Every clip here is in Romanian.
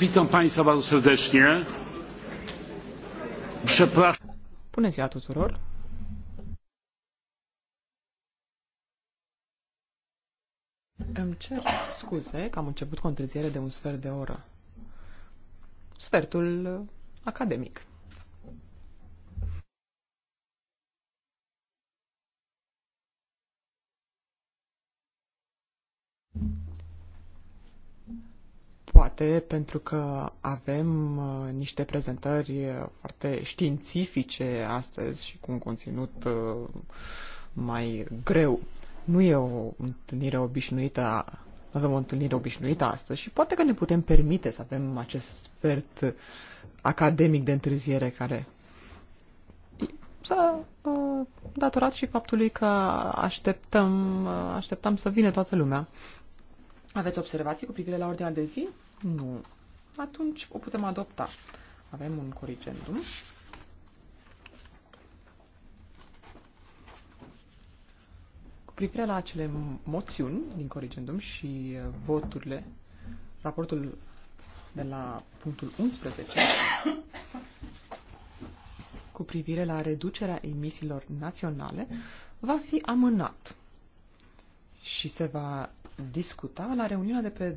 Witam Państwa bardzo serdecznie. Przepraszam. Bună ziua tuturor! Îmi cer scuze că am început cu o întârziere de un sfert de oră. Sfertul academic. poate pentru că avem uh, niște prezentări uh, foarte științifice astăzi și cu un conținut uh, mai greu. Nu e o întâlnire obișnuită, nu avem o întâlnire obișnuită astăzi și poate că ne putem permite să avem acest sfert academic de întârziere care s-a datorat și faptului că așteptăm, așteptăm așteptam să vină toată lumea. Aveți observații cu privire la ordinea de zi? Nu. Atunci o putem adopta. Avem un corigendum. Cu privire la acele moțiuni din corigendum și uh, voturile, raportul de la punctul 11 cu privire la reducerea emisiilor naționale va fi amânat și se va discuta la reuniunea de pe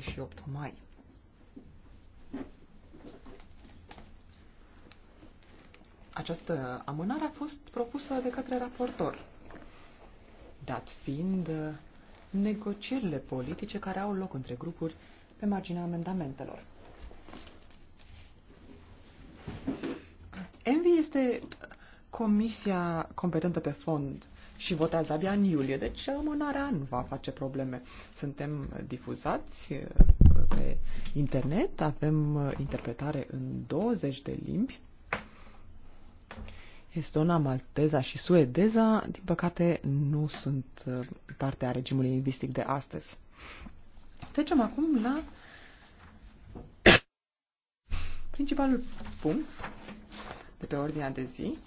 26-28 mai. Această amânare a fost propusă de către raportor, dat fiind negocierile politice care au loc între grupuri pe marginea amendamentelor. Envi este comisia competentă pe fond și votează abia în iulie, deci amânarea nu va face probleme. Suntem difuzați eh, pe internet, avem eh, interpretare în 20 de limbi. Estona, malteza și suedeza, din păcate, nu sunt eh, parte a regimului lingvistic de astăzi. Trecem acum la principalul punct de pe ordinea de zi,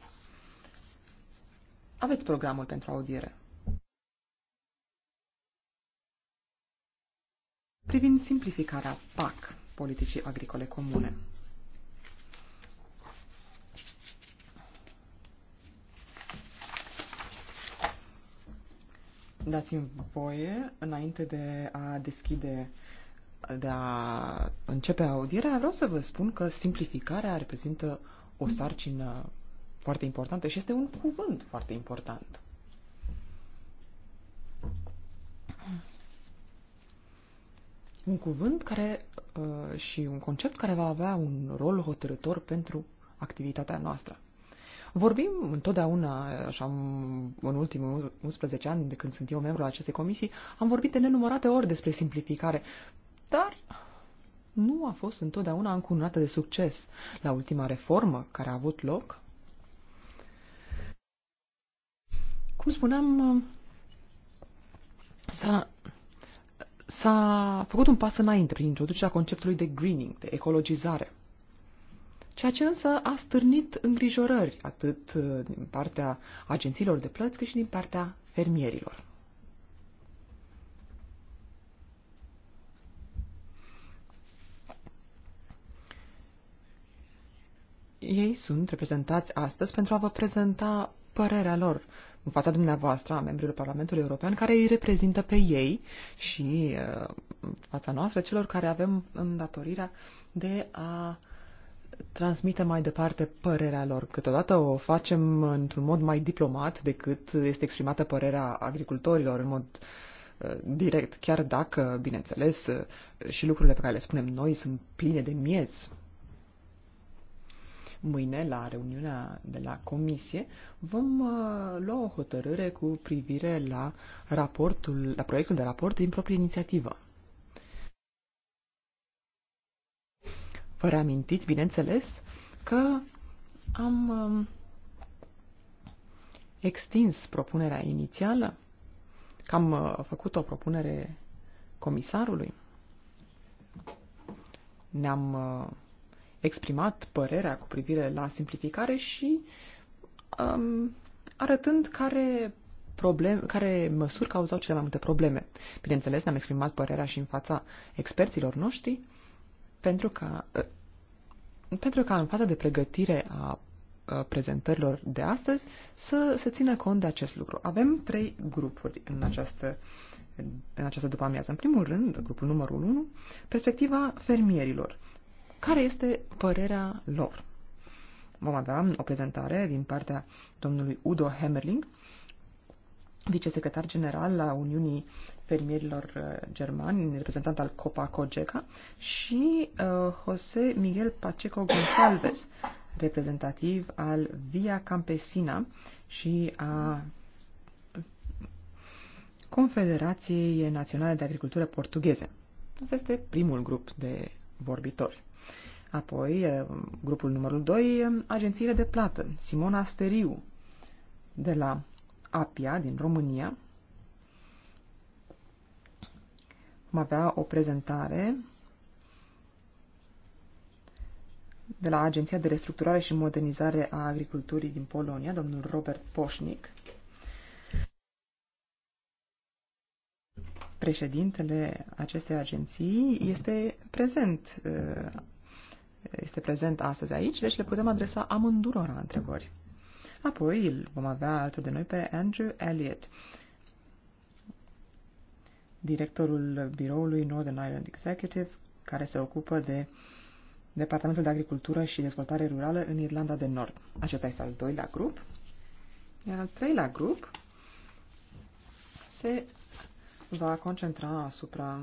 aveți programul pentru audiere. Privind simplificarea PAC, politicii agricole comune. Dați-mi voie, înainte de a deschide, de a începe audierea, vreau să vă spun că simplificarea reprezintă o sarcină foarte importantă și este un cuvânt foarte important. Un cuvânt care uh, și un concept care va avea un rol hotărător pentru activitatea noastră. Vorbim întotdeauna, așa în ultimul 11 ani de când sunt eu membru al acestei comisii, am vorbit de nenumărate ori despre simplificare, dar nu a fost întotdeauna încununată de succes. La ultima reformă care a avut loc, Cum spuneam, uh, s-a, s-a făcut un pas înainte prin introducerea conceptului de greening, de ecologizare ceea ce însă a stârnit îngrijorări atât uh, din partea agențiilor de plăți cât și din partea fermierilor. Ei sunt reprezentați astăzi pentru a vă prezenta părerea lor în fața dumneavoastră a membrilor Parlamentului European care îi reprezintă pe ei și uh, în fața noastră celor care avem îndatorirea de a transmite mai departe părerea lor. Câteodată o facem într-un mod mai diplomat decât este exprimată părerea agricultorilor în mod uh, direct, chiar dacă, bineînțeles, uh, și lucrurile pe care le spunem noi sunt pline de miez, mâine, la reuniunea de la comisie, vom uh, lua o hotărâre cu privire la, raportul, la proiectul de raport din proprie inițiativă. Vă reamintiți, bineînțeles, că am um, extins propunerea inițială, că am uh, făcut o propunere comisarului. Ne-am uh, exprimat părerea cu privire la simplificare și um, arătând care, problem, care măsuri cauzau cele mai multe probleme. Bineînțeles, ne-am exprimat părerea și în fața experților noștri pentru ca, uh, pentru ca în faza de pregătire a uh, prezentărilor de astăzi să se țină cont de acest lucru. Avem trei grupuri în această, în această după amiază. În primul rând, grupul numărul 1, perspectiva fermierilor care este părerea lor. Vom avea o prezentare din partea domnului Udo Hemmerling, vicesecretar general la Uniunii Fermierilor uh, Germani, reprezentant al Copa Cogeca, și uh, José Miguel Pacheco Gonçalves, reprezentativ al Via Campesina și a Confederației Naționale de Agricultură Portugheze. Asta este primul grup de vorbitori. Apoi, grupul numărul 2, agențiile de plată, Simona Steriu, de la APIA din România. Vom avea o prezentare de la Agenția de Restructurare și Modernizare a Agriculturii din Polonia, domnul Robert Poșnic. Președintele acestei agenții este prezent este prezent astăzi aici, deci le putem adresa amândurora întrebări. Apoi îl vom avea alături de noi pe Andrew Elliott, directorul biroului Northern Ireland Executive, care se ocupă de Departamentul de Agricultură și Dezvoltare Rurală în Irlanda de Nord. Acesta este al doilea grup. Iar al treilea grup se va concentra asupra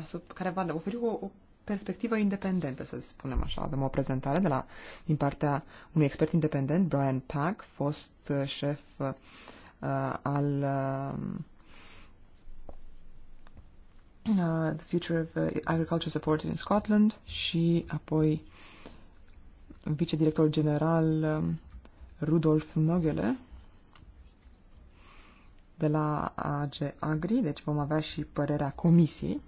asupra, care va oferi o, o perspectivă independentă, să spunem așa. Avem o prezentare de la, din partea unui expert independent, Brian Pack, fost uh, șef uh, al um, uh, The Future of uh, Agriculture Support in Scotland și apoi vicedirector general uh, Rudolf Nogele de la AG Agri, deci vom avea și părerea comisiei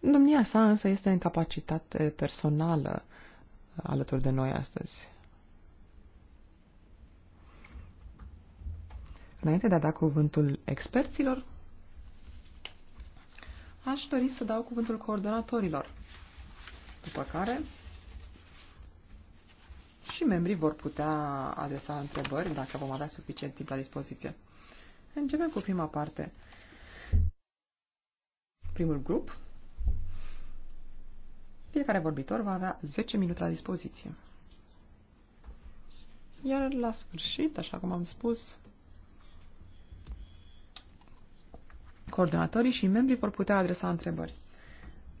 Domnia sa însă este în capacitate personală uh, alături de noi astăzi. Înainte de a da cuvântul experților, aș dori să dau cuvântul coordonatorilor, după care și membrii vor putea adresa întrebări dacă vom avea suficient timp la dispoziție. Începem cu prima parte. Primul grup fiecare vorbitor va avea 10 minute la dispoziție. Iar la sfârșit, așa cum am spus, coordonatorii și membrii vor putea adresa întrebări.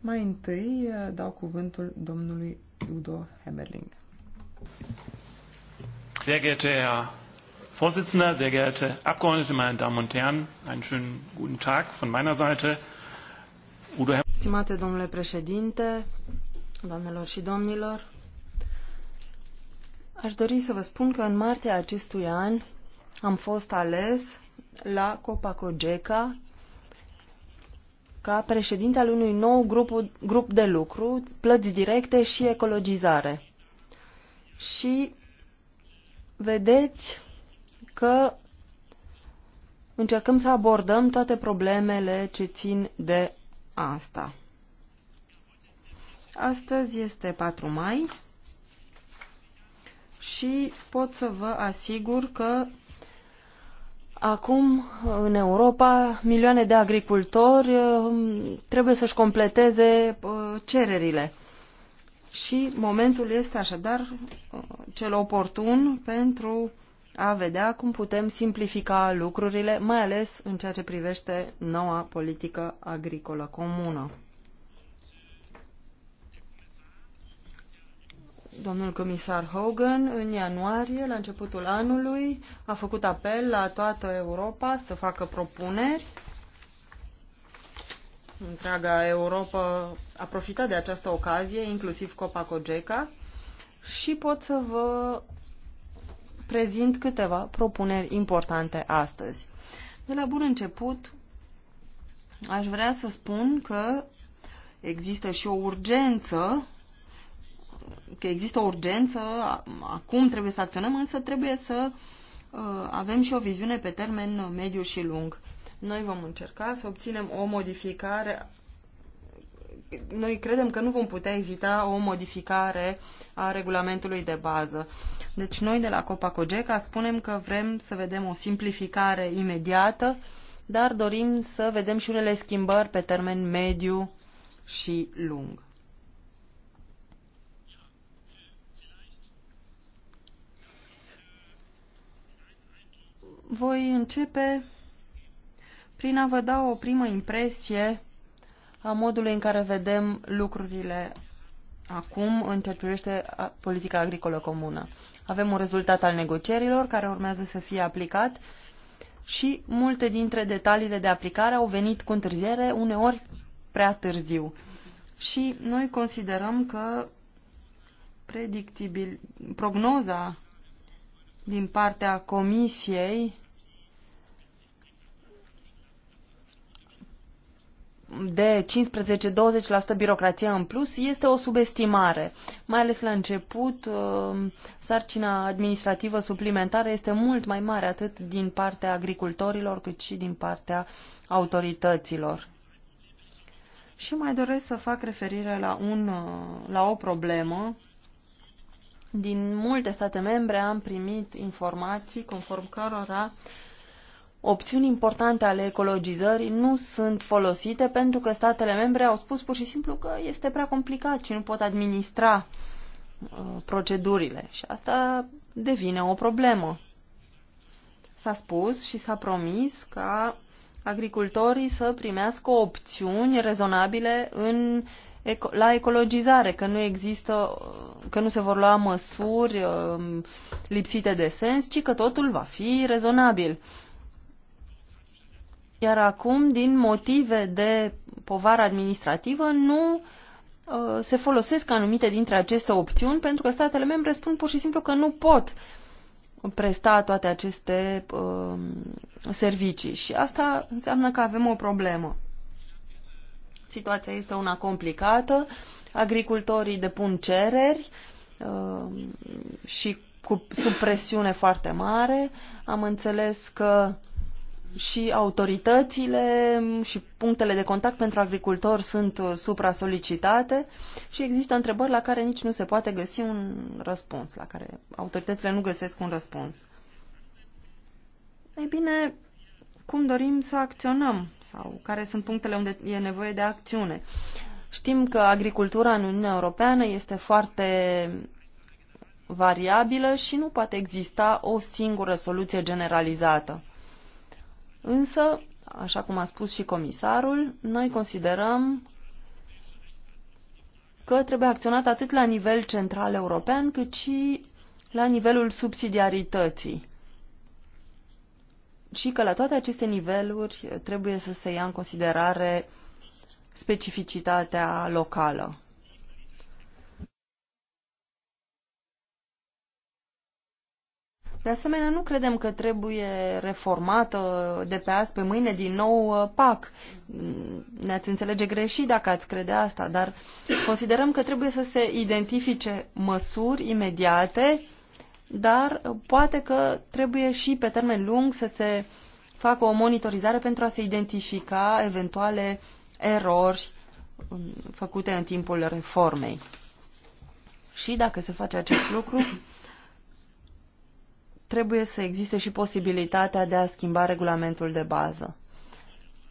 Mai întâi eh, dau cuvântul domnului Udo Hemmerling. Sehr geehrter Herr Vorsitzender, sehr geehrte Abgeordnete, meine Damen und Herren, einen schönen guten Tag von meiner Seite. Udo Hemmerling Stimate domnule președinte, doamnelor și domnilor, aș dori să vă spun că în martie acestui an am fost ales la Copacogeca ca președinte al unui nou grup, grup de lucru, plăți directe și ecologizare. Și vedeți că încercăm să abordăm toate problemele ce țin de asta. Astăzi este 4 mai și pot să vă asigur că acum în Europa milioane de agricultori um, trebuie să-și completeze uh, cererile. Și momentul este așadar uh, cel oportun pentru a vedea cum putem simplifica lucrurile, mai ales în ceea ce privește noua politică agricolă comună. Domnul comisar Hogan, în ianuarie, la începutul anului, a făcut apel la toată Europa să facă propuneri. Întreaga Europa a profitat de această ocazie, inclusiv Copa Cogeca, și pot să vă prezint câteva propuneri importante astăzi. De la bun început, aș vrea să spun că există și o urgență că există o urgență, acum trebuie să acționăm, însă trebuie să uh, avem și o viziune pe termen mediu și lung. Noi vom încerca să obținem o modificare noi credem că nu vom putea evita o modificare a regulamentului de bază. Deci noi de la Copacogeca spunem că vrem să vedem o simplificare imediată, dar dorim să vedem și unele schimbări pe termen mediu și lung. Voi începe prin a vă da o primă impresie a modului în care vedem lucrurile acum în ceea ce privește politica agricolă comună. Avem un rezultat al negocierilor care urmează să fie aplicat și multe dintre detaliile de aplicare au venit cu întârziere, uneori prea târziu. Și noi considerăm că predictibil, prognoza din partea Comisiei de 15-20% birocrație în plus este o subestimare. Mai ales la început, uh, sarcina administrativă suplimentară este mult mai mare atât din partea agricultorilor cât și din partea autorităților. Și mai doresc să fac referire la, un, uh, la o problemă. Din multe state membre am primit informații conform cărora uh, opțiuni importante ale ecologizării nu sunt folosite pentru că statele membre au spus pur și simplu că este prea complicat și nu pot administra uh, procedurile și asta devine o problemă. S-a spus și s-a promis ca agricultorii să primească opțiuni rezonabile în, la ecologizare, că nu există, uh, că nu se vor lua măsuri uh, lipsite de sens, ci că totul va fi rezonabil. Iar acum, din motive de povară administrativă, nu uh, se folosesc anumite dintre aceste opțiuni pentru că statele membre spun pur și simplu că nu pot presta toate aceste uh, servicii și asta înseamnă că avem o problemă. Situația este una complicată, agricultorii depun cereri uh, și cu, sub presiune foarte mare. Am înțeles că și autoritățile și punctele de contact pentru agricultori sunt uh, supra-solicitate și există întrebări la care nici nu se poate găsi un răspuns, la care autoritățile nu găsesc un răspuns. Ei bine, cum dorim să acționăm sau care sunt punctele unde e nevoie de acțiune? Știm că agricultura în Uniunea Europeană este foarte variabilă și nu poate exista o singură soluție generalizată. Însă, așa cum a spus și comisarul, noi considerăm că trebuie acționat atât la nivel central european, cât și la nivelul subsidiarității. Și că la toate aceste niveluri trebuie să se ia în considerare specificitatea locală. De asemenea, nu credem că trebuie reformată de pe azi pe mâine din nou uh, PAC. Ne-ați înțelege greșit dacă ați crede asta, dar considerăm că trebuie să se identifice măsuri imediate, dar uh, poate că trebuie și pe termen lung să se facă o monitorizare pentru a se identifica eventuale erori um, făcute în timpul reformei. Și dacă se face acest lucru, trebuie să existe și posibilitatea de a schimba regulamentul de bază.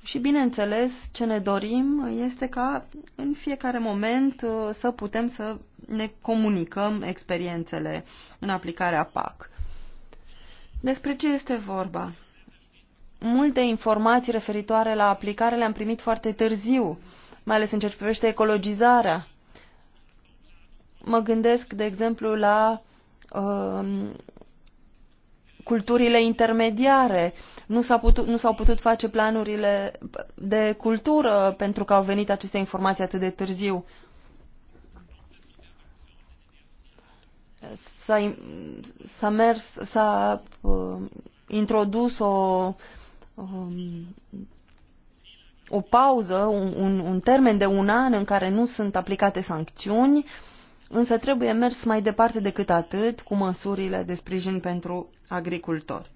Și bineînțeles, ce ne dorim este ca în fiecare moment uh, să putem să ne comunicăm experiențele în aplicarea PAC. Despre ce este vorba? Multe informații referitoare la aplicare le-am primit foarte târziu, mai ales în ceea ce privește ecologizarea. Mă gândesc, de exemplu, la uh, culturile intermediare. Nu, s-a putut, nu s-au putut face planurile de cultură pentru că au venit aceste informații atât de târziu. S-a, s-a mers, s-a uh, introdus o, um, o pauză, un, un, un termen de un an în care nu sunt aplicate sancțiuni uh, însă trebuie mers mai departe decât atât cu măsurile de sprijin pentru agricultori.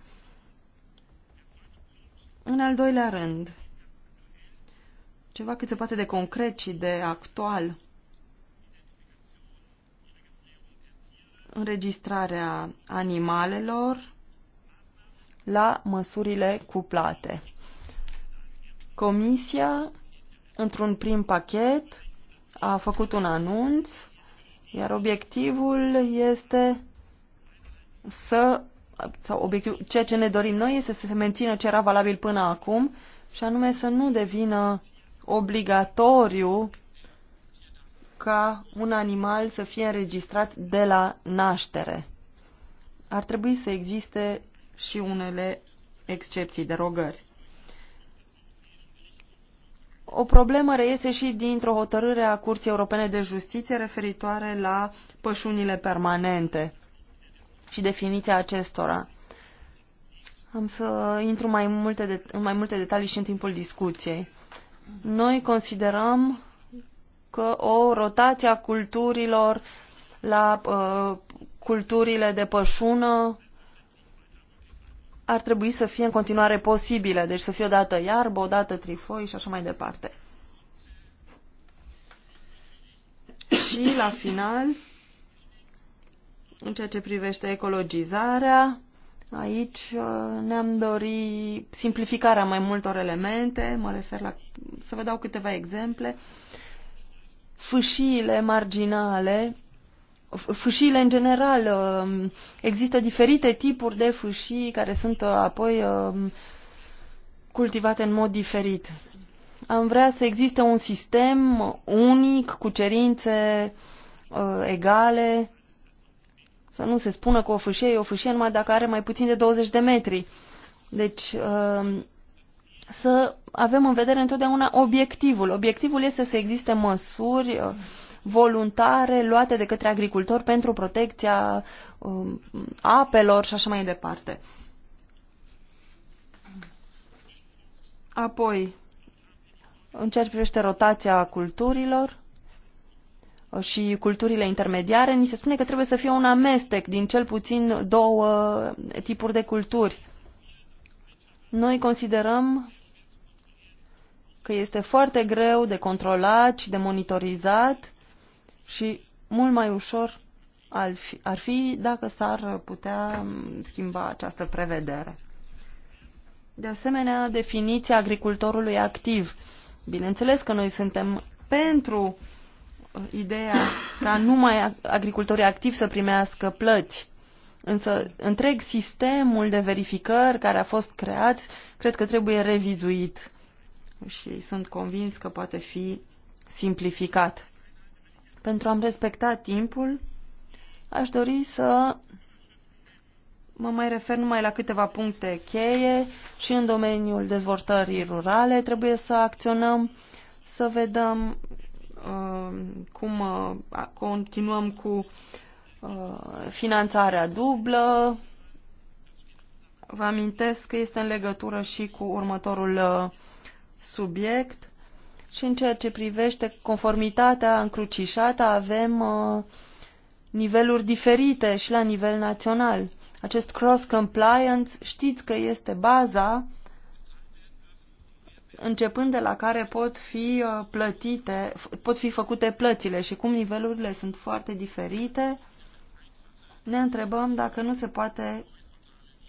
În al doilea rând, ceva cât se poate de concret și de actual, înregistrarea animalelor la măsurile cuplate. Comisia, într-un prim pachet, a făcut un anunț iar obiectivul este să, sau obiectiv, ceea ce ne dorim noi este să se mențină ce era valabil până acum și anume să nu devină obligatoriu ca un animal să fie înregistrat de la naștere. Ar trebui să existe și unele excepții, de rogări. O problemă reiese și dintr-o hotărâre a Curții Europene de Justiție referitoare la pășunile permanente și definiția acestora. Am să intru mai multe de, în mai multe detalii și în timpul discuției. Noi considerăm că o rotație a culturilor la uh, culturile de pășună ar trebui să fie în continuare posibile, deci să fie odată iarbă, odată trifoi și așa mai departe. Și la final, în ceea ce privește ecologizarea, aici uh, ne-am dori simplificarea mai multor elemente, mă refer la, să vă dau câteva exemple, fâșiile marginale fâșiile în general. Um, există diferite tipuri de fâșii care sunt uh, apoi um, cultivate în mod diferit. Am vrea să existe un sistem unic, cu cerințe uh, egale, să nu se spună că o fâșie e o fâșie numai dacă are mai puțin de 20 de metri. Deci, um, să avem în vedere întotdeauna obiectivul. Obiectivul este să existe măsuri uh, voluntare luate de către agricultori pentru protecția um, apelor și așa mai departe. Apoi, în ceea ce privește rotația culturilor uh, și culturile intermediare, ni se spune că trebuie să fie un amestec din cel puțin două tipuri de culturi. Noi considerăm că este foarte greu de controlat și de monitorizat și mult mai ușor ar fi, ar fi dacă s-ar putea schimba această prevedere. De asemenea, definiția agricultorului activ. Bineînțeles că noi suntem pentru uh, ideea ca numai agricultorii activi să primească plăți. Însă întreg sistemul de verificări care a fost creat, cred că trebuie revizuit și sunt convins că poate fi simplificat. Pentru a-mi respecta timpul, aș dori să mă mai refer numai la câteva puncte cheie și în domeniul dezvoltării rurale trebuie să acționăm, să vedem uh, cum uh, continuăm cu uh, finanțarea dublă. Vă amintesc că este în legătură și cu următorul uh, subiect și în ceea ce privește conformitatea încrucișată, avem uh, niveluri diferite și la nivel național. Acest cross-compliance știți că este baza începând de la care pot fi uh, plătite, pot fi făcute plățile și cum nivelurile sunt foarte diferite, ne întrebăm dacă nu se poate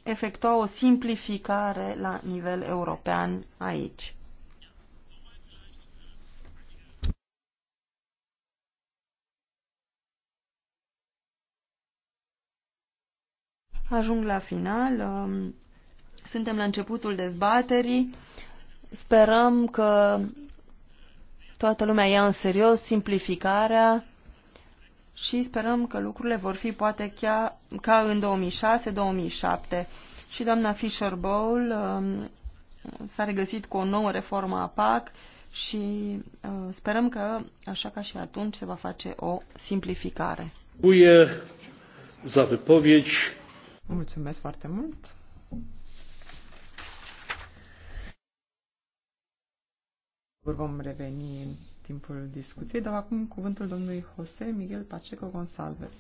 efectua o simplificare la nivel european aici. Ajung la final. Um, suntem la începutul dezbaterii. Sperăm că toată lumea ia în serios simplificarea și sperăm că lucrurile vor fi poate chiar ca în 2006-2007. Și doamna Fisher Bowl um, s-a regăsit cu o nouă reformă a PAC și uh, sperăm că, așa ca și atunci, se va face o simplificare. Dziękuję za wypowiedź. Mulțumesc foarte mult. Vom reveni în timpul discuției, dar acum cuvântul domnului José Miguel Pacheco Gonsalves.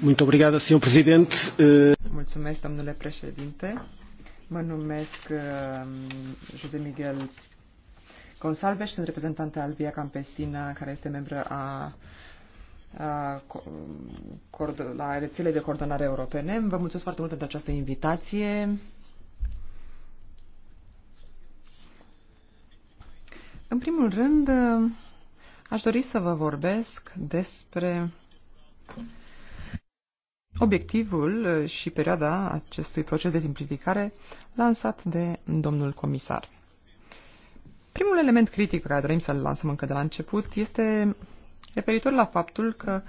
Muito obrigado, senhor presidente. Eh, Mulțumesc, domnule președinte. Mă numesc ehm, José Miguel Gonsalves, sunt reprezentant al Via Campesina, care este membră a la rețele de coordonare europene. Vă mulțumesc foarte mult pentru această invitație. În primul rând, aș dori să vă vorbesc despre obiectivul și perioada acestui proces de simplificare lansat de domnul comisar. Primul element critic pe care dorim să-l lansăm încă de la început este referitor la faptul că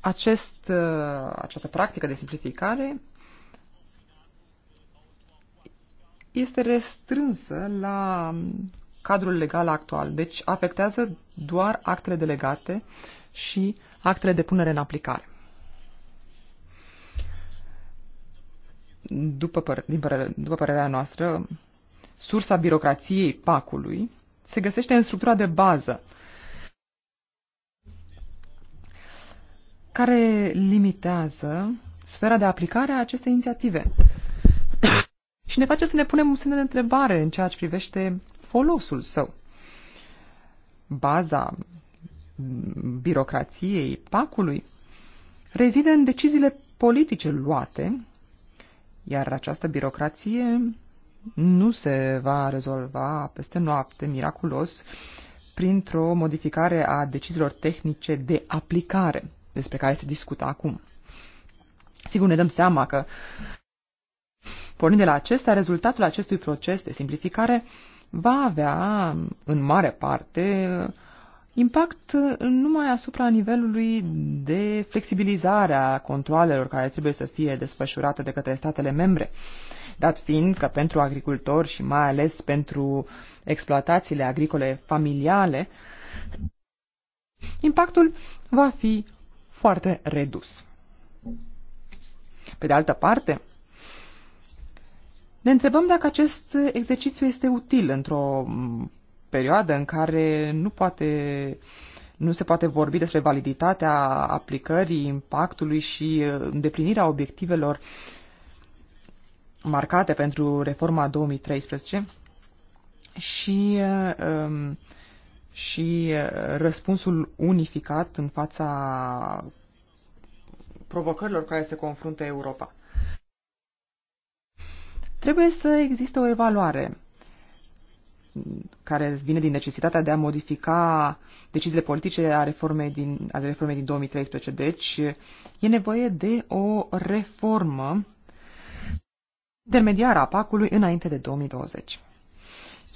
acest, uh, această practică de simplificare este restrânsă la cadrul legal actual, deci afectează doar actele delegate și actele de punere în aplicare. După, păr- din păr- după părerea noastră, sursa birocrației PAC-ului se găsește în structura de bază care limitează sfera de aplicare a acestei inițiative și ne face să ne punem semn de întrebare în ceea ce privește folosul său. Baza birocrației pacului rezide în deciziile politice luate, iar această birocrație nu se va rezolva peste noapte, miraculos, printr-o modificare a deciziilor tehnice de aplicare despre care se discută acum. Sigur, ne dăm seama că, pornind de la acesta, rezultatul acestui proces de simplificare va avea, în mare parte, impact numai asupra nivelului de flexibilizare a controalelor care trebuie să fie desfășurate de către statele membre. Dat fiind că pentru agricultori și mai ales pentru exploatațiile agricole familiale, impactul va fi foarte redus. Pe de altă parte, ne întrebăm dacă acest exercițiu este util într-o perioadă în care nu poate nu se poate vorbi despre validitatea aplicării, impactului și uh, îndeplinirea obiectivelor marcate pentru reforma 2013 și uh, um, și uh, răspunsul unificat în fața provocărilor care se confruntă Europa. Trebuie să existe o evaluare care vine din necesitatea de a modifica deciziile politice a reformei din, a reformei din 2013. Deci, e nevoie de o reformă intermediară a pacului înainte de 2020.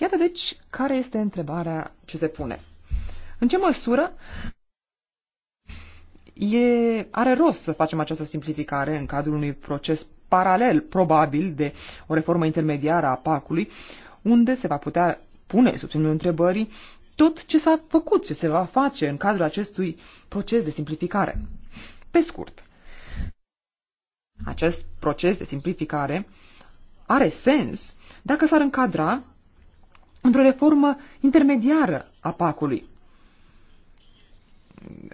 Iată deci care este întrebarea ce se pune. În ce măsură e, are rost să facem această simplificare în cadrul unui proces paralel, probabil, de o reformă intermediară a PAC-ului, unde se va putea pune sub semnul întrebării tot ce s-a făcut, ce se va face în cadrul acestui proces de simplificare. Pe scurt, acest proces de simplificare are sens dacă s-ar încadra într-o reformă intermediară a pacului.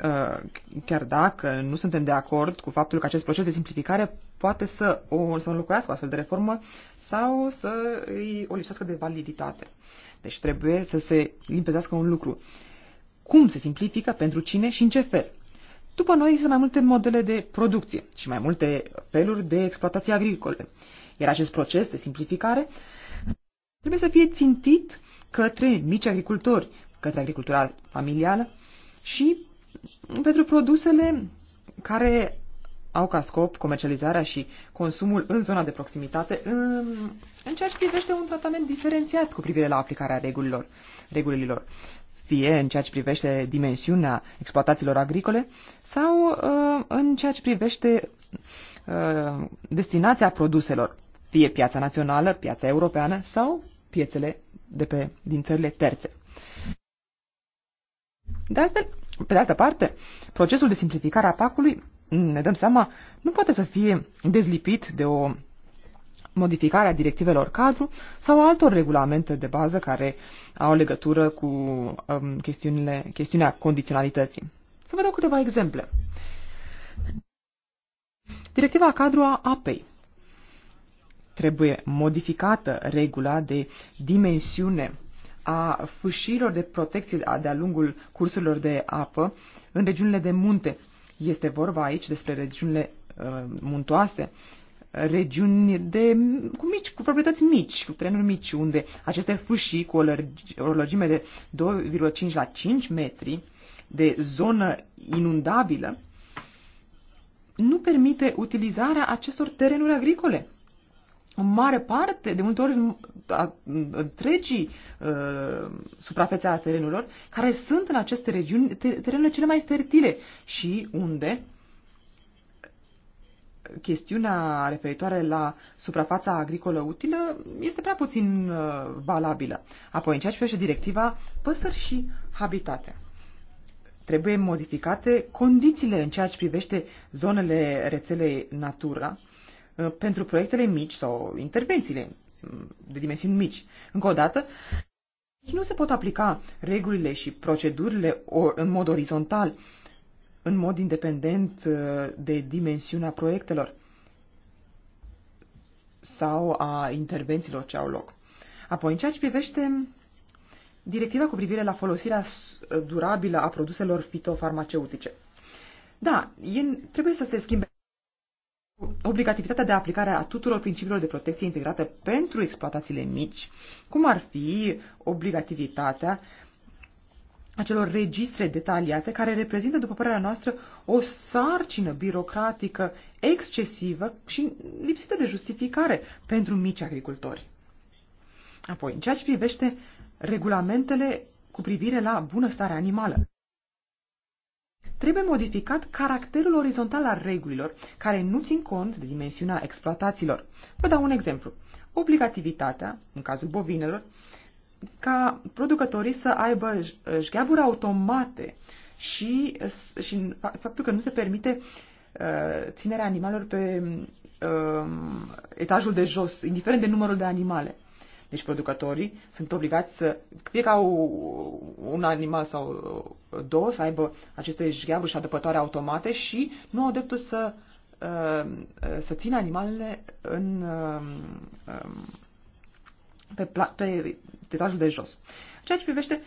Uh, chiar dacă nu suntem de acord cu faptul că acest proces de simplificare poate să o să înlocuiască o astfel de reformă sau să îi o lipsească de validitate. Deci trebuie să se limpezească un lucru. Cum se simplifică, pentru cine și în ce fel? După noi există mai multe modele de producție și mai multe feluri de exploatații agricole. Iar acest proces de simplificare trebuie să fie țintit către mici agricultori, către agricultura familială și pentru produsele care au ca scop comercializarea și consumul în zona de proximitate în, în ceea ce privește un tratament diferențiat cu privire la aplicarea regulilor, regulilor fie în ceea ce privește dimensiunea exploatațiilor agricole sau uh, în ceea ce privește uh, destinația produselor, fie piața națională, piața europeană sau piețele de pe, din țările terțe. De altfel, pe de altă parte, procesul de simplificare a pacului, ne dăm seama, nu poate să fie dezlipit de o modificare a directivelor cadru sau altor regulamente de bază care au legătură cu um, chestiunile, chestiunea condiționalității. Să vă dau câteva exemple. Directiva cadru a APEI Trebuie modificată regula de dimensiune a fâșilor de protecție de-a lungul cursurilor de apă în regiunile de munte. Este vorba aici despre regiunile uh, muntoase, regiuni de, cu, mici, cu proprietăți mici, cu terenuri mici, unde aceste fâșii cu o, lărgi, o lărgime de 2,5 la 5 metri de zonă inundabilă nu permite utilizarea acestor terenuri agricole în mare parte, de multe ori, a întregii uh, suprafețe a terenurilor, care sunt în aceste regiuni terenurile cele mai fertile și unde chestiunea referitoare la suprafața agricolă utilă este prea puțin uh, valabilă. Apoi, în ceea ce privește directiva păsări și habitate trebuie modificate condițiile în ceea ce privește zonele rețelei Natura Uh, pentru proiectele mici sau intervențiile de dimensiuni mici. Încă o dată, nu se pot aplica regulile și procedurile în mod orizontal, în mod independent uh, de dimensiunea proiectelor sau a intervențiilor ce au loc. Apoi, în ceea ce privește directiva cu privire la folosirea uh, durabilă a produselor fitofarmaceutice. Da, e, trebuie să se schimbe obligativitatea de aplicare a tuturor principiilor de protecție integrată pentru exploatațiile mici, cum ar fi obligativitatea acelor registre detaliate care reprezintă, după părerea noastră, o sarcină birocratică excesivă și lipsită de justificare pentru mici agricultori. Apoi, în ceea ce privește regulamentele cu privire la bunăstarea animală trebuie modificat caracterul orizontal al regulilor, care nu țin cont de dimensiunea exploatațiilor. Vă dau un exemplu. Obligativitatea, în cazul bovinelor, ca producătorii să aibă șgheaburi automate și, și faptul că nu se permite uh, ținerea animalelor pe uh, etajul de jos, indiferent de numărul de animale. Deci producătorii sunt obligați să, fie ca un animal sau uh, două, să aibă aceste jgheaburi și adăpătoare automate și nu au dreptul să, uh, uh, să țină animalele în, um, pe, pe etajul de jos. Ceea ce privește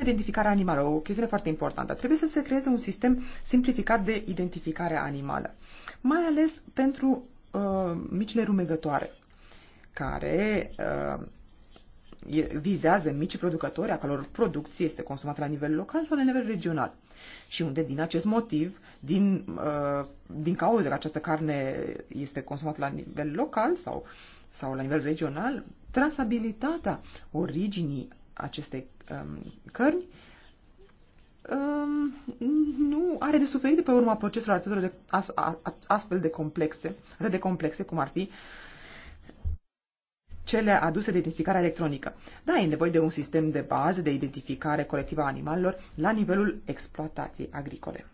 identificarea animală, o chestiune foarte importantă. Trebuie să se creeze un sistem simplificat de identificare animală, mai ales pentru uh, micile rumegătoare care uh, vizează micii producători a căror producție este consumată la nivel local sau la nivel regional. Și unde din acest motiv, din, uh, din cauza că această carne este consumată la nivel local sau, sau la nivel regional, trasabilitatea originii acestei um, cărni um, nu are de suferit de pe urma proceselor de, as, a, astfel de complexe, atât de complexe cum ar fi uh, cele aduse de identificare electronică. Da, e nevoie de un sistem de bază de identificare colectivă a animalelor la nivelul exploatației agricole.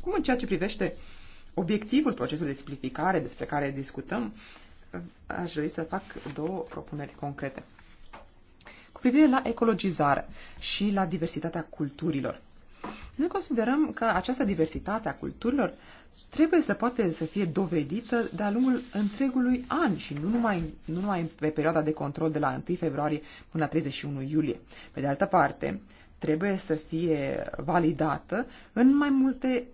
Cum în ceea ce privește obiectivul procesului de simplificare despre care discutăm, aș dori să fac două propuneri concrete. Cu privire la ecologizare și la diversitatea culturilor. Noi considerăm că această diversitate a culturilor trebuie să poate să fie dovedită de-a lungul întregului an și nu numai, nu numai pe perioada de control de la 1 februarie până la 31 iulie. Pe de altă parte, trebuie să fie validată în mai multe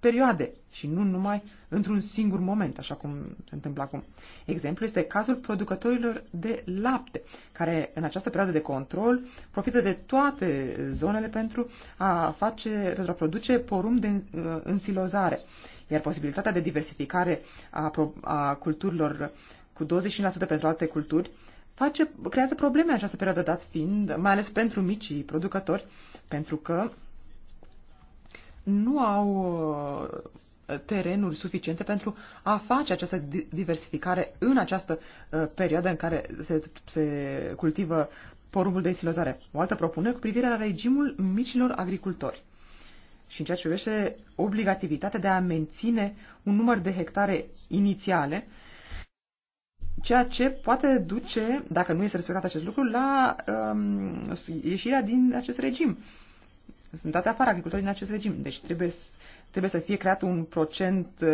perioade și nu numai într-un singur moment, așa cum se întâmplă acum. Exemplu este cazul producătorilor de lapte, care în această perioadă de control profită de toate zonele pentru a, face, pentru a produce porum de uh, însilozare, iar posibilitatea de diversificare a, a culturilor cu 25% pentru alte culturi face, creează probleme în această perioadă, dat fiind, mai ales pentru micii producători, pentru că nu au uh, terenuri suficiente pentru a face această diversificare în această uh, perioadă în care se, se cultivă porumbul de silozare. O altă propunere cu privire la regimul micilor agricultori și în ceea ce privește obligativitatea de a menține un număr de hectare inițiale, ceea ce poate duce, dacă nu este respectat acest lucru, la um, ieșirea din acest regim sunt dați afară agricultorii din acest regim. Deci trebuie, trebuie să fie creat un procent uh,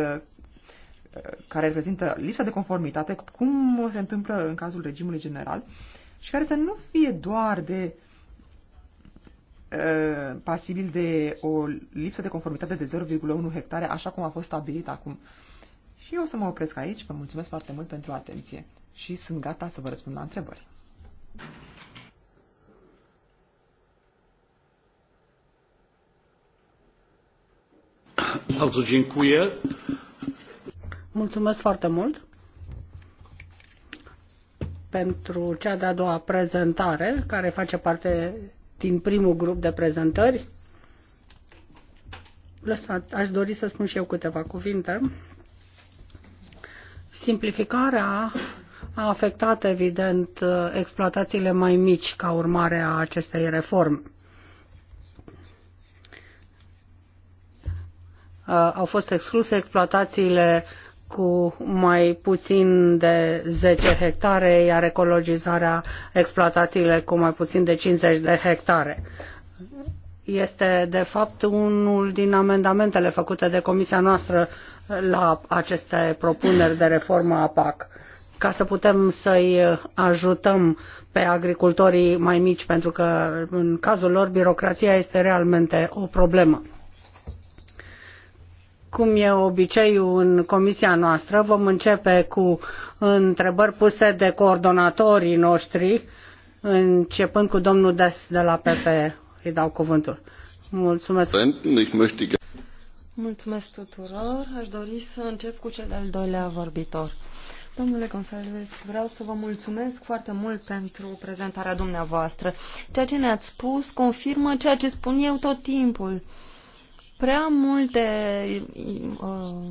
uh, care reprezintă lipsa de conformitate, cum se întâmplă în cazul regimului general, și care să nu fie doar de uh, pasibil de o lipsă de conformitate de 0,1 hectare, așa cum a fost stabilit acum. Și eu o să mă opresc aici, vă mulțumesc foarte mult pentru atenție și sunt gata să vă răspund la întrebări. Bardzo dziękuję. Mulțumesc foarte mult pentru cea de-a doua prezentare, care face parte din primul grup de prezentări. Lăsat, aș dori să spun și eu câteva cuvinte. Simplificarea a afectat, evident, exploatațiile mai mici ca urmare a acestei reforme. Uh, au fost excluse exploatațiile cu mai puțin de 10 hectare, iar ecologizarea exploatațiile cu mai puțin de 50 de hectare. Este, de fapt, unul din amendamentele făcute de comisia noastră la aceste propuneri de reformă a PAC ca să putem să-i ajutăm pe agricultorii mai mici, pentru că în cazul lor birocrația este realmente o problemă. Cum e obiceiul în comisia noastră, vom începe cu întrebări puse de coordonatorii noștri, începând cu domnul Des de la PP. Îi dau cuvântul. Mulțumesc. Mulțumesc tuturor. Aș dori să încep cu cel de-al doilea vorbitor. Domnule Consalves, vreau să vă mulțumesc foarte mult pentru prezentarea dumneavoastră. Ceea ce ne-ați spus confirmă ceea ce spun eu tot timpul prea multe uh,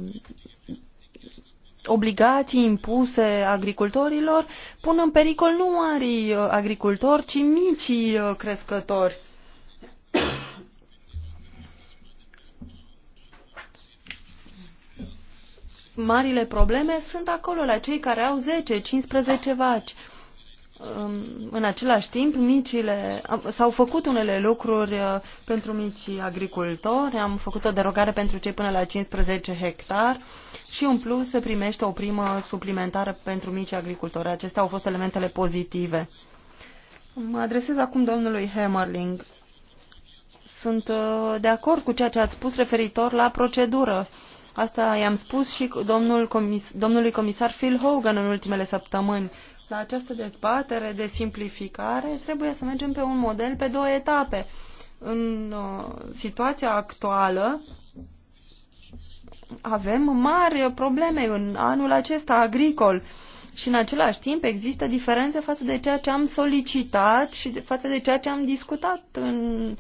obligații impuse agricultorilor pun în pericol nu mari uh, agricultori, ci micii uh, crescători. Marile probleme sunt acolo la cei care au 10-15 vaci. Um, în același timp, micile, s-au făcut unele lucruri uh, pentru micii agricultori, am făcut o derogare pentru cei până la 15 hectar și în plus se primește o primă suplimentară pentru micii agricultori. Acestea au fost elementele pozitive. Mă adresez acum domnului Hammerling. Sunt uh, de acord cu ceea ce ați spus referitor la procedură. Asta i-am spus și domnul comis domnului comisar Phil Hogan în ultimele săptămâni la această dezbatere de simplificare, trebuie să mergem pe un model pe două etape. În uh, situația actuală avem mari probleme în anul acesta agricol și în același timp există diferențe față de ceea ce am solicitat și de, față de ceea ce am discutat în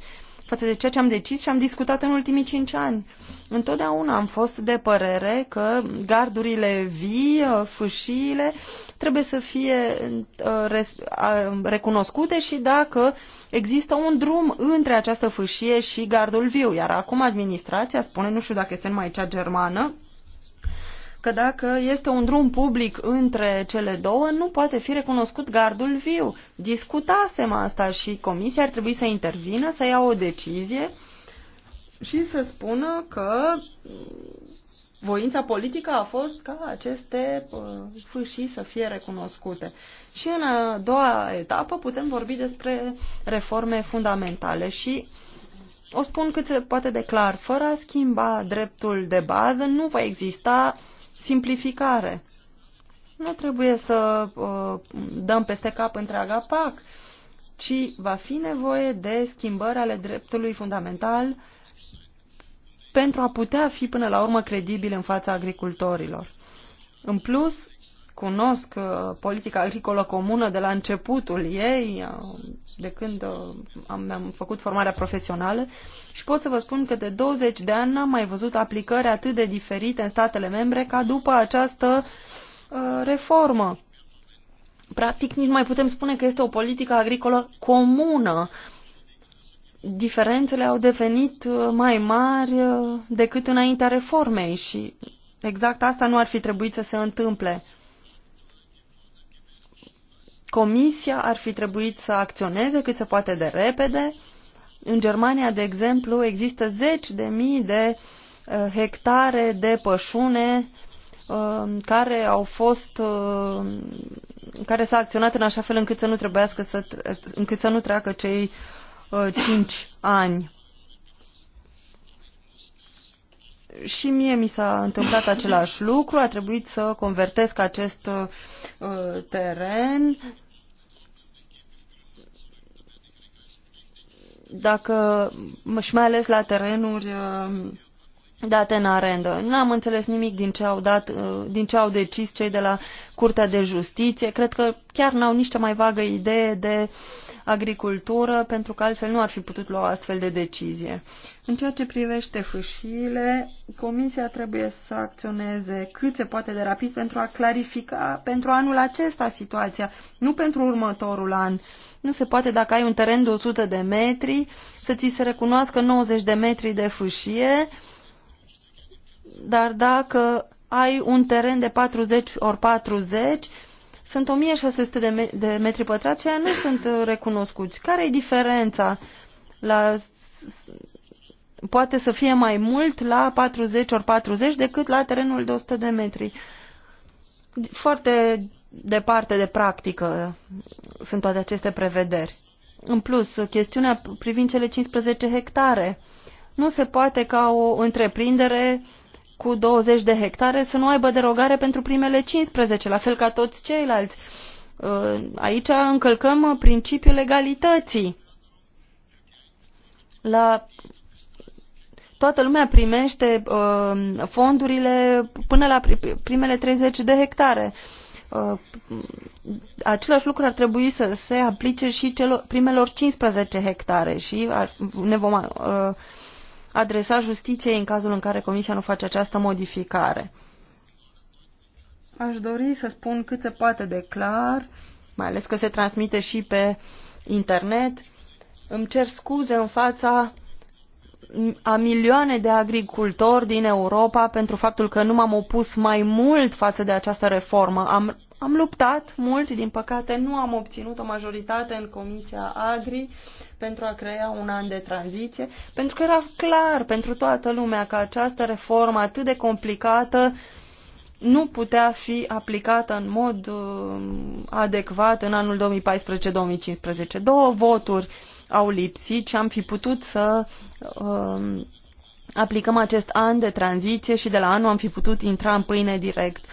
față de ceea ce am decis și am discutat în ultimii cinci ani. Întotdeauna am fost de părere că gardurile vii, uh, fâșiile, trebuie să fie uh, recunoscute și dacă există un drum între această fâșie și gardul viu. Iar acum administrația spune, nu știu dacă este numai cea germană, că dacă este un drum public între cele două, nu poate fi recunoscut gardul viu. Discutasem asta și comisia ar trebui să intervină, să ia o decizie și să spună că voința politică a fost ca aceste uh, fâșii să fie recunoscute. Și în a uh, doua etapă putem vorbi despre reforme fundamentale și o spun cât se poate de clar, fără a schimba dreptul de bază nu va exista simplificare. Nu trebuie să uh, dăm peste cap întreaga PAC, ci va fi nevoie de schimbări ale dreptului fundamental pentru a putea fi până la urmă credibil în fața agricultorilor. În plus, cunosc uh, politica agricolă comună de la începutul ei, uh, de când uh, am, am făcut formarea profesională și pot să vă spun că de 20 de ani n-am mai văzut aplicări atât de diferite în statele membre ca după această uh, reformă. Practic, nici nu mai putem spune că este o politică agricolă comună diferențele au devenit uh, mai mari uh, decât înaintea reformei și exact asta nu ar fi trebuit să se întâmple. Comisia ar fi trebuit să acționeze cât se poate de repede. În Germania, de exemplu, există zeci de mii de uh, hectare de pășune care au fost care s-a acționat în așa fel încât să nu trebuiască să, încât să nu treacă cei uh, 5 uh, ani. Și mie mi s-a întâmplat același lucru, a trebuit să convertesc acest uh, teren. Dacă, și mai ales la terenuri uh, date în arendă. Nu am înțeles nimic din ce au, dat, din ce au decis cei de la Curtea de Justiție. Cred că chiar n-au nici cea mai vagă idee de uh, agricultură, pentru că altfel nu ar fi putut lua astfel de decizie. În ceea ce privește fâșiile, Comisia trebuie să acționeze cât se poate de rapid pentru a clarifica pentru anul acesta situația, nu pentru următorul an. Nu se poate dacă ai un teren de 100 de metri să ți se recunoască 90 de metri de fâșie, dar dacă ai un teren de 40 ori 40, sunt 1600 de, me de metri pătrați și nu sunt uh, recunoscuți. Care e diferența? La, poate să fie mai mult la 40 ori 40 decât la terenul de 100 de metri. Foarte departe de practică sunt toate aceste prevederi. În plus, chestiunea privind cele 15 hectare. Nu se poate ca o întreprindere cu 20 de hectare să nu aibă derogare pentru primele 15, la fel ca toți ceilalți. Uh, aici încălcăm principiul legalității. La toată lumea primește uh, fondurile până la primele 30 de hectare. Uh, același lucru ar trebui să se aplice și celor, primelor 15 hectare și ne vom uh, adresa justiției în cazul în care Comisia nu face această modificare. Aș dori să spun cât se poate de clar, mai ales că se transmite și pe internet. Îmi cer scuze în fața a milioane de agricultori din Europa pentru faptul că nu m-am opus mai mult față de această reformă. Am am luptat mult, din păcate nu am obținut o majoritate în Comisia Agri pentru a crea un an de tranziție, pentru că era clar pentru toată lumea că această reformă atât de complicată nu putea fi aplicată în mod uh, adecvat în anul 2014-2015. Două voturi au lipsit și am fi putut să uh, aplicăm acest an de tranziție și de la anul am fi putut intra în pâine direct. Uh,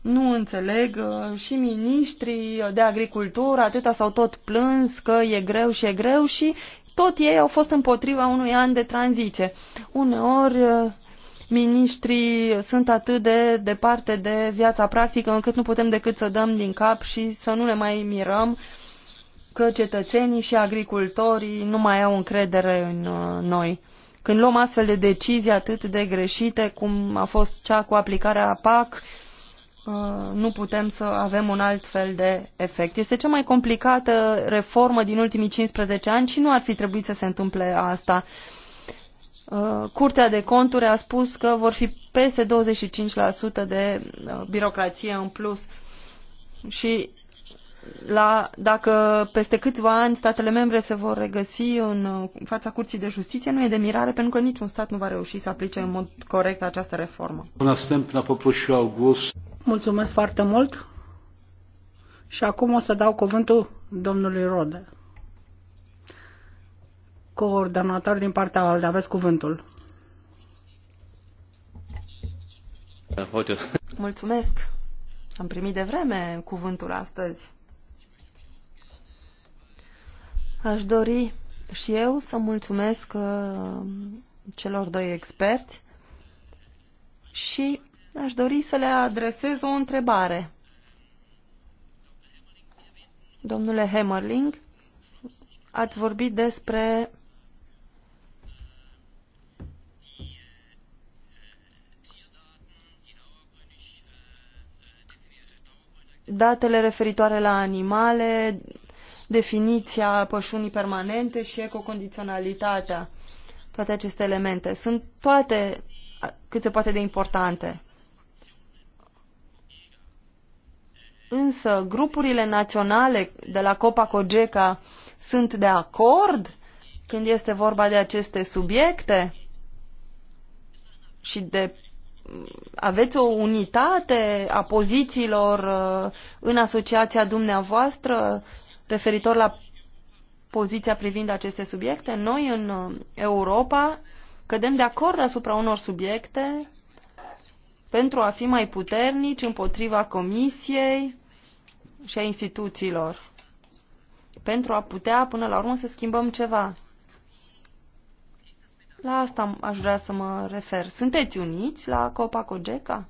nu înțeleg uh, și miniștrii de agricultură atâta s-au tot plâns că e greu și e greu și tot ei au fost împotriva unui an de tranziție. Uneori uh, miniștrii sunt atât de departe de viața practică încât nu putem decât să dăm din cap și să nu ne mai mirăm că cetățenii și agricultorii nu mai au încredere în uh, noi. Când luăm astfel de decizii atât de greșite, cum a fost cea cu aplicarea PAC, Uh, nu putem să avem un alt fel de efect. Este cea mai complicată reformă din ultimii 15 ani și nu ar fi trebuit să se întâmple asta. Uh, Curtea de conturi a spus că vor fi peste 25% de uh, birocrație în plus și la, dacă peste câțiva ani statele membre se vor regăsi în fața Curții de Justiție, nu e de mirare pentru că niciun stat nu va reuși să aplice în mod corect această reformă. Następna poprosiła głos. Mulțumesc foarte mult. Și acum o să dau cuvântul domnului Rode. Coordonator din partea ALDE, aveți cuvântul. Mulțumesc. Am primit de vreme cuvântul astăzi. Aș dori și eu să mulțumesc uh, celor doi experți și aș dori să le adresez o întrebare. Domnule Hemmerling, ați vorbit despre datele referitoare la animale, definiția pășunii permanente și ecocondiționalitatea. Toate aceste elemente sunt toate cât se poate de importante. Însă grupurile naționale de la Copa Cogeca sunt de acord când este vorba de aceste subiecte și de aveți o unitate a pozițiilor uh, în asociația dumneavoastră referitor la poziția privind aceste subiecte. Noi în uh, Europa cădem de acord asupra unor subiecte pentru a fi mai puternici împotriva Comisiei și a instituțiilor, pentru a putea până la urmă să schimbăm ceva. La asta aș vrea să mă refer. Sunteți uniți la Copa Cogeca?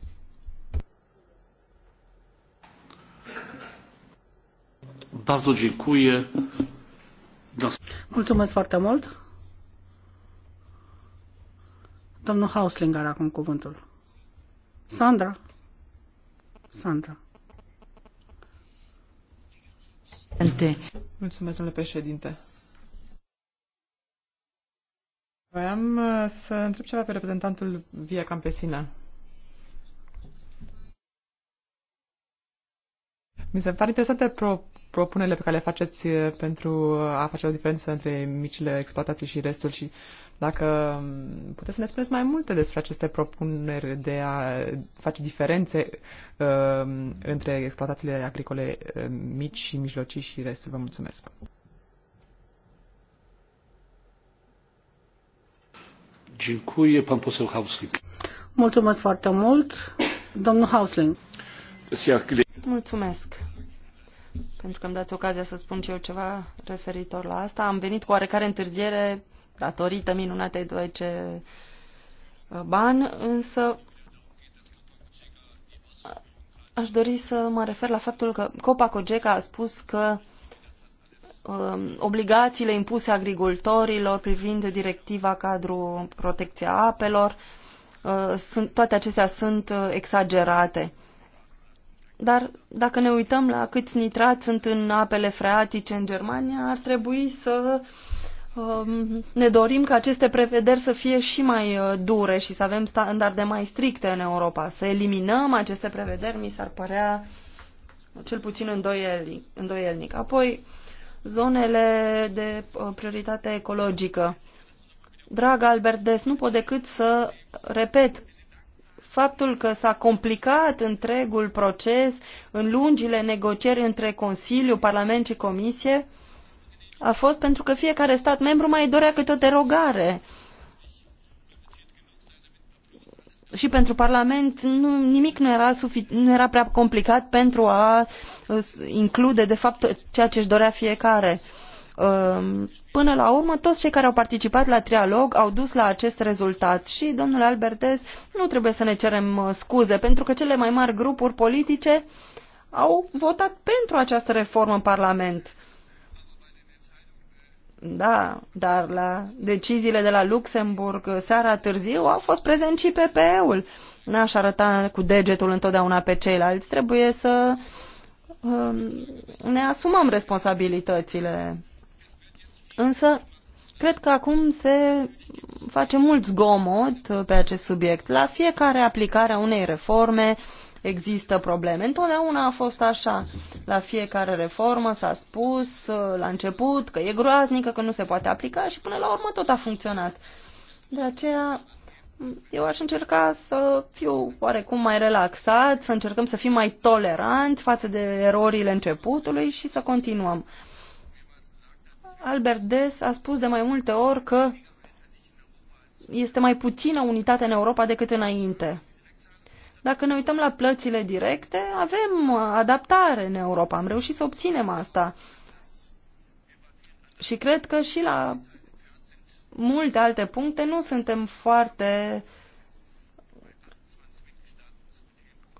Mulțumesc foarte mult. Domnul Hausling acum cuvântul. Sandra. Sandra. Mulțumesc, domnule președinte. Vreau uh, să întreb ceva pe reprezentantul Via Campesina. Mi se pare interesante pro propunerile pe care le faceți uh, pentru uh, a face o diferență între micile exploatații și restul și uh, dacă puteți să ne spuneți mai multe despre aceste propuneri de a face diferențe uh, între exploatațiile agricole um, mici și mijlocii și restul, vă mulțumesc. Dziękuję, pan poseł Hausling. Mulțumesc foarte mult, domnul Hausling. Mulțumesc pentru că îmi dați ocazia să spun și eu ceva referitor la asta. Am venit cu oarecare întârziere datorită minunatei Deutsche uh, Bahn, însă uh, aș dori să mă refer la faptul că Copa Cogeca a spus că um, obligațiile impuse agricultorilor privind directiva cadru protecția apelor, uh, sunt, toate acestea sunt uh, exagerate. Dar dacă ne uităm la câți nitrați sunt în apele freatice în Germania, ar trebui să uh, Um, ne dorim ca aceste prevederi să fie și mai uh, dure și să avem standarde mai stricte în Europa. Să eliminăm aceste prevederi mi s-ar părea uh, cel puțin îndoielnic. îndoielnic. Apoi, zonele de uh, prioritate ecologică. Drag Albert Des, nu pot decât să repet faptul că s-a complicat întregul proces în lungile negocieri între Consiliu, Parlament și Comisie a fost pentru că fiecare stat membru mai dorea câte o derogare. Și pentru Parlament nu, nimic nu era, nu era prea complicat pentru a uh, include, de fapt, ceea ce își dorea fiecare. Um, până la urmă, toți cei care au participat la trialog au dus la acest rezultat și, domnule Albertez, nu trebuie să ne cerem uh, scuze, pentru că cele mai mari grupuri politice au votat pentru această reformă în Parlament da, dar la deciziile de la Luxemburg seara târziu a fost prezent și PPE-ul. N-aș arăta cu degetul întotdeauna pe ceilalți. Trebuie să um, ne asumăm responsabilitățile. Însă, cred că acum se face mult zgomot pe acest subiect. La fiecare aplicare a unei reforme, uh, există probleme. Întotdeauna a fost așa. La fiecare reformă s-a spus uh, la început că e groaznică, că nu se poate aplica și până la urmă tot a funcționat. De aceea eu aș încerca să fiu oarecum mai relaxat, să încercăm să fim mai toleranți față de erorile începutului și să continuăm. Albert Des a spus de mai multe ori că este mai puțină unitate în Europa decât înainte. Dacă ne uităm la plățile directe, avem uh, adaptare în Europa. Am reușit să obținem asta. Și cred că și la multe alte puncte nu suntem foarte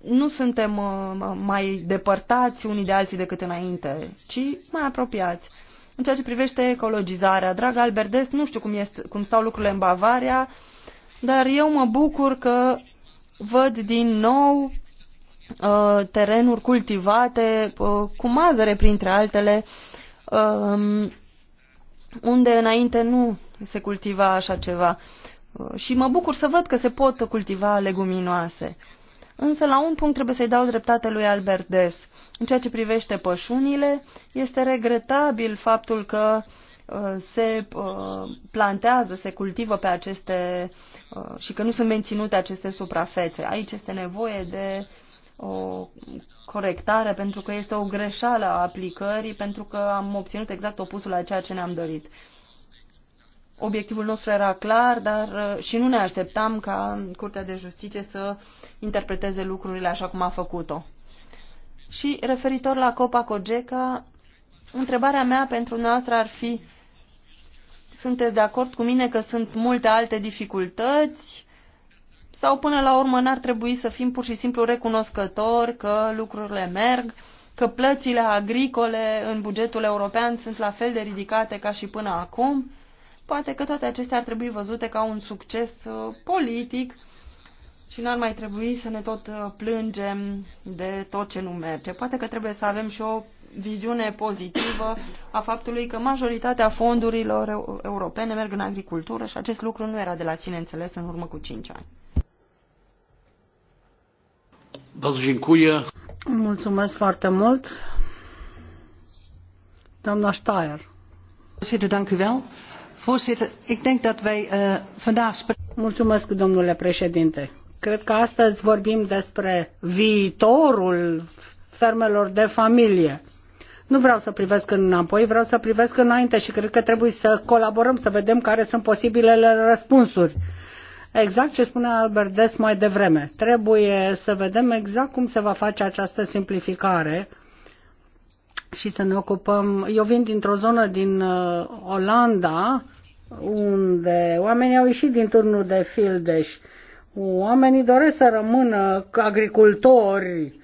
nu suntem uh, mai depărtați unii de alții decât înainte, ci mai apropiați. În ceea ce privește ecologizarea, drag Albertes, nu știu cum, este, cum stau lucrurile în Bavaria, dar eu mă bucur că văd din nou uh, terenuri cultivate uh, cu mazăre, printre altele, um, unde înainte nu se cultiva așa ceva. Uh, și mă bucur să văd că se pot cultiva leguminoase. Însă la un punct trebuie să-i dau dreptate lui Albert Des. În ceea ce privește pășunile, este regretabil faptul că uh, se uh, plantează, se cultivă pe aceste uh, și că nu sunt menținute aceste suprafețe. Aici este nevoie de o corectare pentru că este o greșeală a aplicării, pentru că am obținut exact opusul la ceea ce ne-am dorit. Obiectivul nostru era clar, dar uh, și nu ne așteptam ca Curtea de Justiție să interpreteze lucrurile așa cum a făcut-o. Și referitor la Copa Cogeca, întrebarea mea pentru noastră ar fi sunteți de acord cu mine că sunt multe alte dificultăți? Sau până la urmă n-ar trebui să fim pur și simplu recunoscători că lucrurile merg, că plățile agricole în bugetul european sunt la fel de ridicate ca și până acum? Poate că toate acestea ar trebui văzute ca un succes uh, politic și n-ar mai trebui să ne tot uh, plângem de tot ce nu merge. Poate că trebuie să avem și o viziune pozitivă a faptului că majoritatea fondurilor europene merg în agricultură și acest lucru nu era de la sine înțeles în urmă cu 5 ani. Mulțumesc foarte mult. Doamna Steyer. Voorzitter, dank u wel. Voorzitter, ik denk dat wij uh, vandaag Mulțumesc, domnule președinte. Cred că astăzi vorbim despre viitorul fermelor de familie. Nu vreau să privesc înapoi, vreau să privesc înainte și cred că trebuie să colaborăm, să vedem care sunt posibilele răspunsuri. Exact ce spunea Albert Des mai devreme. Trebuie să vedem exact cum se va face această simplificare și să ne ocupăm. Eu vin dintr-o zonă din uh, Olanda unde oamenii au ieșit din turnul de fildeș. Oamenii doresc să rămână agricultori,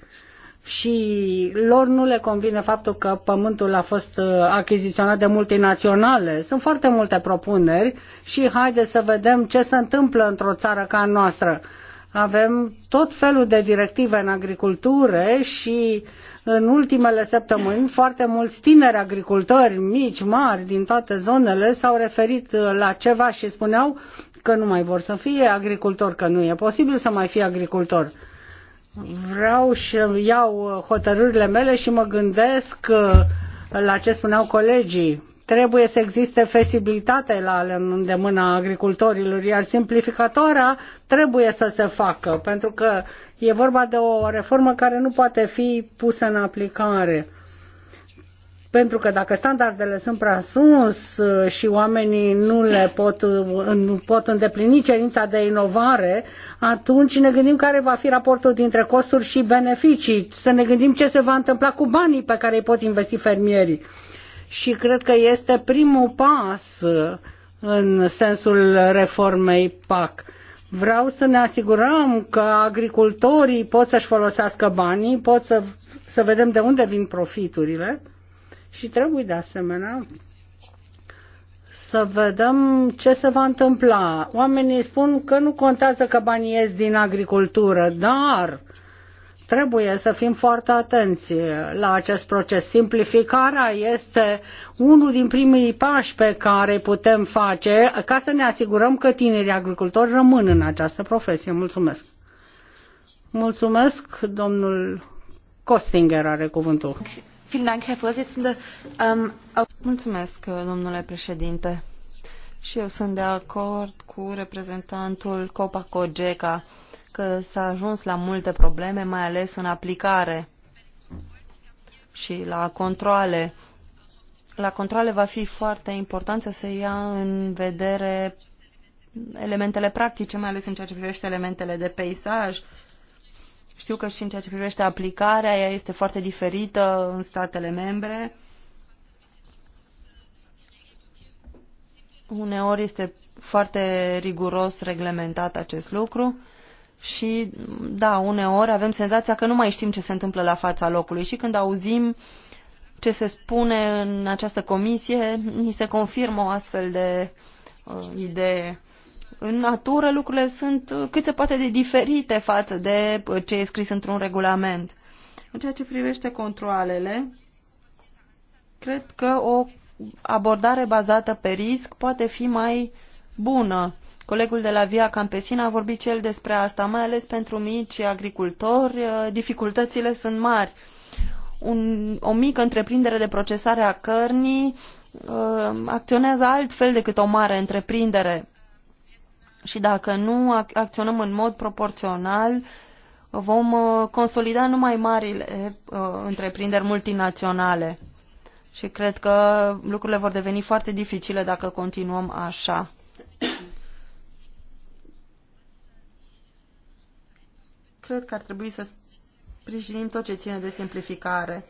și lor nu le convine faptul că pământul a fost uh, achiziționat de multinaționale. Sunt foarte multe propuneri și haideți să vedem ce se întâmplă într-o țară ca a noastră. Avem tot felul de directive în agricultură și în ultimele săptămâni foarte mulți tineri agricultori, mici, mari, din toate zonele s-au referit uh, la ceva și spuneau că nu mai vor să fie agricultori, că nu e posibil să mai fie agricultori vreau și iau uh, hotărârile mele și mă gândesc uh, la ce spuneau colegii. Trebuie să existe flexibilitate la îndemâna agricultorilor, iar simplificatoarea trebuie să se facă, pentru că e vorba de o reformă care nu poate fi pusă în aplicare pentru că dacă standardele sunt prea sus uh, și oamenii nu le pot, uh, nu pot îndeplini cerința de inovare, atunci ne gândim care va fi raportul dintre costuri și beneficii, să ne gândim ce se va întâmpla cu banii pe care îi pot investi fermierii. Și cred că este primul pas uh, în sensul reformei PAC. Vreau să ne asigurăm că agricultorii pot să-și folosească banii, pot să, să vedem de unde vin profiturile și trebuie de asemenea să vedem ce se va întâmpla. Oamenii spun că nu contează că banii ies din agricultură, dar trebuie să fim foarte atenți la acest proces. Simplificarea este unul din primii pași pe care putem face ca să ne asigurăm că tinerii agricultori rămân în această profesie. Mulțumesc! Mulțumesc, domnul Costinger are cuvântul. Ähm, Mulțumesc, domnule președinte. Și eu sunt de acord cu reprezentantul Copa Cogeca că s-a ajuns la multe probleme, mai ales în aplicare și la controle. La controle va fi foarte important să se ia în vedere elementele practice, mai ales în ceea ce privește elementele de peisaj, știu că și în ceea ce privește aplicarea, ea este foarte diferită în statele membre. Uneori este foarte riguros reglementat acest lucru și, da, uneori avem senzația că nu mai știm ce se întâmplă la fața locului și când auzim ce se spune în această comisie, ni se confirmă o astfel de uh, idee. În natură lucrurile sunt cât se poate de diferite față de ce e scris într-un regulament. În ceea ce privește controalele, cred că o abordare bazată pe risc poate fi mai bună. Colegul de la Via Campesina a vorbit cel el despre asta, mai ales pentru mici agricultori, eh, dificultățile sunt mari. Un, o mică întreprindere de procesare a cărnii uh, acționează altfel decât o mare întreprindere și dacă nu acționăm în mod proporțional, vom uh, consolida numai marile uh, întreprinderi multinaționale. Și cred că lucrurile vor deveni foarte dificile dacă continuăm așa. Cred că ar trebui să sprijinim tot ce ține de simplificare.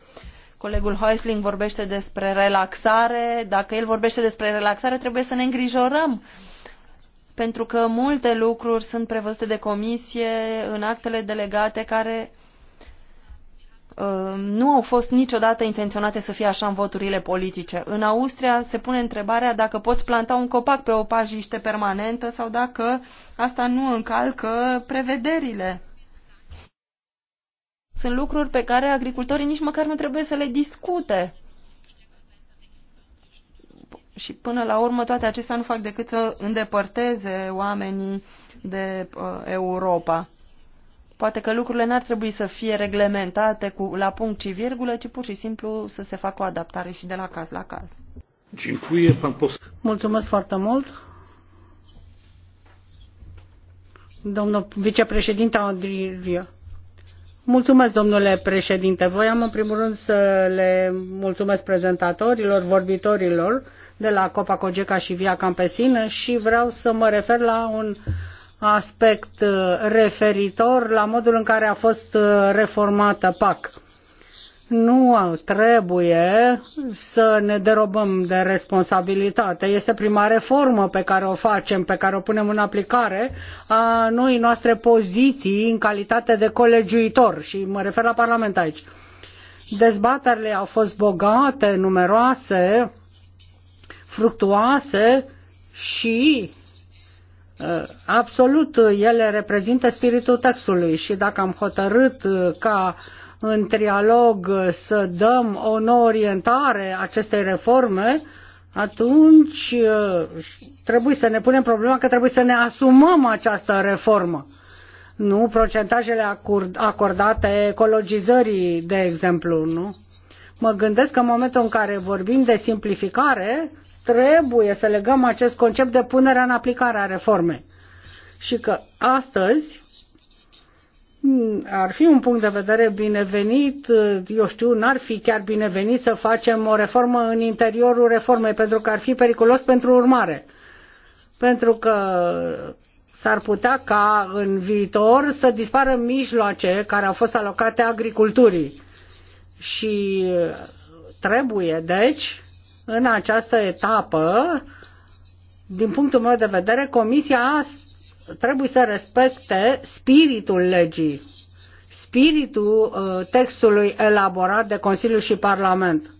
Colegul Heusling vorbește despre relaxare. Dacă el vorbește despre relaxare, trebuie să ne îngrijorăm uh, pentru că multe lucruri sunt prevăzute de comisie în actele delegate care uh, nu au fost niciodată intenționate să fie așa în voturile politice. În Austria se pune întrebarea dacă poți planta un copac pe o pajiște permanentă sau dacă asta nu încalcă prevederile. Sunt lucruri pe care agricultorii nici măcar nu trebuie să le discute și până la urmă toate acestea nu fac decât să îndepărteze oamenii de uh, Europa. Poate că lucrurile n-ar trebui să fie reglementate cu, la punct și virgulă, ci pur și simplu să se facă o adaptare și de la caz la caz. Mulțumesc foarte mult. Domnul vicepreședinte Andriu. Mulțumesc, domnule președinte. Voiam, în primul rând, să le mulțumesc prezentatorilor, vorbitorilor de la Copa Cogeca și Via Campesină și vreau să mă refer la un aspect uh, referitor la modul în care a fost uh, reformată PAC. Nu trebuie să ne derobăm de responsabilitate. Este prima reformă pe care o facem, pe care o punem în aplicare a noi noastre poziții în calitate de colegiuitor și mă refer la Parlament aici. Dezbaterile au fost bogate, numeroase, fructuoase și uh, absolut ele reprezintă spiritul textului și dacă am hotărât uh, ca în trialog uh, să dăm o nouă orientare acestei reforme, atunci trebuie să ne punem problema că trebuie să ne asumăm această reformă. Nu procentajele acordate ecologizării, de exemplu, nu? Mă gândesc că în momentul în care vorbim de simplificare, trebuie să legăm acest concept de punere în aplicare a reformei. Și că astăzi mm, ar fi un punct de vedere binevenit, eu știu, n-ar fi chiar binevenit să facem o reformă în interiorul reformei, pentru că ar fi periculos pentru urmare. Pentru că s-ar putea ca în viitor să dispară mijloace care au fost alocate agriculturii. Și trebuie, deci, în această etapă, din punctul meu de vedere, Comisia trebuie să respecte spiritul legii, spiritul uh, textului elaborat de Consiliu și Parlament.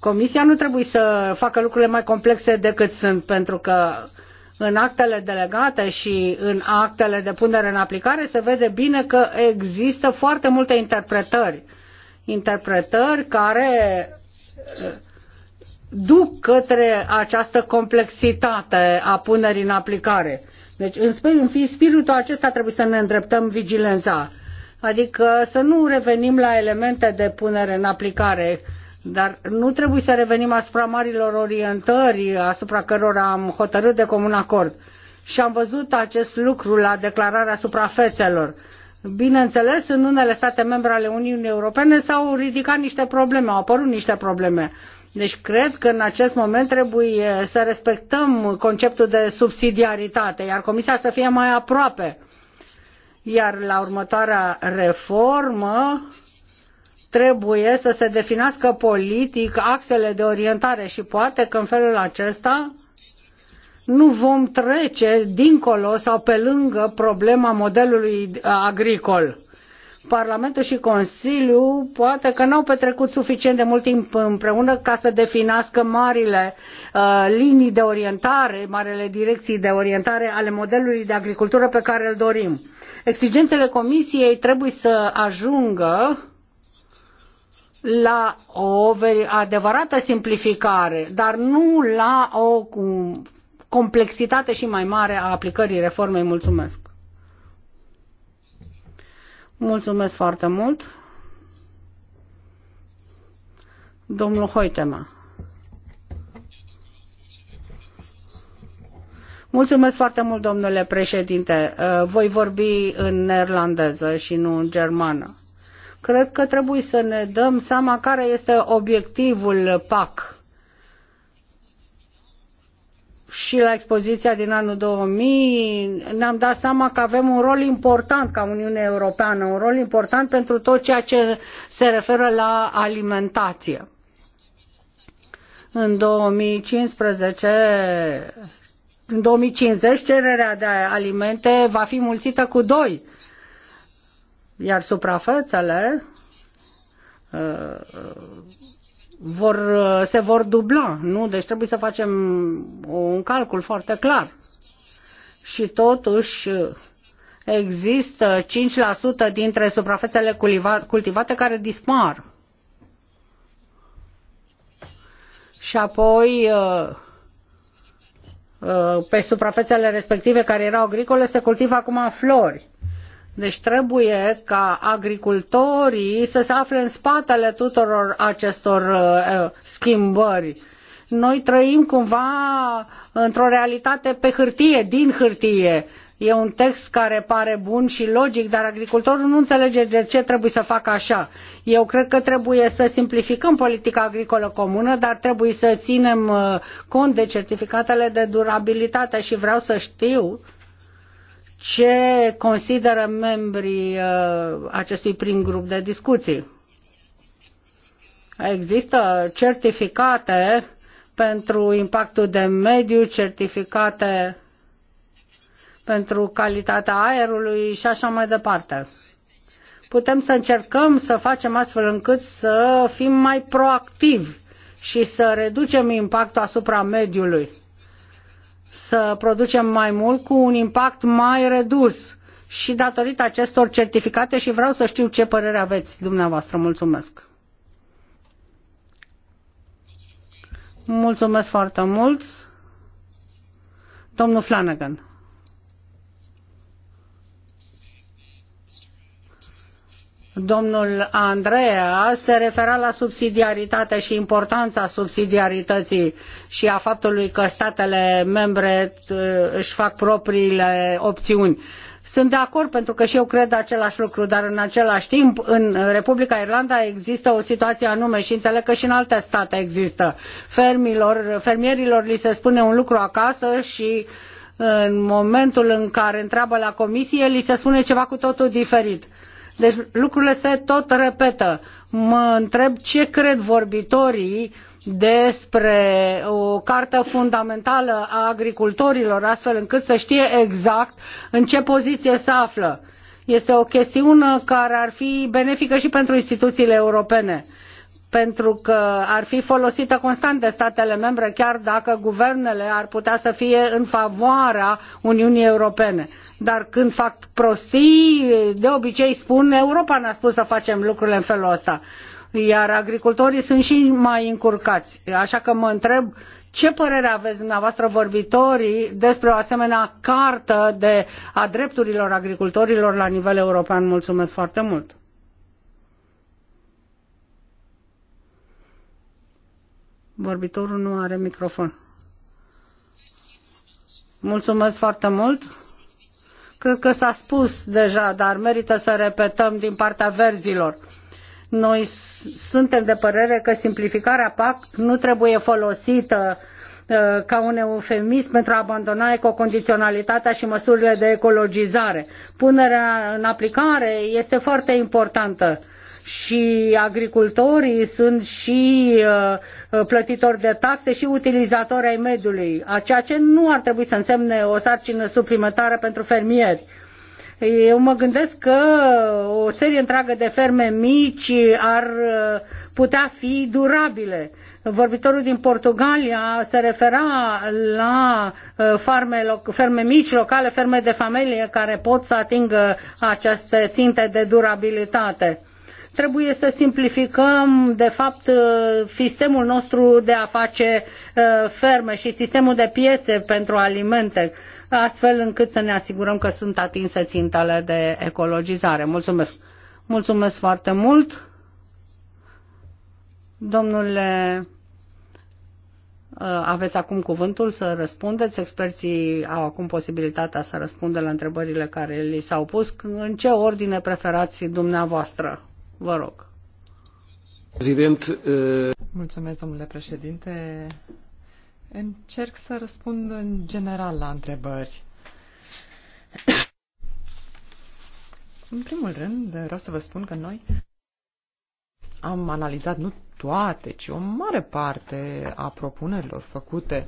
Comisia nu trebuie să facă lucrurile mai complexe decât sunt, pentru că în actele delegate și în actele de punere în aplicare se vede bine că există foarte multe interpretări. Interpretări care duc către această complexitate a punerii în aplicare. Deci, în, spiritul acesta trebuie să ne îndreptăm vigilența. Adică să nu revenim la elemente de punere în aplicare, dar nu trebuie să revenim asupra marilor orientări asupra cărora am hotărât de comun acord. Și am văzut acest lucru la declararea suprafețelor. Bineînțeles, în unele state membre ale Uniunii Europene s-au ridicat niște probleme, au apărut niște probleme. Deci cred că în acest moment trebuie să respectăm conceptul de subsidiaritate, iar Comisia să fie mai aproape. Iar la următoarea reformă trebuie să se definească politic axele de orientare și poate că în felul acesta nu vom trece dincolo sau pe lângă problema modelului agricol. Parlamentul și Consiliul poate că n-au petrecut suficient de mult timp împreună ca să definească marile uh, linii de orientare, marele direcții de orientare ale modelului de agricultură pe care îl dorim. Exigențele Comisiei trebuie să ajungă la o adevărată simplificare, dar nu la o complexitate și mai mare a aplicării reformei. Mulțumesc! Mulțumesc foarte mult! Domnul Hoitema. Mulțumesc foarte mult, domnule președinte. Uh, voi vorbi în neerlandeză și nu în germană. Cred că trebuie să ne dăm seama care este obiectivul PAC și la expoziția din anul 2000 ne-am dat seama că avem un rol important ca Uniune Europeană, un rol important pentru tot ceea ce se referă la alimentație. În 2015, în 2050, cererea de alimente va fi mulțită cu 2, iar suprafețele uh, vor, uh, se vor dubla, nu? Deci trebuie să facem un calcul foarte clar. Și totuși uh, există 5% dintre suprafețele cultivate care dispar. Și apoi uh, pe suprafețele respective care erau agricole se cultivă acum flori deci trebuie ca agricultorii să se afle în spatele tuturor acestor uh, uh, schimbări. Noi trăim cumva într-o realitate pe hârtie, din hârtie. E un text care pare bun și logic, dar agricultorul nu înțelege de ce trebuie să facă așa. Eu cred că trebuie să simplificăm politica agricolă comună, dar trebuie să ținem uh, cont de certificatele de durabilitate și vreau să știu ce consideră membrii uh, acestui prim grup de discuții. Există certificate pentru impactul de mediu, certificate pentru calitatea aerului și așa mai departe. Putem să încercăm să facem astfel încât să fim mai proactivi și să reducem impactul asupra mediului să producem mai mult cu un impact mai redus și datorită acestor certificate și vreau să știu ce părere aveți dumneavoastră. Mulțumesc! Mulțumesc foarte mult! Domnul Flanagan. domnul Andreea se refera la subsidiaritate și importanța subsidiarității și a faptului că statele membre uh, își fac propriile opțiuni. Sunt de acord pentru că și eu cred același lucru, dar în același timp în Republica Irlanda există o situație anume și înțeleg că și în alte state există. Fermilor, fermierilor li se spune un lucru acasă și uh, în momentul în care întreabă la comisie li se spune ceva cu totul diferit deci lucrurile se tot repetă. Mă întreb ce cred vorbitorii despre o carte fundamentală a agricultorilor, astfel încât să știe exact în ce poziție se află. Este o chestiune care ar fi benefică și pentru instituțiile europene pentru că ar fi folosită constant de statele membre, chiar dacă guvernele ar putea să fie în favoarea Uniunii Europene. Dar când fac prostii, de obicei spun Europa ne-a spus să facem lucrurile în felul ăsta. Iar agricultorii sunt și mai încurcați. Așa că mă întreb ce părere aveți dumneavoastră vorbitorii despre o asemenea cartă de a drepturilor agricultorilor la nivel european? Mulțumesc foarte mult! Vorbitorul nu are microfon. Mulțumesc foarte mult. Cred că s-a spus deja, dar merită să repetăm din partea verzilor noi suntem de părere că simplificarea PAC nu trebuie folosită uh, ca un eufemism pentru a abandona ecocondiționalitatea și măsurile de ecologizare. Punerea în aplicare este foarte importantă și agricultorii sunt și uh, plătitori de taxe și utilizatori ai mediului, ceea ce nu ar trebui să însemne o sarcină suplimentară pentru fermieri eu mă gândesc că o serie întreagă de ferme mici ar uh, putea fi durabile. Vorbitorul din Portugalia se refera la uh, farme, ferme mici, locale, ferme de familie care pot să atingă aceste ținte de durabilitate trebuie să simplificăm, de fapt, uh, sistemul nostru de a face ferme și sistemul de piețe pentru alimente astfel încât să ne asigurăm că sunt atinse țintele de ecologizare. Mulțumesc! Mulțumesc foarte mult! Domnule, uh, aveți acum cuvântul să răspundeți. Experții au acum posibilitatea să răspundă la întrebările care li s-au pus. În ce ordine preferați dumneavoastră? Vă rog. Uh, Mulțumesc, domnule președinte. Încerc să răspund în general la întrebări. În primul rând, vreau să vă spun că noi am analizat nu toate, ci o mare parte a propunerilor făcute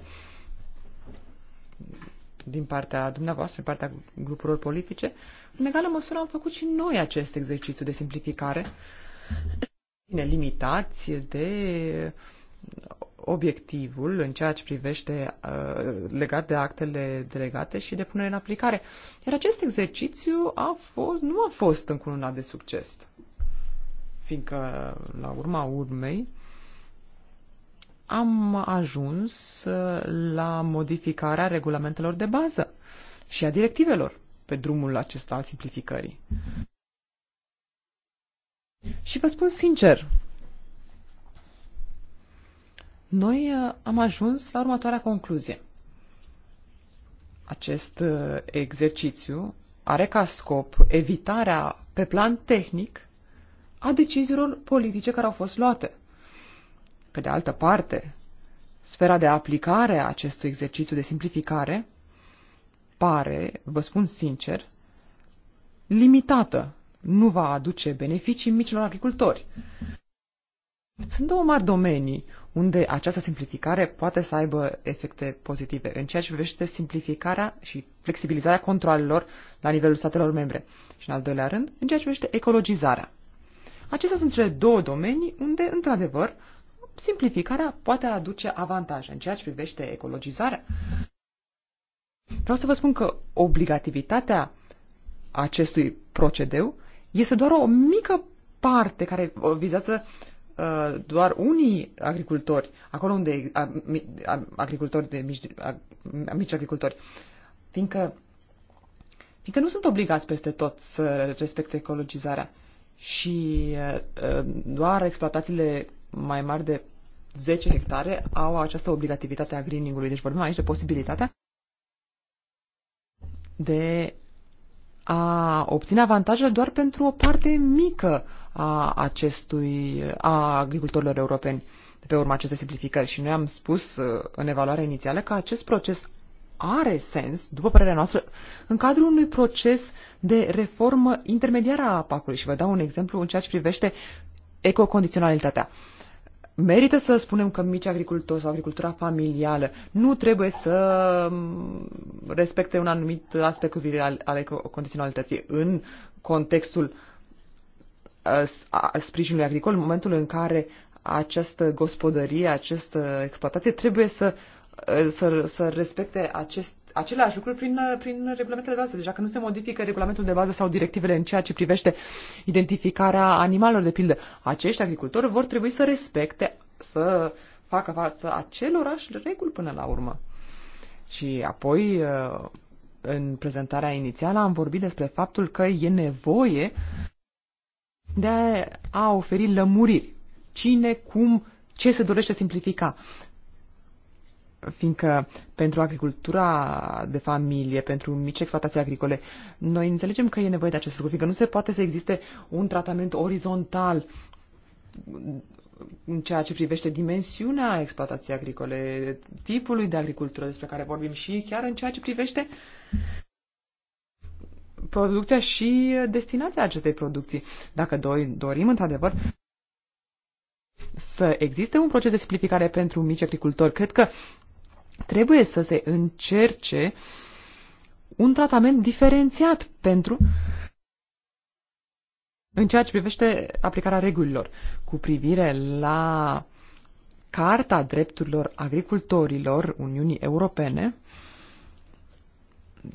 din partea dumneavoastră, din partea grupurilor politice. În egală măsură am făcut și noi acest exercițiu de simplificare, bine limitați de obiectivul în ceea ce privește uh, legat de actele delegate și de punere în aplicare. Iar acest exercițiu a fost, nu a fost încununat de succes, fiindcă, la urma urmei, am ajuns uh, la modificarea regulamentelor de bază și a directivelor pe drumul acesta al simplificării. Și vă spun sincer noi uh, am ajuns la următoarea concluzie. Acest uh, exercițiu are ca scop evitarea pe plan tehnic a deciziilor politice care au fost luate. Pe de altă parte, sfera de aplicare a acestui exercițiu de simplificare pare, vă spun sincer, limitată. Nu va aduce beneficii micilor agricultori. Sunt două mari domenii unde această simplificare poate să aibă efecte pozitive în ceea ce privește simplificarea și flexibilizarea controlelor la nivelul statelor membre. Și în al doilea rând, în ceea ce privește ecologizarea. Acestea sunt cele două domenii unde, într-adevăr, simplificarea poate aduce avantaje în ceea ce privește ecologizarea. Vreau să vă spun că obligativitatea acestui procedeu este doar o mică parte care vizează Uh, doar unii agricultori, acolo unde agricultori de mici, mici agricultori, fiindcă, fiindcă nu sunt obligați peste tot să respecte ecologizarea și uh, uh, doar exploatațiile mai mari de 10 hectare au această obligativitate a greening-ului. Deci vorbim aici de posibilitatea de a obține avantajele doar pentru o parte mică a acestui, a agricultorilor europeni de pe urma acestei simplificări. Și noi am spus uh, în evaluarea inițială că acest proces are sens, după părerea noastră, în cadrul unui proces de reformă intermediară a PAC-ului. Și vă dau un exemplu în ceea ce privește ecocondiționalitatea. Merită să spunem că mici agricultori sau agricultura familială nu trebuie să mm, respecte un anumit aspect al, ecocondiționalității în contextul Uh, sprijinului agricol în momentul în care această gospodărie, această exploatație trebuie să, uh, să, să respecte acest aceleași lucruri prin, uh, prin regulamentele de bază. Deja deci că nu se modifică regulamentul de bază sau directivele în ceea ce privește identificarea animalelor, de pildă, acești agricultori vor trebui să respecte, să facă față acelorași reguli până la urmă. Și apoi, în prezentarea inițială, am vorbit despre faptul că e nevoie de a oferi lămuriri. Cine, cum, ce se dorește simplifica. Fiindcă pentru agricultura de familie, pentru mici exploatații agricole, noi înțelegem că e nevoie de acest lucru, fiindcă nu se poate să existe un tratament orizontal în ceea ce privește dimensiunea exploatației agricole, tipului de agricultură despre care vorbim și chiar în ceea ce privește producția și destinația acestei producții. Dacă dorim, într-adevăr, să existe un proces de simplificare pentru mici agricultori, cred că trebuie să se încerce un tratament diferențiat pentru în ceea ce privește aplicarea regulilor cu privire la Carta Drepturilor Agricultorilor Uniunii Europene,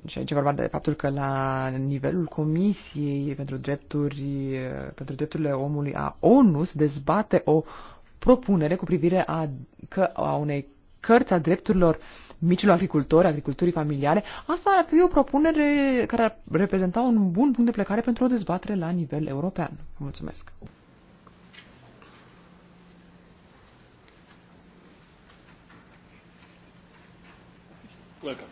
și aici e vorba de faptul că la nivelul Comisiei pentru, drepturi, pentru Drepturile Omului a ONU se dezbate o propunere cu privire a, că, a unei cărți a drepturilor micilor agricultori, agriculturii familiale. Asta ar fi o propunere care ar reprezenta un bun punct de plecare pentru o dezbatere la nivel european. Mulțumesc! Welcome.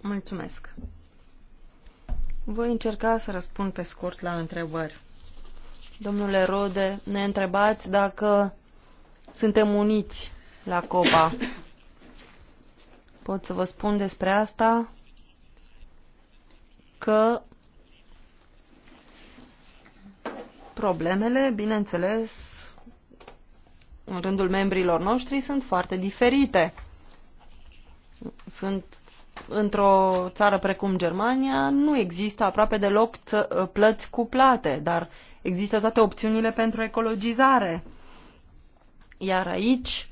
Mulțumesc. Voi încerca să răspund pe scurt la întrebări. Domnule Rode, ne întrebați dacă suntem uniți la COPA. Pot să vă spun despre asta că problemele, bineînțeles, în rândul membrilor noștri sunt foarte diferite. Sunt într-o țară precum Germania, nu există aproape deloc ă, plăți plate, dar există toate opțiunile pentru ecologizare. Iar aici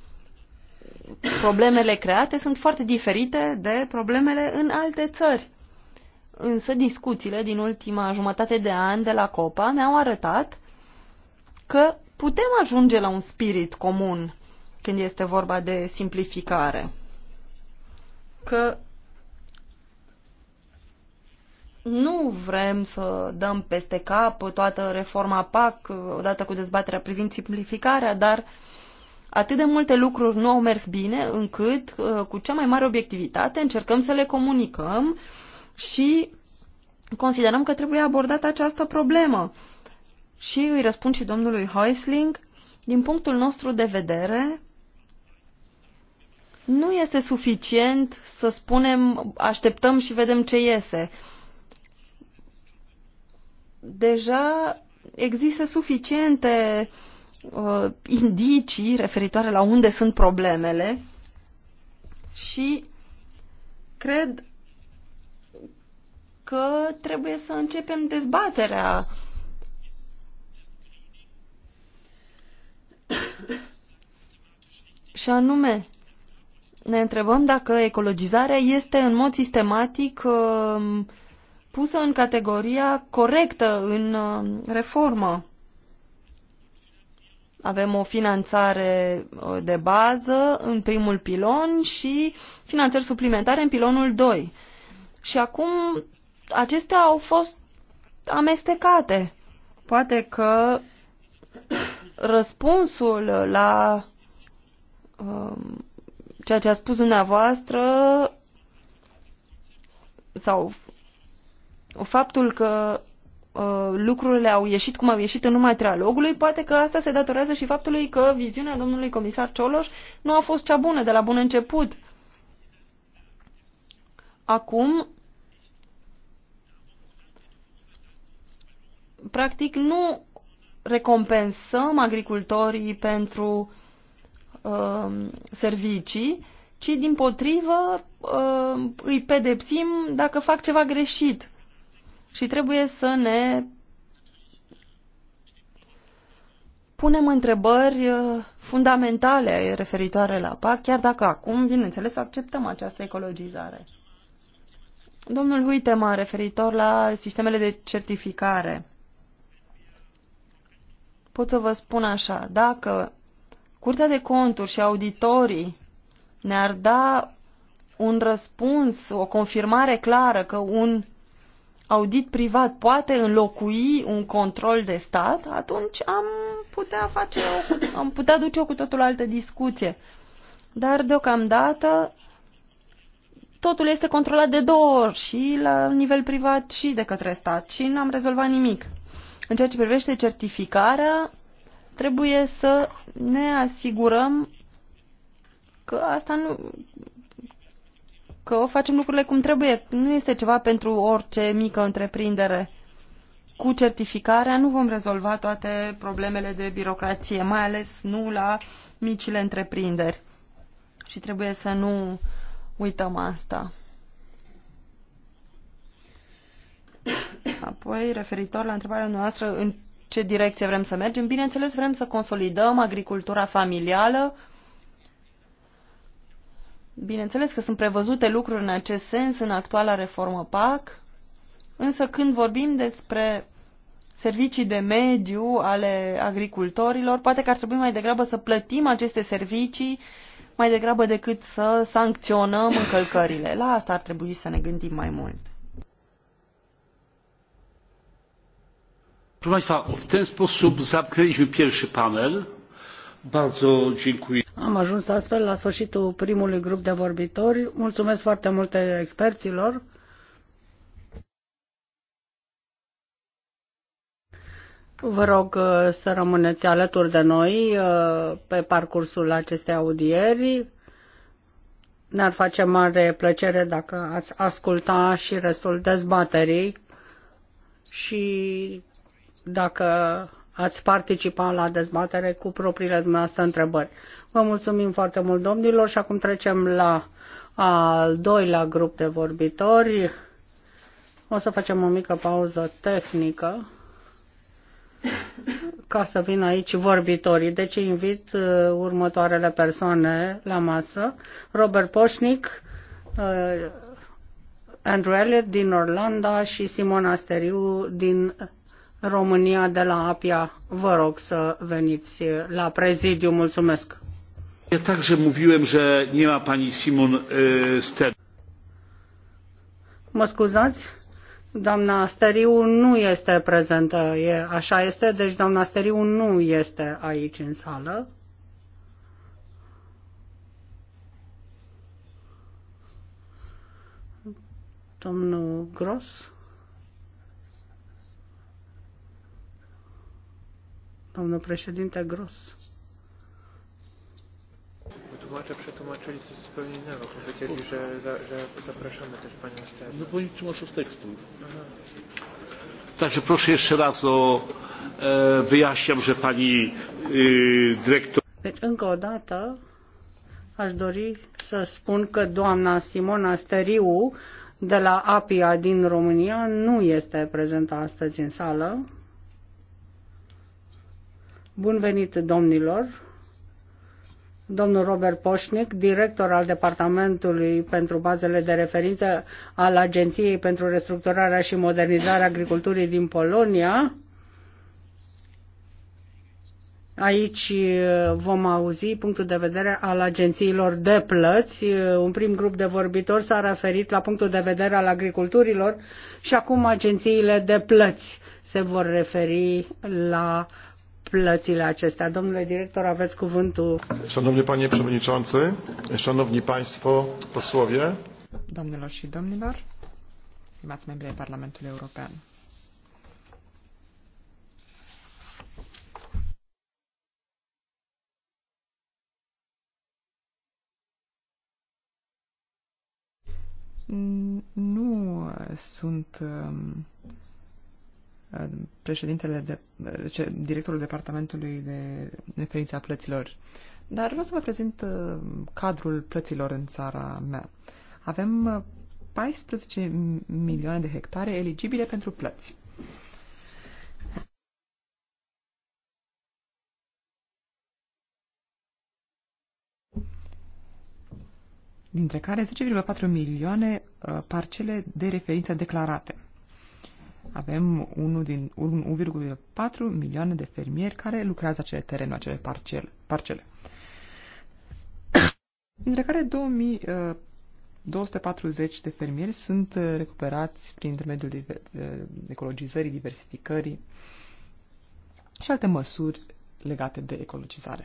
problemele create sunt foarte diferite de problemele în alte țări. Însă discuțiile din ultima jumătate de an de la COPA mi-au arătat că putem ajunge la un spirit comun când este vorba de simplificare că nu vrem să dăm peste cap toată reforma PAC odată cu dezbaterea privind simplificarea, dar atât de multe lucruri nu au mers bine încât uh, cu cea mai mare obiectivitate încercăm să le comunicăm și considerăm că trebuie abordată această problemă. Și îi răspund și domnului Heusling, din punctul nostru de vedere, nu este suficient să spunem așteptăm și vedem ce iese. Deja există suficiente uh, indicii referitoare la unde sunt problemele și cred că trebuie să începem dezbaterea și anume ne întrebăm dacă ecologizarea este în mod sistematic uh, pusă în categoria corectă în uh, reformă. Avem o finanțare uh, de bază în primul pilon și finanțări suplimentare în pilonul 2. Și acum acestea au fost amestecate. Poate că răspunsul la Ceea ce a spus dumneavoastră sau faptul că uh, lucrurile au ieșit cum au ieșit în urma trialogului, poate că asta se datorează și faptului că viziunea domnului comisar Cioloș nu a fost cea bună de la bun început. Acum, practic, nu recompensăm agricultorii pentru Um, servicii, ci din potrivă um, îi pedepsim dacă fac ceva greșit. Și trebuie să ne punem întrebări uh, fundamentale referitoare la PAC, chiar dacă acum, bineînțeles, acceptăm această ecologizare. Domnul Huitema, referitor la sistemele de certificare, pot să vă spun așa, dacă Curtea de conturi și auditorii ne-ar da un răspuns, o confirmare clară că un audit privat poate înlocui un control de stat, atunci am putea, face o, am putea duce o cu totul altă discuție. Dar deocamdată totul este controlat de două ori și la nivel privat și de către stat și n-am rezolvat nimic. În ceea ce privește certificarea, Trebuie să ne asigurăm că asta nu că o facem lucrurile cum trebuie. Nu este ceva pentru orice mică întreprindere. Cu certificarea nu vom rezolva toate problemele de birocrație, mai ales nu la micile întreprinderi. Și trebuie să nu uităm asta. Apoi, referitor la întrebarea noastră, în ce direcție vrem să mergem. Bineînțeles, vrem să consolidăm agricultura familială. Bineînțeles că sunt prevăzute lucruri în acest sens în actuala reformă PAC, însă când vorbim despre servicii de mediu ale agricultorilor, poate că ar trebui mai degrabă să plătim aceste servicii mai degrabă decât să sancționăm încălcările. La asta ar trebui să ne gândim mai mult. Proszę Państwa, w ten sposób zamknęliśmy pierwszy panel. Bardzo dziękuję. Am ajuns astfel la sfârșitul primului grup de vorbitori. Mulțumesc foarte mult experților. Vă rog uh, să rămâneți alături de noi uh, pe parcursul acestei audieri. Ne-ar face mare plăcere dacă ați asculta și restul dezbaterii și dacă ați participat la dezbatere cu propriile dumneavoastră întrebări. Vă mulțumim foarte mult, domnilor, și acum trecem la al doilea grup de vorbitori. O să facem o mică pauză tehnică ca să vină aici vorbitorii. Deci invit uh, următoarele persoane la masă. Robert Poșnic, uh, Andrew Elliot din Orlanda și Simona Steriu din România de la Apia. Vă rog să veniți la prezidiu. Mulțumesc. Ja także mówiłem, że nie ma pani Simon Ster. Mă scuzați? Doamna Steriu nu este prezentă, e, așa este, deci doamna Steriu nu este aici în sală. Domnul Gros? domnul președinte Gros. Nu pot nici zupełnie innego. Powiedzieli, że, za, że Także proszę jeszcze raz o e, wyjaśniam, że pani e, dyrektor. Deci încă o dată aș dori să spun că doamna Simona Steriu de la APIA din România nu este prezentă astăzi în sală. Bun venit domnilor! Domnul Robert Poșnic, director al Departamentului pentru bazele de referință al Agenției pentru restructurarea și modernizarea agriculturii din Polonia. Aici uh, vom auzi punctul de vedere al agențiilor de plăți. Uh, un prim grup de vorbitori s-a referit la punctul de vedere al agriculturilor și acum agențiile de plăți se vor referi la plățile acestea. Domnule director, aveți cuvântul. Szanowny panie przewodniczący, szanowni państwo posłowie. Domnilor și domnilor, stimați membri ai Parlamentului European. Nu sunt um, președintele de, directorul departamentului de referință a plăților. Dar vreau să vă prezint uh, cadrul plăților în țara mea. Avem 14 uh, milioane de hectare eligibile pentru plăți. dintre care 10,4 milioane uh, parcele de referință declarate. Avem din 1,4 milioane de fermieri care lucrează acele terenuri, acele parcele. parcele. Dintre care 2240 uh, de fermieri sunt uh, recuperați prin intermediul diver, uh, ecologizării, diversificării și alte măsuri legate de ecologizare.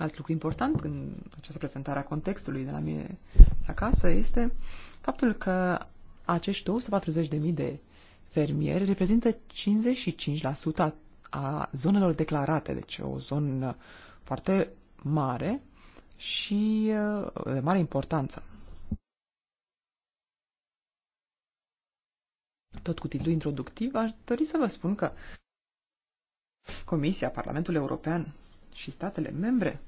Alt lucru important în această prezentare a contextului de la mine acasă este faptul că acești 240.000 de fermieri reprezintă 55% a, a zonelor declarate, deci o zonă foarte mare și uh, de mare importanță. Tot cu titlul introductiv, aș dori să vă spun că Comisia, Parlamentul European și statele membre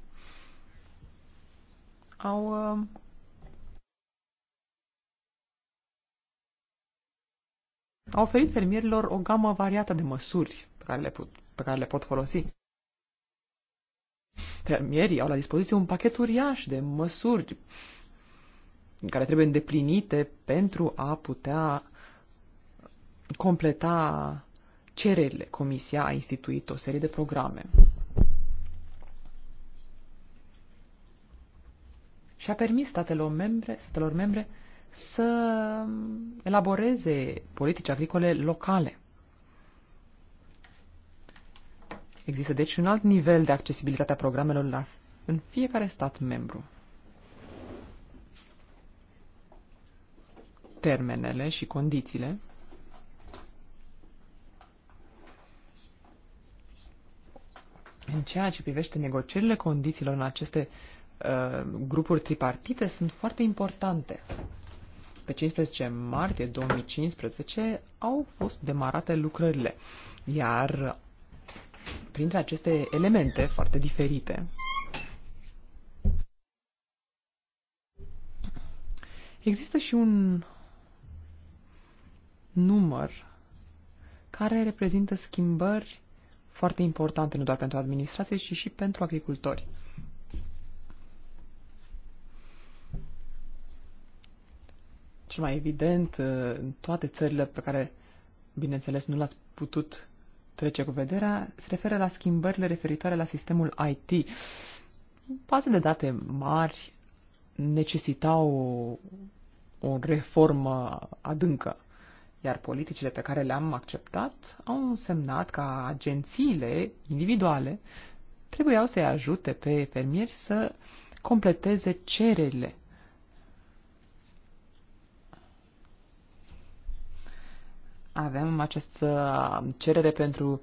au uh, au oferit fermierilor o gamă variată de măsuri pe care le, put, pe care le pot folosi. Fermierii au la dispoziție un pachet uriaș de măsuri care trebuie îndeplinite pentru a putea completa cererile. Comisia a instituit o serie de programe. și a permis statelor membre, statelor membre să elaboreze politici agricole locale. Există deci un alt nivel de accesibilitate a programelor la, în fiecare stat membru. Termenele și condițiile În ceea ce privește negocierile condițiilor în aceste Uh, grupuri tripartite sunt foarte importante. Pe 15 martie 2015 au fost demarate lucrările, iar printre aceste elemente foarte diferite există și un număr care reprezintă schimbări foarte importante, nu doar pentru administrație, ci și pentru agricultori. cel mai evident uh, în toate țările pe care, bineînțeles, nu l-ați putut trece cu vederea, se referă la schimbările referitoare la sistemul IT. Baze de date mari necesitau o, o reformă adâncă, iar politicile pe care le-am acceptat au însemnat ca agențiile individuale trebuiau să-i ajute pe fermieri să completeze cererile avem această uh, cerere pentru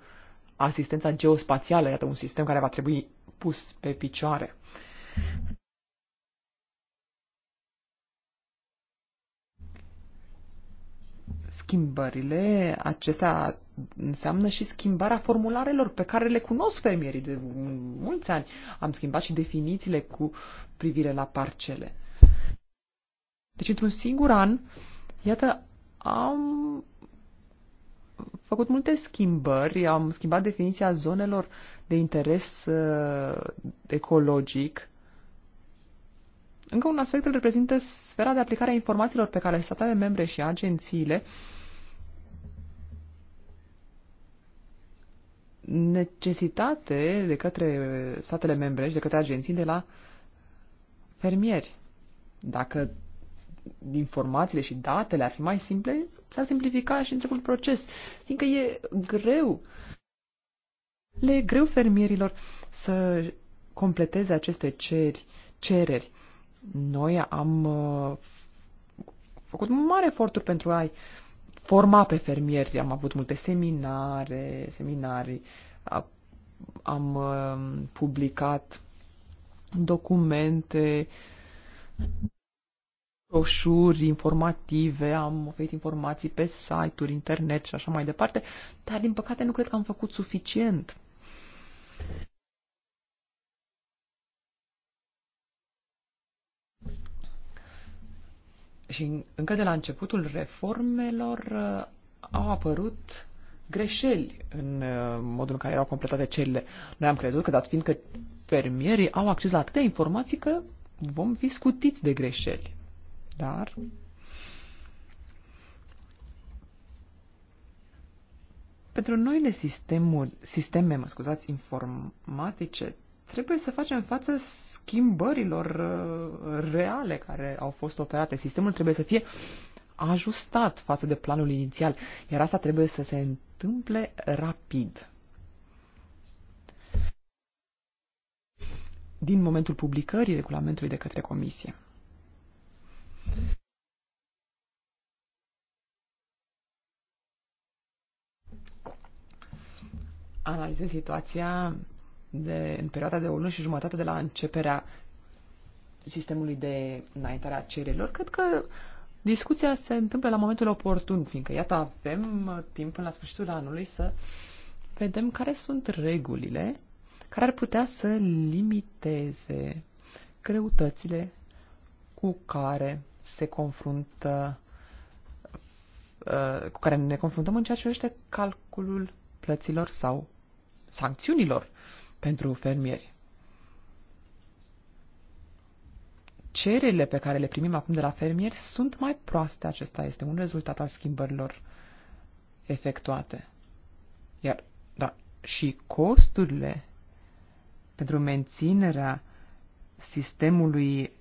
asistența geospațială, iată un sistem care va trebui pus pe picioare. Schimbările acestea înseamnă și schimbarea formularelor pe care le cunosc fermierii de mulți ani. Am schimbat și definițiile cu privire la parcele. Deci, într-un singur an, iată, am făcut multe schimbări, am schimbat definiția zonelor de interes uh, ecologic. Încă un aspect îl reprezintă sfera de aplicare a informațiilor pe care statele membre și agențiile necesitate de către statele membre și de către agenții de la fermieri. Dacă informațiile și datele ar fi mai simple, s-ar simplifica și întregul proces, fiindcă e greu, le e greu fermierilor să completeze aceste ceri, cereri. Noi am uh, făcut mare eforturi pentru a-i forma pe fermieri, am avut multe seminare, seminarii, am uh, publicat documente, broșuri informative, am oferit informații pe site-uri, internet și așa mai departe, dar din păcate nu cred că am făcut suficient. Și încă de la începutul reformelor uh, au apărut greșeli în uh, modul în care erau completate cerile. Noi am crezut că, dat fiindcă fermierii au acces la atâtea informații, că vom fi scutiți de greșeli dar pentru noile sistemuri, sisteme mă scuzați, informatice, trebuie să facem față schimbărilor uh, reale care au fost operate. Sistemul trebuie să fie ajustat față de planul inițial, iar asta trebuie să se întâmple rapid. Din momentul publicării regulamentului de către Comisie. Analizez situația de, în perioada de o lună și jumătate de la începerea sistemului de înaintare a cererilor. Cred că discuția se întâmplă la momentul oportun, fiindcă, iată, avem uh, timp până la sfârșitul anului să vedem care sunt regulile care ar putea să limiteze greutățile cu care se confruntă uh, cu care ne confruntăm în ceea ce privește calculul plăților sau sancțiunilor pentru fermieri. Cererile pe care le primim acum de la fermieri sunt mai proaste. Acesta este un rezultat al schimbărilor efectuate. Iar, da, și costurile pentru menținerea sistemului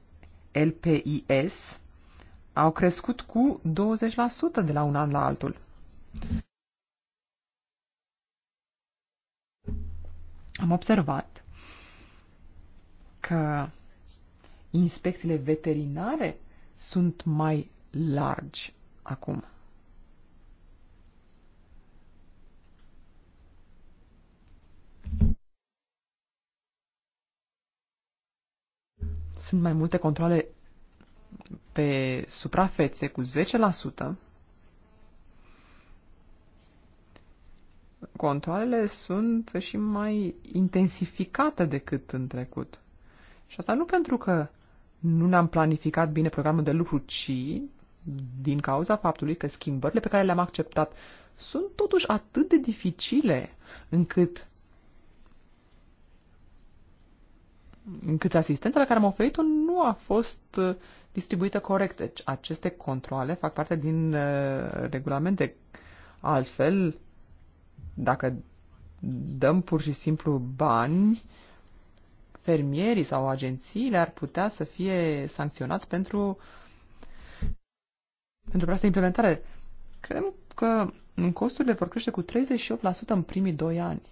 LPIS au crescut cu 20% de la un an la altul. Am observat că inspecțiile veterinare sunt mai largi acum. Sunt mai multe controle pe suprafețe cu 10%, controlele sunt și mai intensificate decât în trecut. Și asta nu pentru că nu ne-am planificat bine programul de lucru, ci din cauza faptului că schimbările pe care le-am acceptat sunt totuși atât de dificile încât încât asistența la care am oferit-o nu a fost distribuită corect. Deci aceste controle fac parte din uh, regulamente. Altfel, dacă dăm pur și simplu bani, fermierii sau agențiile ar putea să fie sancționați pentru, pentru proastă implementare. Credem că costurile vor crește cu 38% în primii 2 ani.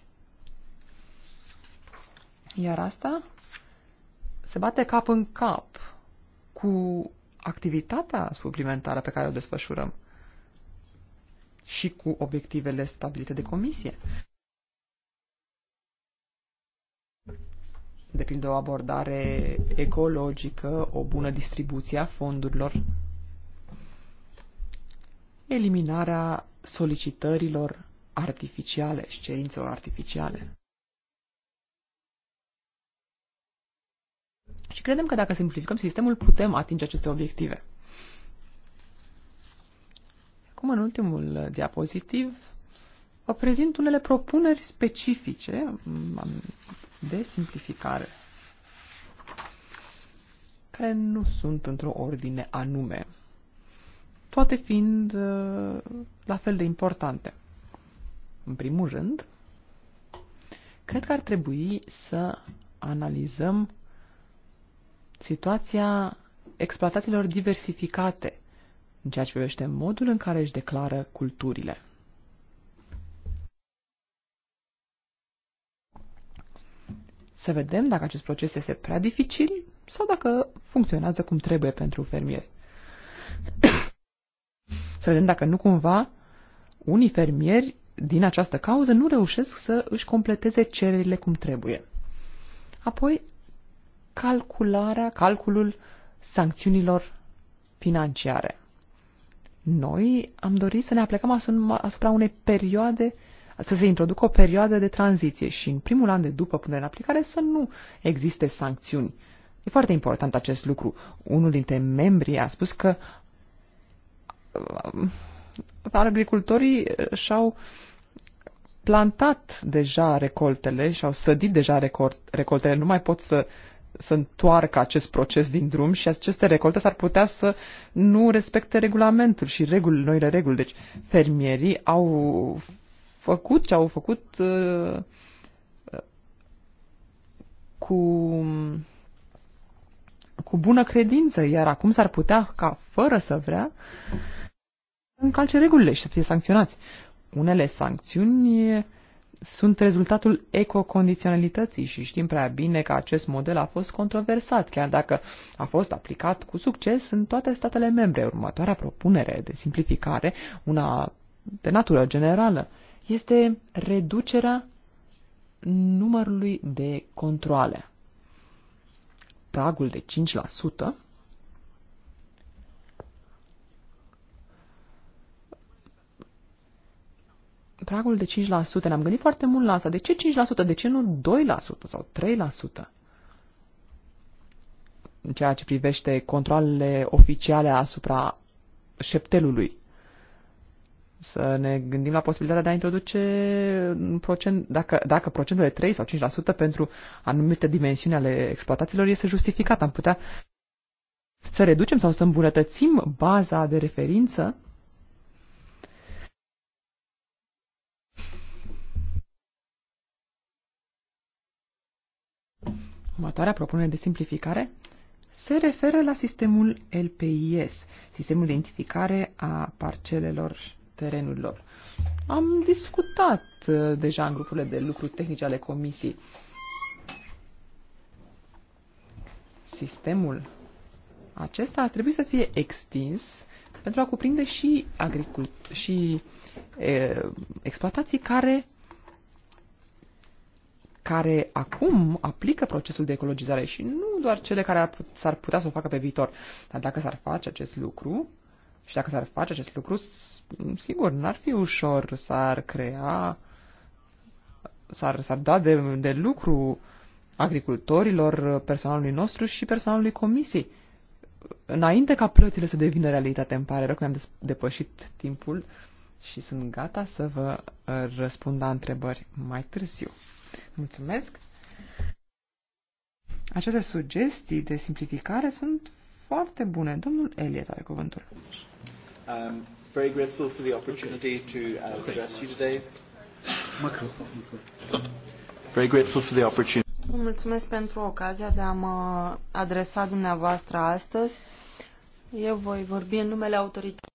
Iar asta se bate cap în cap cu activitatea suplimentară pe care o desfășurăm și cu obiectivele stabilite de comisie. Depinde o abordare ecologică, o bună distribuție a fondurilor, eliminarea solicitărilor artificiale și cerințelor artificiale. Și credem că dacă simplificăm sistemul, putem atinge aceste obiective. Acum, în ultimul diapozitiv, vă prezint unele propuneri specifice mm, de simplificare, care nu sunt într-o ordine anume, toate fiind uh, la fel de importante. În primul rând, cred că ar trebui să analizăm situația exploatațiilor diversificate în ceea ce privește modul în care își declară culturile. Să vedem dacă acest proces este prea dificil sau dacă funcționează cum trebuie pentru fermieri. să vedem dacă nu cumva unii fermieri din această cauză nu reușesc să își completeze cererile cum trebuie. Apoi calcularea, calculul sancțiunilor financiare. Noi am dorit să ne aplicăm asupra unei perioade, să se introducă o perioadă de tranziție și în primul an de după punerea în aplicare să nu existe sancțiuni. E foarte important acest lucru. Unul dintre membrii a spus că uh, agricultorii și-au plantat deja recoltele și-au sădit deja recoltele, nu mai pot să să întoarcă acest proces din drum și aceste recolte s-ar putea să nu respecte regulamentul și reguli, noile reguli. Deci fermierii au făcut ce au făcut uh, cu, cu bună credință, iar acum s-ar putea ca, fără să vrea, încalce regulile și să fie sancționați. Unele sancțiuni sunt rezultatul ecocondiționalității și știm prea bine că acest model a fost controversat, chiar dacă a fost aplicat cu succes în toate statele membre. Următoarea propunere de simplificare, una de natură generală, este reducerea numărului de controle. Pragul de 5% pragul de 5%. Ne-am gândit foarte mult la asta. De ce 5%? De ce nu 2% sau 3%? În ceea ce privește controlele oficiale asupra șeptelului. Să ne gândim la posibilitatea de a introduce un procent, dacă, dacă procentul de 3 sau 5% pentru anumite dimensiuni ale exploatațiilor este justificat. Am putea să reducem sau să îmbunătățim baza de referință Următoarea propunere de simplificare se referă la sistemul LPIS, sistemul de identificare a parcelelor terenurilor. Am discutat uh, deja în grupurile de lucru tehnice ale comisiei. Sistemul acesta ar trebui să fie extins pentru a cuprinde și, agricult- și e, uh, exploatații care care acum aplică procesul de ecologizare și nu doar cele care s-ar putea să o facă pe viitor. Dar dacă s-ar face acest lucru, și dacă s-ar face acest lucru, sigur, n-ar fi ușor, s-ar crea, s-ar, s-ar da de, de lucru agricultorilor, personalului nostru și personalului comisiei. Înainte ca plățile să devină realitate, îmi pare rău că am depășit timpul și sunt gata să vă uh, răspund la întrebări mai târziu. Mulțumesc! Aceste sugestii de simplificare sunt foarte bune. Domnul Elliot are cuvântul. Um, very grateful for the opportunity to uh, address you today. Very grateful for the opportunity. Vă mulțumesc pentru ocazia de a mă adresa dumneavoastră astăzi. Eu voi vorbi în numele autorității.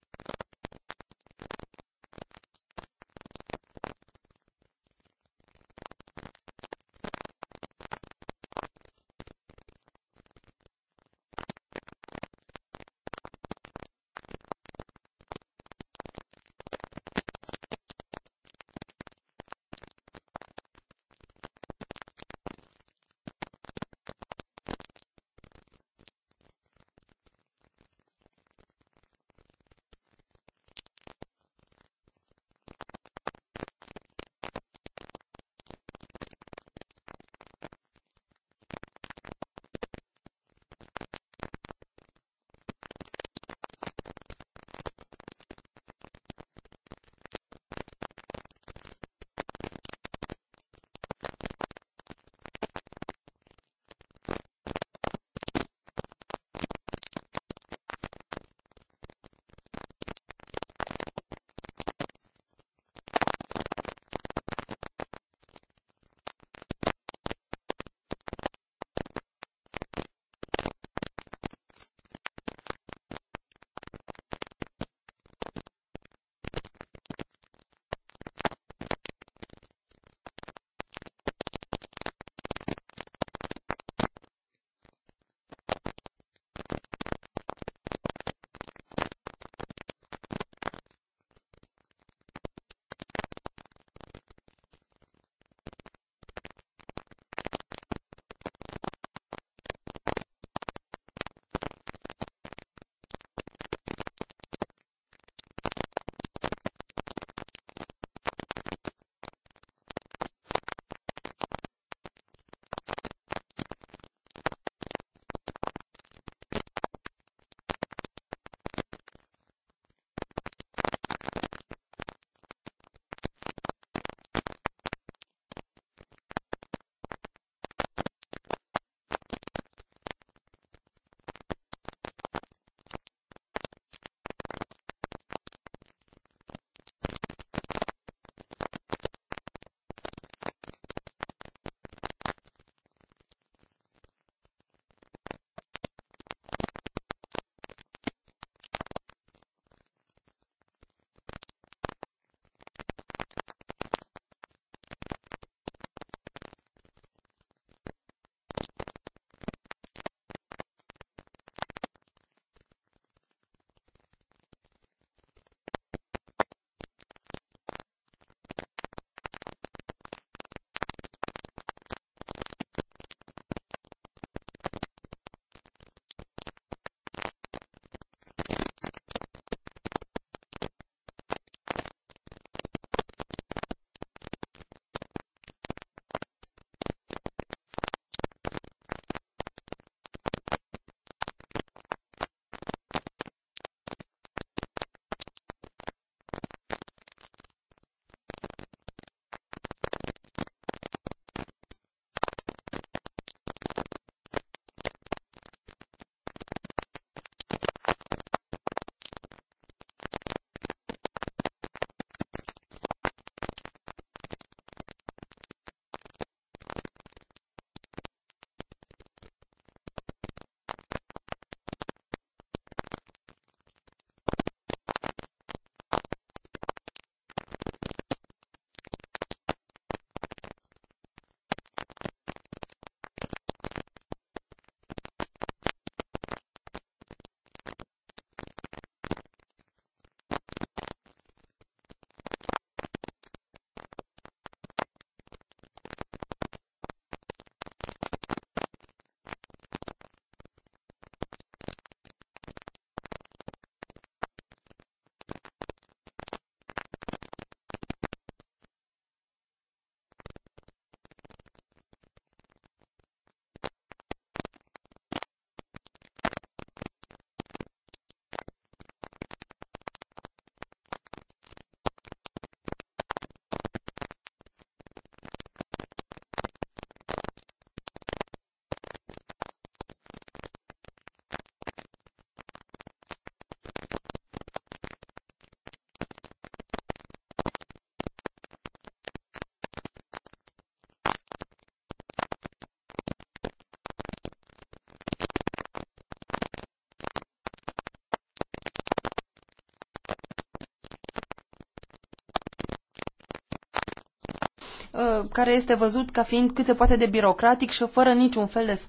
Uh, care este văzut ca fiind cât se poate de birocratic și fără niciun fel de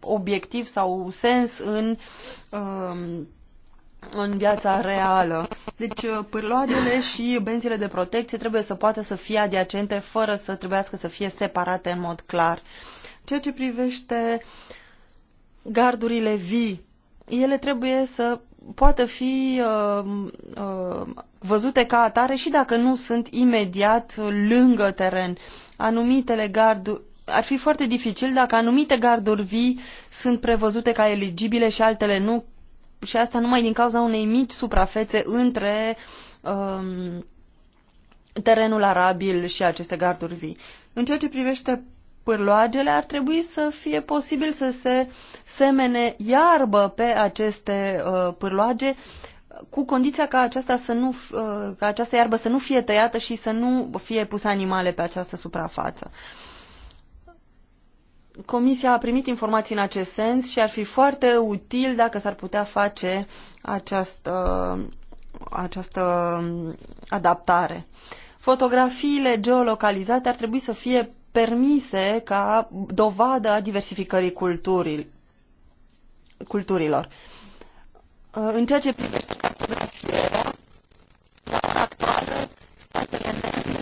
obiectiv sau sens în, um, în viața reală. Deci uh, pârloadele și benzile de protecție trebuie să poată să fie adiacente fără să trebuiască să fie separate în mod clar. Ceea ce privește gardurile vii, ele trebuie să poată fi uh, Uh, văzute ca atare și dacă nu sunt imediat lângă teren. Anumitele garduri ar fi foarte dificil dacă anumite garduri vii sunt prevăzute ca eligibile și altele nu, și asta numai din cauza unei mici suprafețe între um, terenul arabil și aceste garduri vii. În ceea ce privește pârloagele, ar trebui să fie posibil să se semene iarbă pe aceste uh, pârloage cu condiția ca aceasta, să nu, uh, ca această iarbă să nu fie tăiată și să nu fie puse animale pe această suprafață. Comisia a primit informații în acest sens și ar fi foarte util dacă s-ar putea face această, această adaptare. Fotografiile geolocalizate ar trebui să fie permise ca dovadă a diversificării culturii, culturilor. Uh, în ceea ce privește cartografierea, la ora actuală, statele membre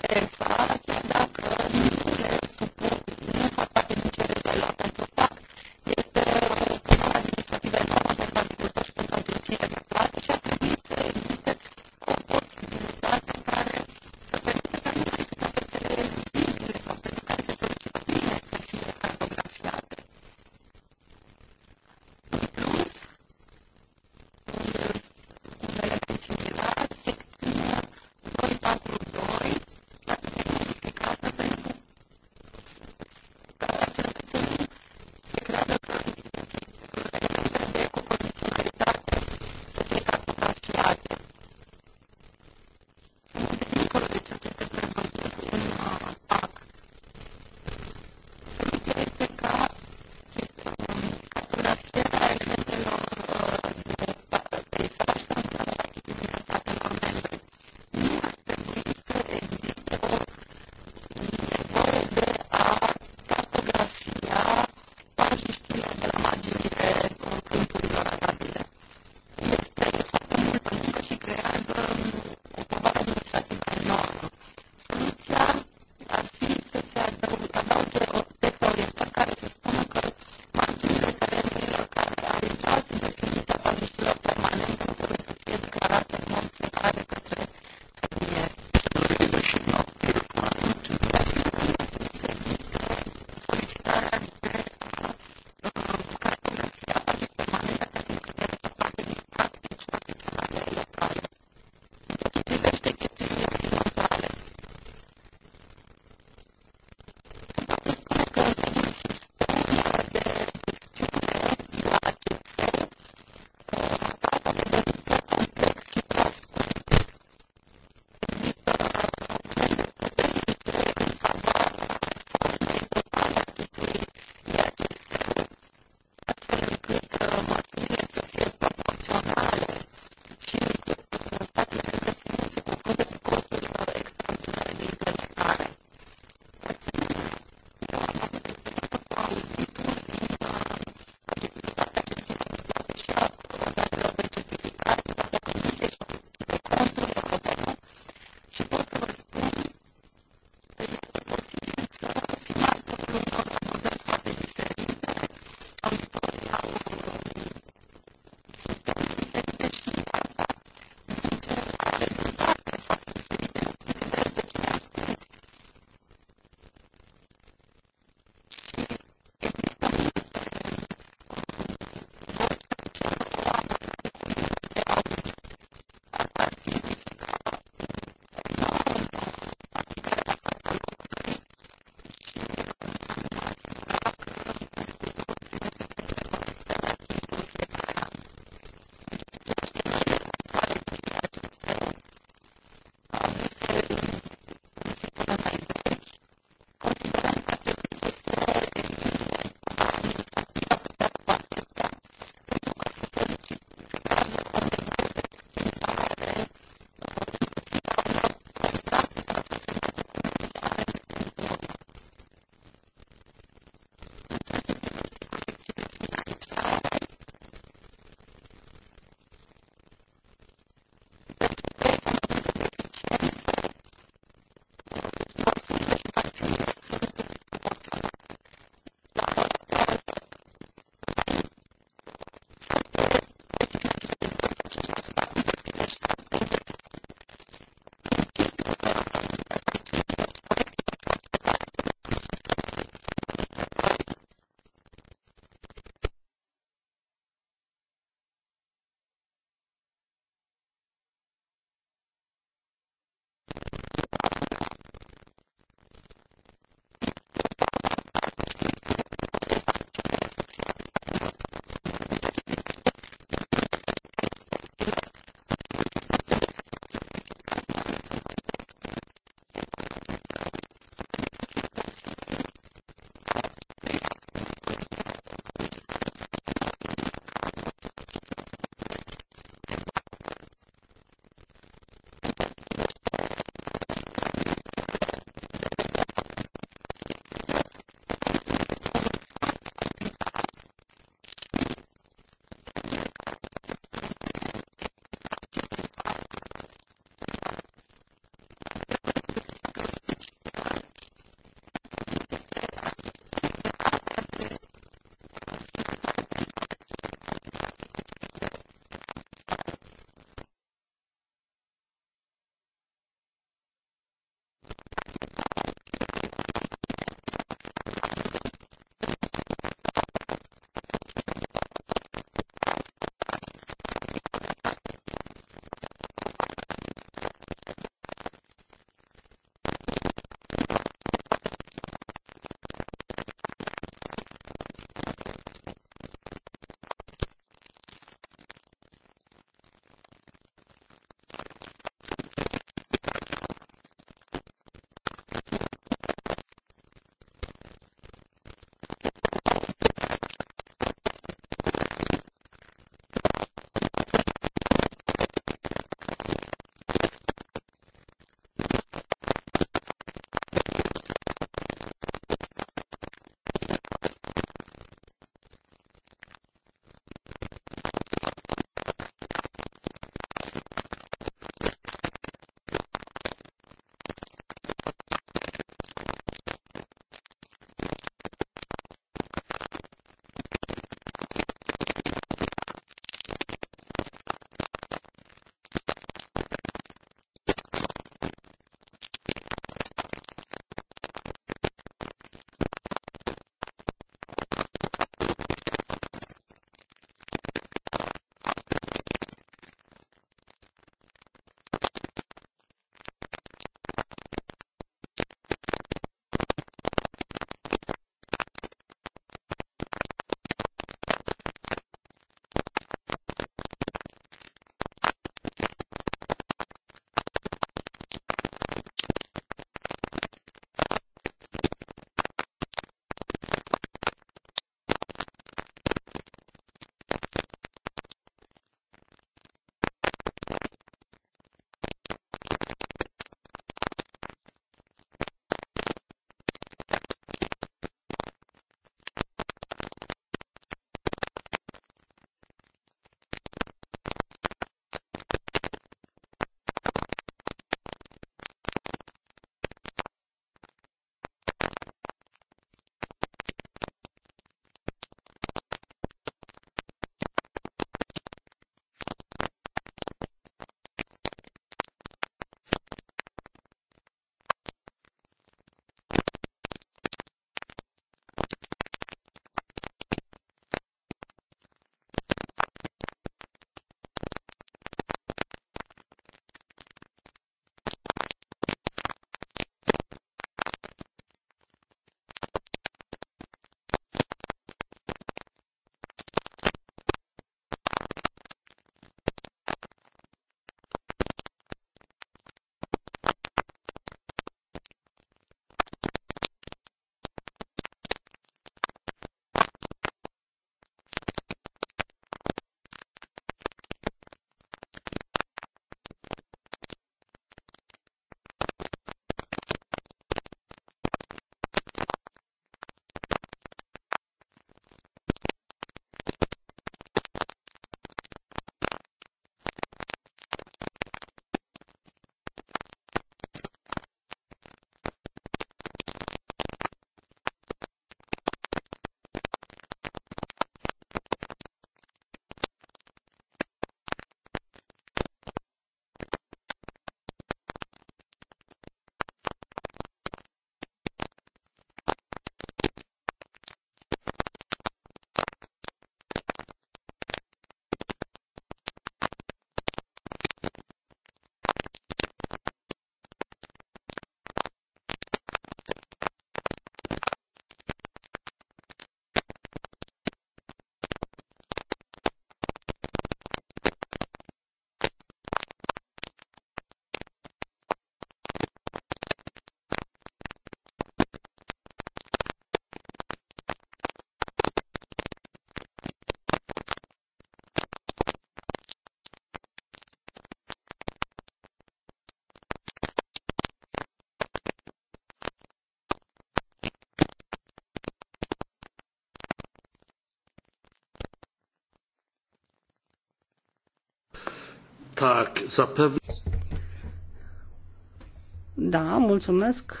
Da, mulțumesc.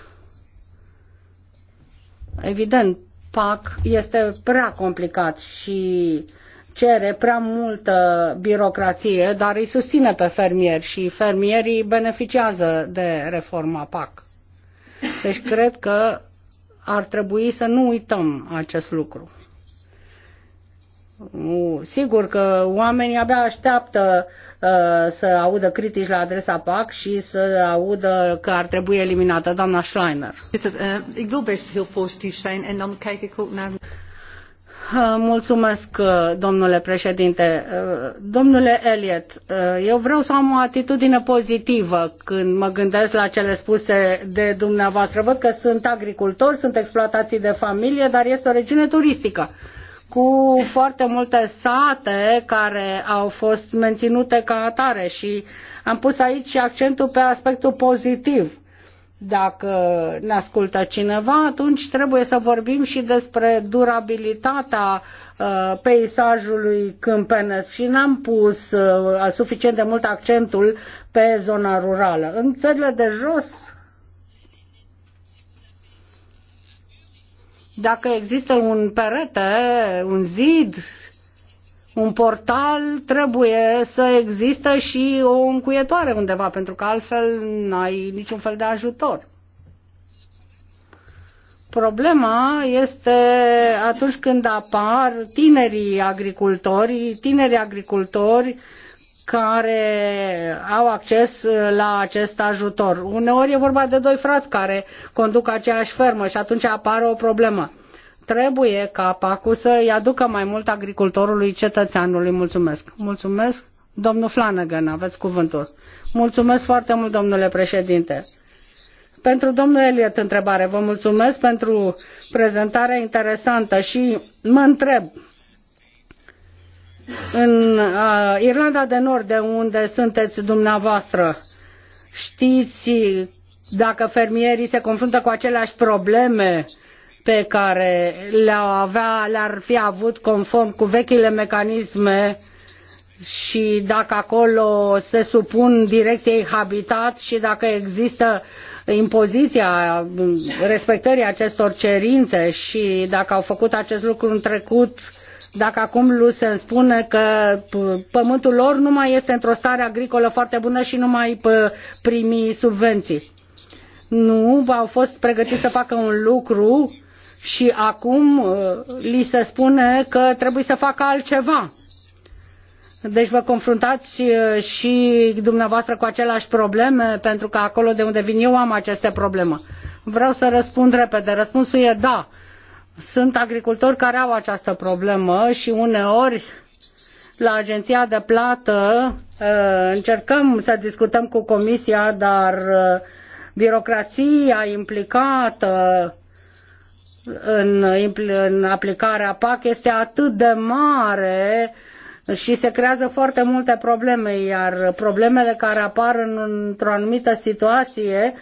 Evident, PAC este prea complicat și cere prea multă birocrație, dar îi susține pe fermieri și fermierii beneficiază de reforma PAC. Deci cred că ar trebui să nu uităm acest lucru. Sigur că oamenii abia așteaptă Uh, să audă critici la adresa PAC și să audă că ar trebui eliminată doamna Schleiner. Uh, uh, mulțumesc, domnule președinte. Domnule Elliot, eu vreau să am o atitudine pozitivă când mă gândesc la cele spuse de dumneavoastră. Văd că sunt agricultori, sunt exploatații de familie, dar este o regiune turistică cu foarte multe sate care au fost menținute ca atare și am pus aici accentul pe aspectul pozitiv. Dacă ne ascultă cineva, atunci trebuie să vorbim și despre durabilitatea uh, peisajului câmpenesc și n-am pus uh, suficient de mult accentul pe zona rurală. În țările de jos, Dacă există un perete, un zid, un portal, trebuie să existe și o încuietoare undeva, pentru că altfel n-ai niciun fel de ajutor. Problema este atunci când apar tinerii agricultori, tinerii agricultori care au acces la acest ajutor. Uneori e vorba de doi frați care conduc aceeași fermă și atunci apare o problemă. Trebuie ca pacu să-i aducă mai mult agricultorului cetățeanului. Mulțumesc. Mulțumesc. Domnul Flanagan, aveți cuvântul. Mulțumesc foarte mult, domnule președinte. Pentru domnul Eliot întrebare, vă mulțumesc pentru prezentarea interesantă și mă întreb în uh, Irlanda de Nord, de unde sunteți dumneavoastră, știți dacă fermierii se confruntă cu aceleași probleme pe care le-au avea, le-ar fi avut conform cu vechile mecanisme și dacă acolo se supun direcției habitat și dacă există impoziția respectării acestor cerințe și dacă au făcut acest lucru în trecut, dacă acum lu se spune că pământul lor nu mai este într-o stare agricolă foarte bună și nu mai primi subvenții. Nu, au fost pregătiți să facă un lucru și acum uh, li se spune că trebuie să facă altceva. Deci vă confruntați uh, și dumneavoastră cu aceleași probleme, pentru că acolo de unde vin eu am aceste probleme. Vreau să răspund repede. Răspunsul e da. Sunt agricultori care au această problemă și uneori la agenția de plată uh, încercăm să discutăm cu comisia, dar uh, birocrația implicată în, în aplicarea PAC este atât de mare și se creează foarte multe probleme, iar problemele care apar în, într-o anumită situație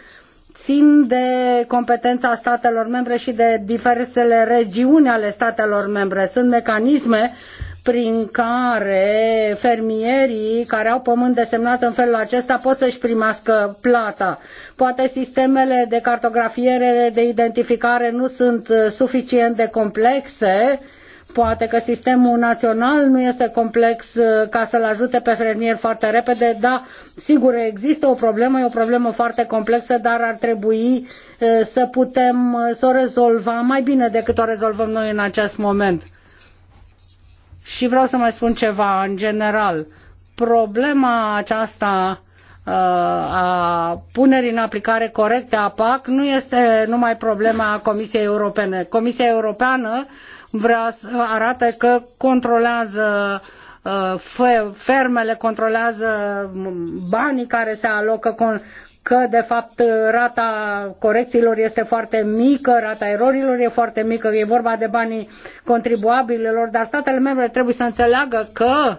țin de competența statelor membre și de diversele regiuni ale statelor membre. Sunt mecanisme prin care fermierii care au pământ desemnat în felul acesta pot să-și primească plata. Poate sistemele de cartografiere, de identificare nu sunt suficient de complexe, uh, Poate că sistemul național nu este complex uh, ca să-l ajute pe fermier foarte repede, da, sigur există o problemă, e o problemă foarte complexă, dar ar trebui uh, să putem uh, să o rezolvăm mai bine decât o rezolvăm noi în acest moment. Și vreau să mai spun ceva în general. Problema aceasta a punerii în aplicare corecte a PAC nu este numai problema Comisiei Europene. Comisia Europeană vrea, arată că controlează uh, fermele, controlează banii care se alocă, că de fapt rata corecțiilor este foarte mică, rata erorilor e foarte mică, e vorba de banii contribuabililor, dar statele membre trebuie să înțeleagă că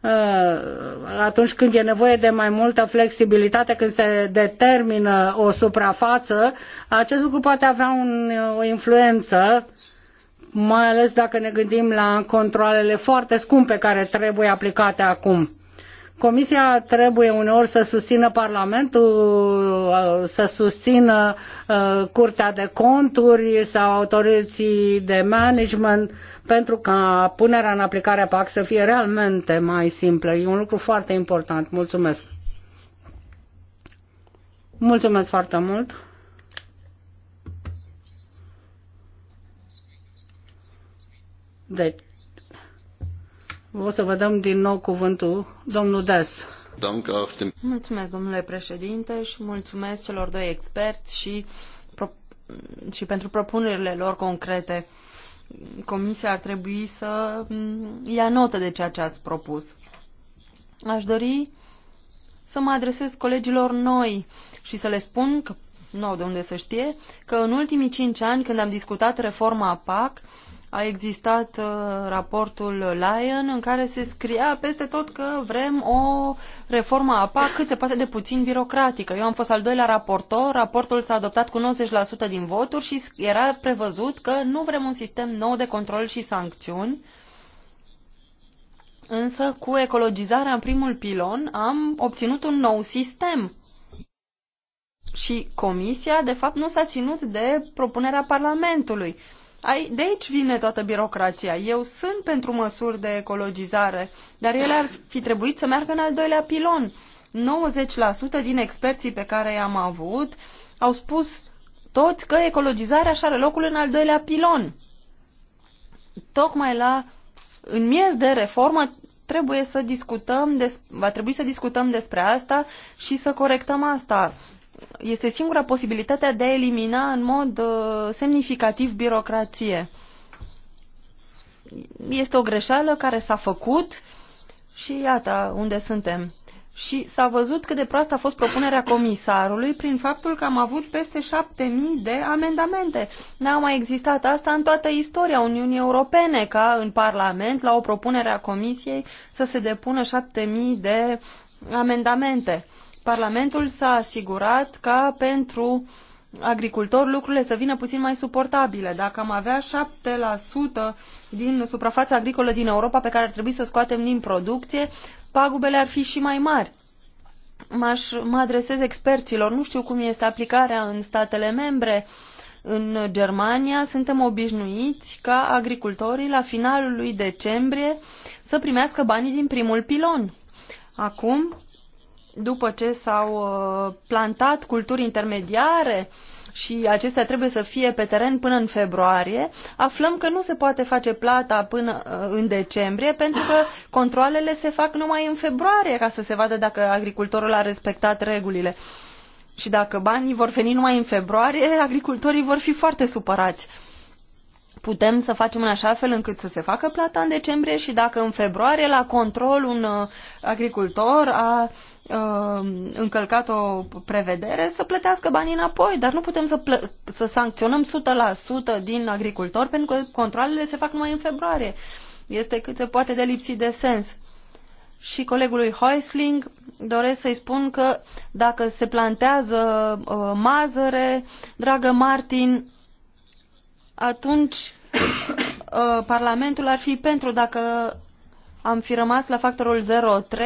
uh, atunci când e nevoie de mai multă flexibilitate, când se determină o suprafață, acest lucru poate avea un, o influență uh, mai ales dacă ne gândim la controlele foarte scumpe care trebuie aplicate acum. Comisia trebuie uneori să susțină Parlamentul, uh, să susțină uh, Curtea de Conturi sau autorității de management pentru ca punerea în aplicare PAC să fie realmente mai simplă. E un lucru foarte important. Mulțumesc. Mulțumesc foarte mult. Deci, o să vă dăm din nou cuvântul domnul Des. Mulțumesc, domnule președinte, și mulțumesc celor doi experți și, pro- și pentru propunerile lor concrete. Comisia ar trebui să mm, ia notă de ceea ce ați propus. Aș dori să mă adresez colegilor noi și să le spun, că nu au de unde să știe, că în ultimii cinci ani, când am discutat reforma PAC, a existat uh, raportul Lyon în care se scria peste tot că vrem o reformă a PAC cât se poate de puțin birocratică. Eu am fost al doilea raportor, raportul s-a adoptat cu 90% din voturi și era prevăzut că nu vrem un sistem nou de control și sancțiuni, însă cu ecologizarea în primul pilon am obținut un nou sistem. Și comisia, de fapt, nu s-a ținut de propunerea Parlamentului. De aici vine toată birocrația. Eu sunt pentru măsuri de ecologizare, dar ele ar fi trebuit să meargă în al doilea pilon. 90% din experții pe care i-am avut au spus toți că ecologizarea și are locul în al doilea pilon. Tocmai la în miez de reformă trebuie să discutăm des, va trebui să discutăm despre asta și să corectăm asta este singura posibilitate de a elimina în mod uh, semnificativ birocrație. Este o greșeală care s-a făcut și iată unde suntem. Și s-a văzut cât de proastă a fost propunerea comisarului prin faptul că am avut peste șapte mii de amendamente. N-a mai existat asta în toată istoria Uniunii Europene, ca în Parlament, la o propunere a comisiei, să se depună șapte mii de amendamente. Parlamentul s-a asigurat ca pentru agricultori lucrurile să vină puțin mai suportabile. Dacă am avea 7% din suprafața agricolă din Europa pe care ar trebui să o scoatem din producție, pagubele ar fi și mai mari. M-aș, mă adresez experților, nu știu cum este aplicarea în statele membre. În Germania suntem obișnuiți ca agricultorii la finalul lui decembrie să primească banii din primul pilon. Acum după ce s-au uh, plantat culturi intermediare și acestea trebuie să fie pe teren până în februarie, aflăm că nu se poate face plata până uh, în decembrie pentru că controlele se fac numai în februarie ca să se vadă dacă agricultorul a respectat regulile. Și dacă banii vor veni numai în februarie, agricultorii vor fi foarte supărați putem să facem în așa fel încât să se facă plata în decembrie și dacă în februarie la control un uh, agricultor a uh, încălcat o prevedere să plătească banii înapoi, dar nu putem să, să sancționăm 100% din agricultori pentru că controlele se fac numai în februarie. Este cât se poate de lipsit de sens. Și colegului Heusling doresc să-i spun că dacă se plantează uh, mazăre, dragă Martin, atunci uh, Parlamentul ar fi pentru dacă am fi rămas la factorul 0,3, uh,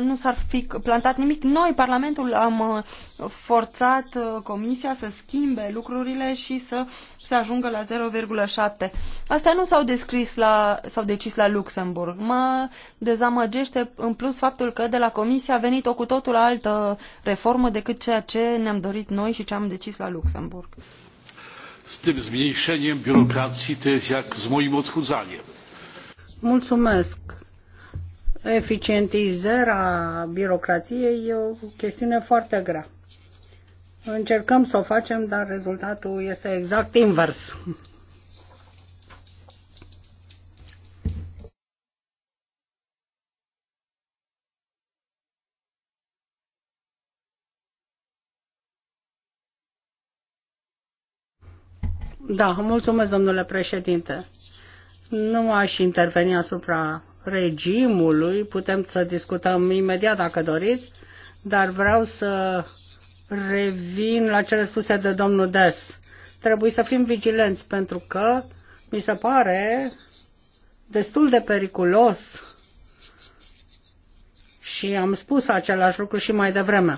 nu s-ar fi plantat nimic. Noi, Parlamentul, am uh, forțat Comisia să schimbe lucrurile și să se ajungă la 0,7. Astea nu s-au descris la, s-au decis la Luxemburg. Mă dezamăgește în plus faptul că de la Comisie a venit o cu totul altă reformă decât ceea ce ne-am dorit noi și ce am decis la Luxemburg z tym zmniejszeniem biurokracji to jest jak z moim odchudzaniem. Mulțumesc. Eficientizarea birocrației e o chestiune foarte grea. Încercăm să o facem, dar rezultatul este exact invers. Da, mulțumesc, domnule președinte. Nu aș interveni asupra regimului, putem să discutăm imediat dacă doriți, dar vreau să revin la cele spuse de domnul Des. Trebuie să fim vigilenți pentru că mi se pare destul de periculos și am spus același lucru și mai devreme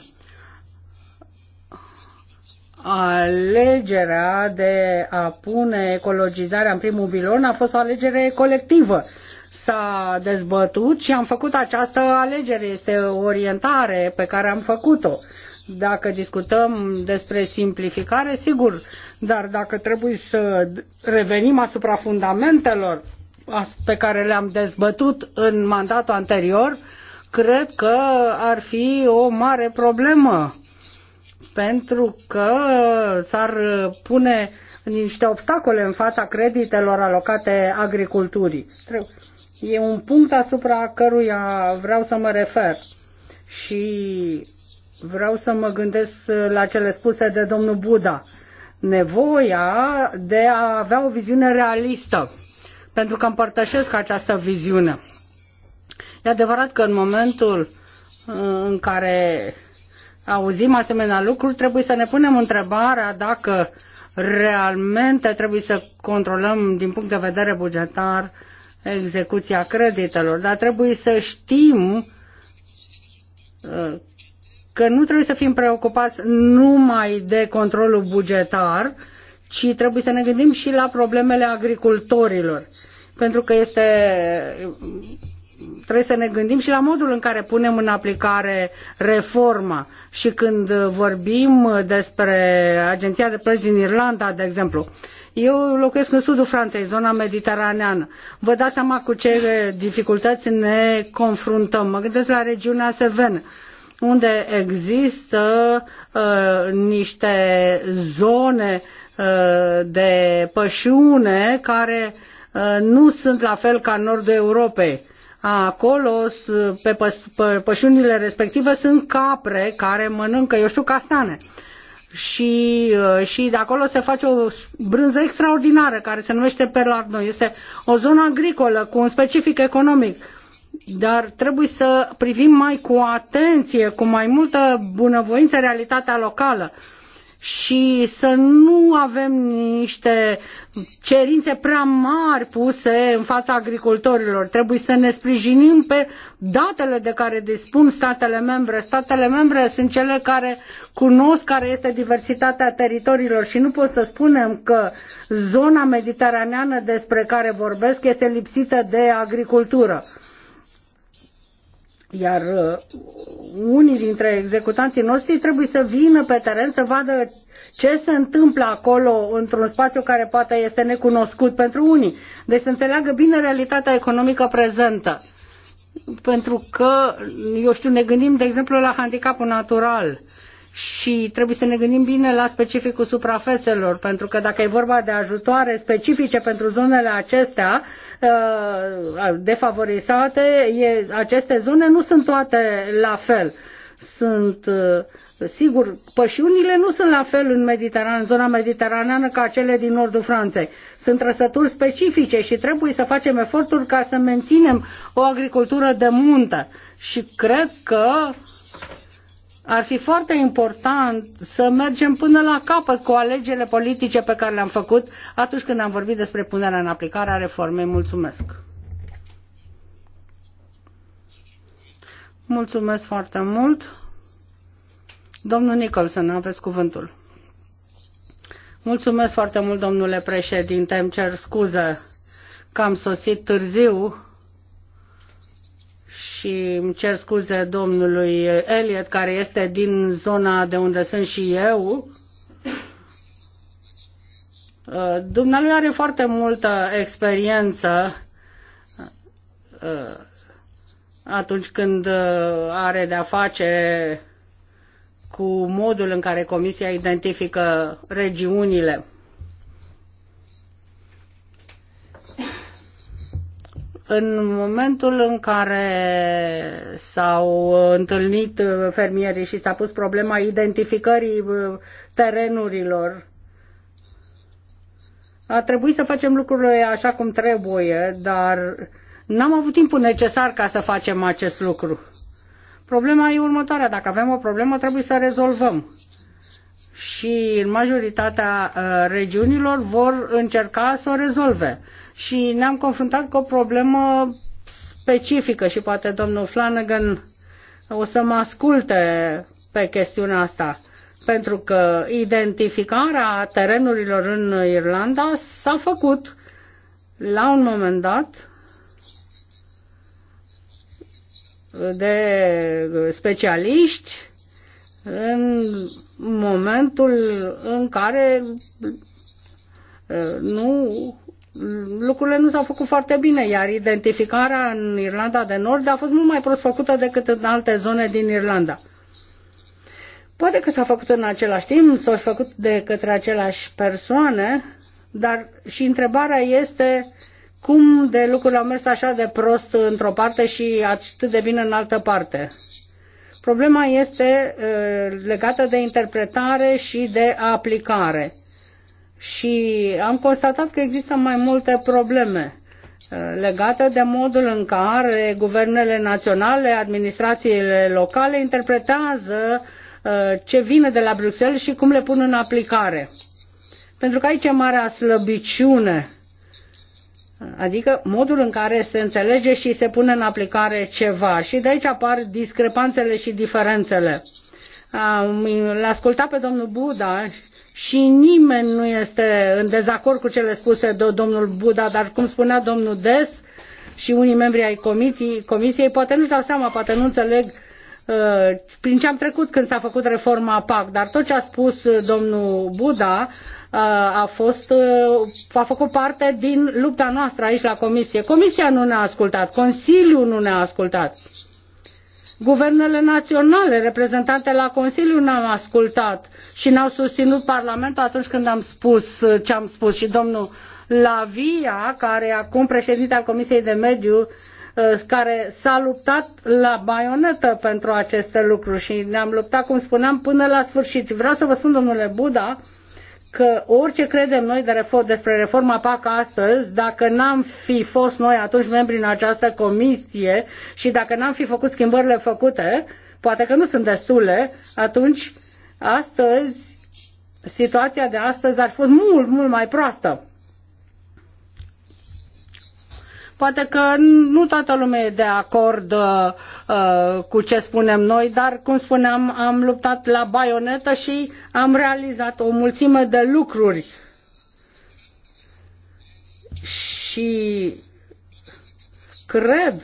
alegerea de a pune ecologizarea în primul bilon a fost o alegere colectivă. S-a dezbătut și am făcut această alegere. Este o orientare pe care am făcut-o. Dacă discutăm despre simplificare, sigur, dar dacă trebuie să revenim asupra fundamentelor pe care le-am dezbătut în mandatul anterior, cred că ar fi o mare problemă pentru că s-ar pune niște obstacole în fața creditelor alocate agriculturii. E un punct asupra căruia vreau să mă refer și vreau să mă gândesc la cele spuse de domnul Buda. Nevoia de a avea o viziune realistă, pentru că împărtășesc această viziune. E adevărat că în momentul uh, în care auzim asemenea lucruri, trebuie să ne punem întrebarea dacă realmente trebuie să controlăm din punct de vedere bugetar execuția creditelor, dar trebuie să știm uh, că nu trebuie să fim preocupați numai de controlul bugetar, ci trebuie să ne gândim și la problemele agricultorilor. Pentru că este trebuie să ne gândim și la modul în care punem în aplicare reforma și când vorbim despre Agenția de Plăți din Irlanda, de exemplu, eu locuiesc în sudul Franței, zona mediteraneană. Vă dați seama cu ce dificultăți ne confruntăm. Mă gândesc la regiunea Seven, unde există uh, niște zone uh, de pășune care uh, nu sunt la fel ca în nordul Europei. Uh, acolo, pe pășunile respective, sunt capre care mănâncă, eu știu, castane. Și, uh, și de acolo se face o brânză extraordinară care se numește Perlardon. Este o zonă agricolă cu un specific economic dar trebuie să privim mai cu atenție, cu mai multă bunăvoință realitatea locală și să nu avem niște cerințe prea mari puse în fața agricultorilor. Trebuie să ne sprijinim pe datele de care dispun statele membre. Statele membre sunt cele care cunosc care este diversitatea teritoriilor și nu pot să spunem că zona mediteraneană despre care vorbesc este lipsită de agricultură. Iar uh, unii dintre executanții noștri trebuie să vină pe teren să vadă ce se întâmplă acolo într-un spațiu care poate este necunoscut pentru unii. Deci să înțeleagă bine realitatea economică prezentă. Pentru că, eu știu, ne gândim, de exemplu, la handicapul natural și trebuie să ne gândim bine la specificul suprafețelor, pentru că dacă e vorba de ajutoare specifice pentru zonele acestea, Uh, defavorizate, aceste zone nu sunt toate la fel. Sunt, uh, sigur, pășiunile nu sunt la fel în, Mediteran, în zona mediteraneană ca cele din nordul Franței. Sunt trăsături specifice și trebuie să facem eforturi ca să menținem o agricultură de muntă. Și cred că ar fi foarte important să mergem până la capăt cu alegerile politice pe care le-am făcut atunci când am vorbit despre punerea în aplicare a reformei. Mulțumesc! Mulțumesc foarte mult! Domnul Nicholson, aveți cuvântul. Mulțumesc foarte mult, domnule președinte. Îmi cer scuze că am sosit târziu și îmi cer scuze domnului Elliot, care este din zona de unde sunt și eu. Uh, dumnealui are foarte multă experiență uh, atunci când uh, are de-a face cu modul în care Comisia identifică regiunile. în momentul în care s-au întâlnit fermierii și s-a pus problema identificării uh, terenurilor, a trebuit să facem lucrurile așa cum trebuie, dar n-am avut timpul necesar ca să facem acest lucru. Problema e următoarea. Dacă avem o problemă, trebuie să rezolvăm. Și în majoritatea uh, regiunilor vor încerca să o rezolve și ne-am confruntat cu o problemă specifică și poate domnul Flanagan o să mă asculte pe chestiunea asta, pentru că identificarea terenurilor în Irlanda s-a făcut la un moment dat de specialiști în momentul în care uh, nu Mm, lucrurile nu s-au făcut foarte bine, iar identificarea în Irlanda de Nord a fost mult mai prost făcută decât în alte zone din Irlanda. Poate că s-a făcut în același timp, s au făcut de către aceleași persoane, dar și întrebarea este cum de lucruri au mers așa de prost într-o parte și atât de bine în altă parte. Problema este uh, legată de interpretare și de aplicare și am constatat că există mai multe probleme uh, legate de modul în care guvernele naționale, administrațiile locale interpretează uh, ce vine de la Bruxelles și cum le pun în aplicare. Pentru că aici e marea slăbiciune, uh, adică modul în care se înțelege și se pune în aplicare ceva. Și de aici apar discrepanțele și diferențele. L-a ascultat pe domnul Buda și nimeni nu este în dezacord cu cele spuse de domnul Buda, dar cum spunea domnul Des și unii membri ai comisiei, comisiei poate nu-și dau seama, poate nu înțeleg uh, prin ce am trecut când s-a făcut reforma PAC, dar tot ce a spus uh, domnul Buda uh, a fost, uh, a făcut parte din lupta noastră aici la comisie. Comisia nu ne-a ascultat, Consiliul nu ne-a ascultat. Uh, Guvernele naționale, reprezentante la Consiliu, n-au ascultat și n-au susținut Parlamentul atunci când am spus ce am spus. Și domnul Lavia, care acum președinte al Comisiei de Mediu, eh, care s-a luptat la baionetă pentru aceste lucruri și ne-am luptat, cum spuneam, până la sfârșit. Vreau să vă spun, domnule Buda, că orice credem noi de reform, despre reforma PAC astăzi, dacă n-am fi fost noi atunci membri în această comisie și dacă n-am fi făcut schimbările făcute, poate că nu sunt destule, atunci astăzi situația de astăzi ar fi fost mult, mult mai proastă. Poate că nu toată lumea e de acord uh, uh, cu ce spunem noi, dar, cum spuneam, am luptat la baionetă și am realizat o mulțime de lucruri. Și cred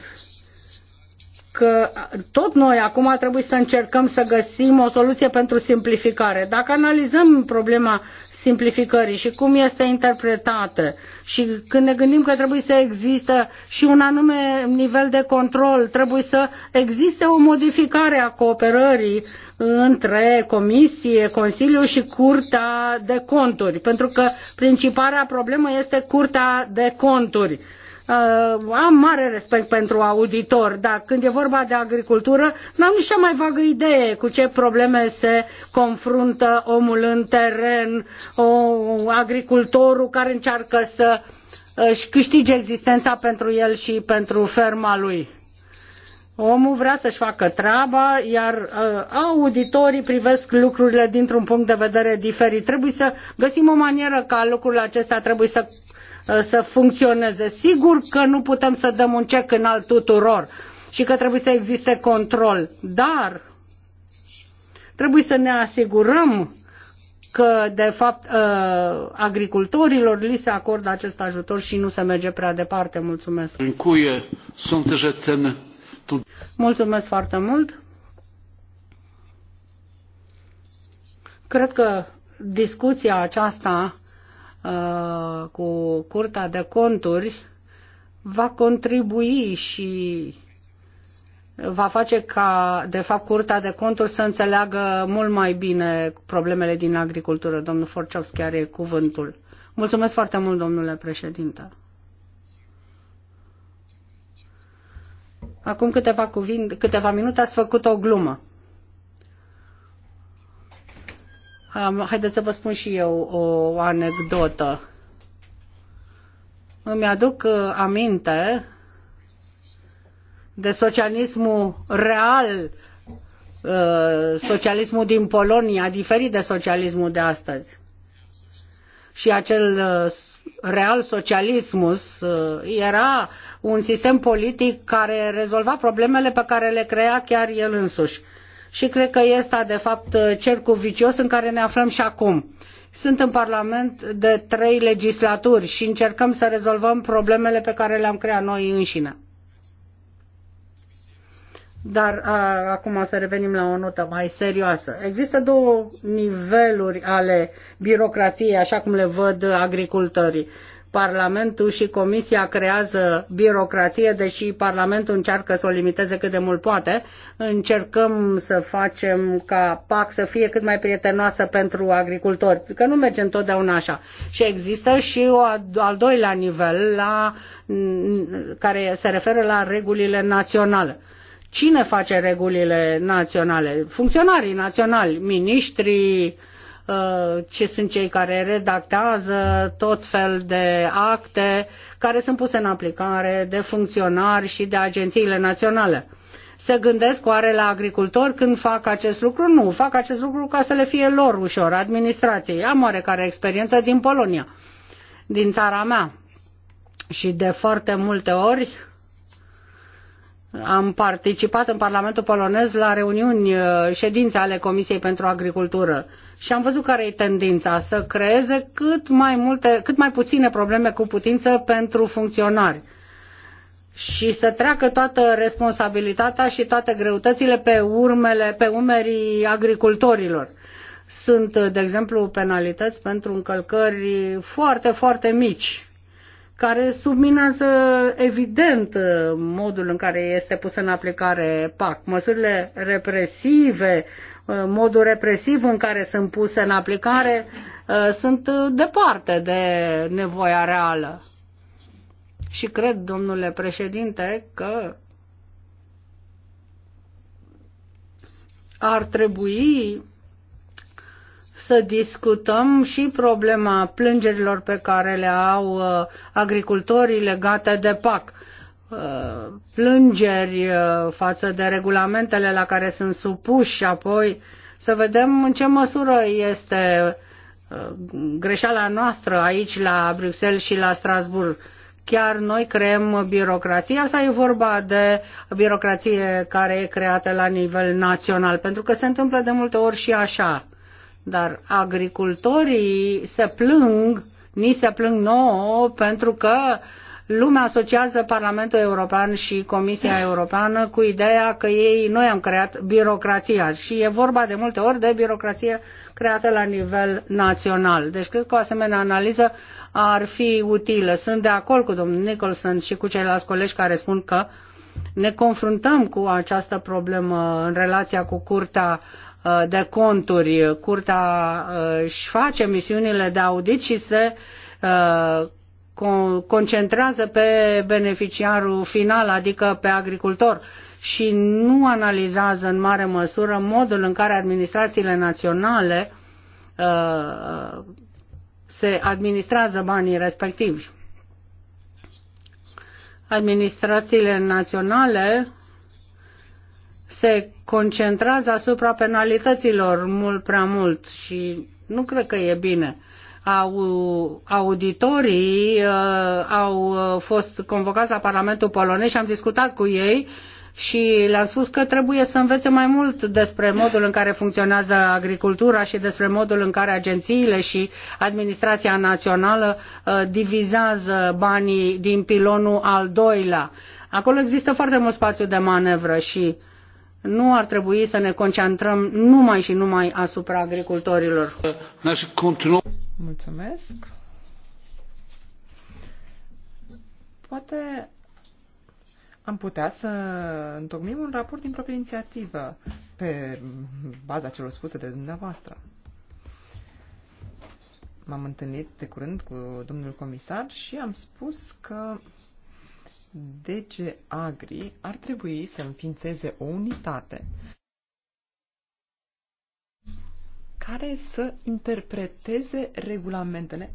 că tot noi acum trebuie să încercăm să găsim o soluție pentru simplificare. Dacă analizăm problema simplificării și cum este interpretată și când ne gândim că trebuie să există și un anume nivel de control, trebuie să existe o modificare a cooperării între Comisie, Consiliu și Curtea de Conturi, pentru că principala problemă este Curtea de Conturi Uh, am mare respect pentru auditori, dar când e vorba de agricultură, n-am nici cea mai vagă idee cu ce probleme se confruntă omul în teren, o, agricultorul care încearcă să uh, își câștige existența pentru el și pentru ferma lui. Omul vrea să-și facă treaba, iar uh, auditorii privesc lucrurile dintr-un punct de vedere diferit. Trebuie să găsim o manieră ca lucrurile acestea trebuie să Uh, să funcționeze. Sigur că nu putem să dăm un cec în alt tuturor și că trebuie să existe control, dar trebuie să ne asigurăm că, de fapt, uh, agricultorilor li se acordă acest ajutor și nu se merge prea departe. Mulțumesc! Mulțumesc foarte mult! Cred că discuția aceasta Uh, cu curta de Conturi va contribui și va face ca, de fapt, curta de Conturi să înțeleagă mult mai bine problemele din agricultură. Domnul Forciovski are cuvântul. Mulțumesc foarte mult, domnule președinte. Acum câteva, cuvinte, câteva minute ați făcut o glumă. Am, haideți să vă spun și eu o anecdotă. Îmi aduc uh, aminte de socialismul real, uh, socialismul din Polonia, diferit de socialismul de astăzi. Și acel uh, real socialismus era un sistem politic care rezolva problemele pe care le crea chiar el însuși și cred că este de fapt cercul vicios în care ne aflăm și acum. Sunt în Parlament de trei legislaturi și încercăm să rezolvăm problemele pe care le-am creat noi înșine. Dar a, acum să revenim la o notă mai serioasă. Există două niveluri ale birocrației, așa cum le văd agricultorii. Parlamentul și Comisia creează birocrație, deși Parlamentul încearcă să o limiteze cât de mult poate. Încercăm să facem ca PAC să fie cât mai prietenoasă pentru agricultori, că nu merge întotdeauna așa. Și există și o, al doilea nivel la, care se referă la regulile naționale. Cine face regulile naționale? Funcționarii naționali, miniștrii, Uh, ce sunt cei care redactează tot fel de acte care sunt puse în aplicare de funcționari și de agențiile naționale. Se gândesc oare la agricultori când fac acest lucru? Nu, fac acest lucru ca să le fie lor ușor, administrației. Am oarecare experiență din Polonia, din țara mea. Și de foarte multe ori am participat în Parlamentul polonez la reuniuni, uh, ședințe ale Comisiei pentru Agricultură și am văzut care e tendința să creeze cât mai, multe, cât mai puține probleme cu putință pentru funcționari și să treacă toată responsabilitatea și toate greutățile pe urmele, pe umerii agricultorilor. Sunt, de exemplu, penalități pentru încălcări foarte, foarte mici care subminează evident uh, modul în care este pus în aplicare PAC. Măsurile represive, uh, modul represiv în care sunt puse în aplicare uh, sunt departe de nevoia reală. Și cred, domnule președinte, că ar trebui să discutăm și problema plângerilor pe care le au uh, agricultorii legate de PAC. Uh, plângeri uh, față de regulamentele la care sunt supuși apoi să vedem în ce măsură este greșeala noastră aici la Bruxelles și la Strasbourg chiar noi creăm birocrația sau e vorba de birocrație care e creată la nivel național? Pentru că se întâmplă de multe ori și așa. Dar agricultorii se plâng, ni se plâng nouă, pentru că lumea asociază Parlamentul European și Comisia Europeană cu ideea că ei, noi am creat birocrația și e vorba de multe ori de birocrație creată la nivel național. Deci cred că o asemenea analiză ar fi utilă. Sunt de acord cu domnul Nicholson și cu ceilalți colegi care spun că ne confruntăm cu această problemă în relația cu Curtea Uh, de conturi. Curtea uh, își face misiunile de audit și se uh, concentrează pe beneficiarul final, adică pe agricultor și nu analizează în mare măsură modul în care administrațiile naționale se administrează banii respectivi. Administrațiile naționale se concentrează asupra penalităților mult prea mult și nu cred că e bine. Au, auditorii uh, au uh, fost convocați la Parlamentul polonez și am discutat cu ei și le-am spus că trebuie să învețe mai mult despre modul în care funcționează agricultura și despre modul în care agențiile și administrația națională uh, divizează banii din pilonul al doilea. Acolo există foarte mult spațiu de manevră și uh, nu ar trebui să ne concentrăm numai și numai asupra agricultorilor. Mulțumesc. Poate am putea să întocmim un raport din proprie inițiativă pe baza celor spuse de dumneavoastră. M-am întâlnit de curând cu domnul comisar și am spus că DG Agri ar trebui să înființeze o unitate care să interpreteze regulamentele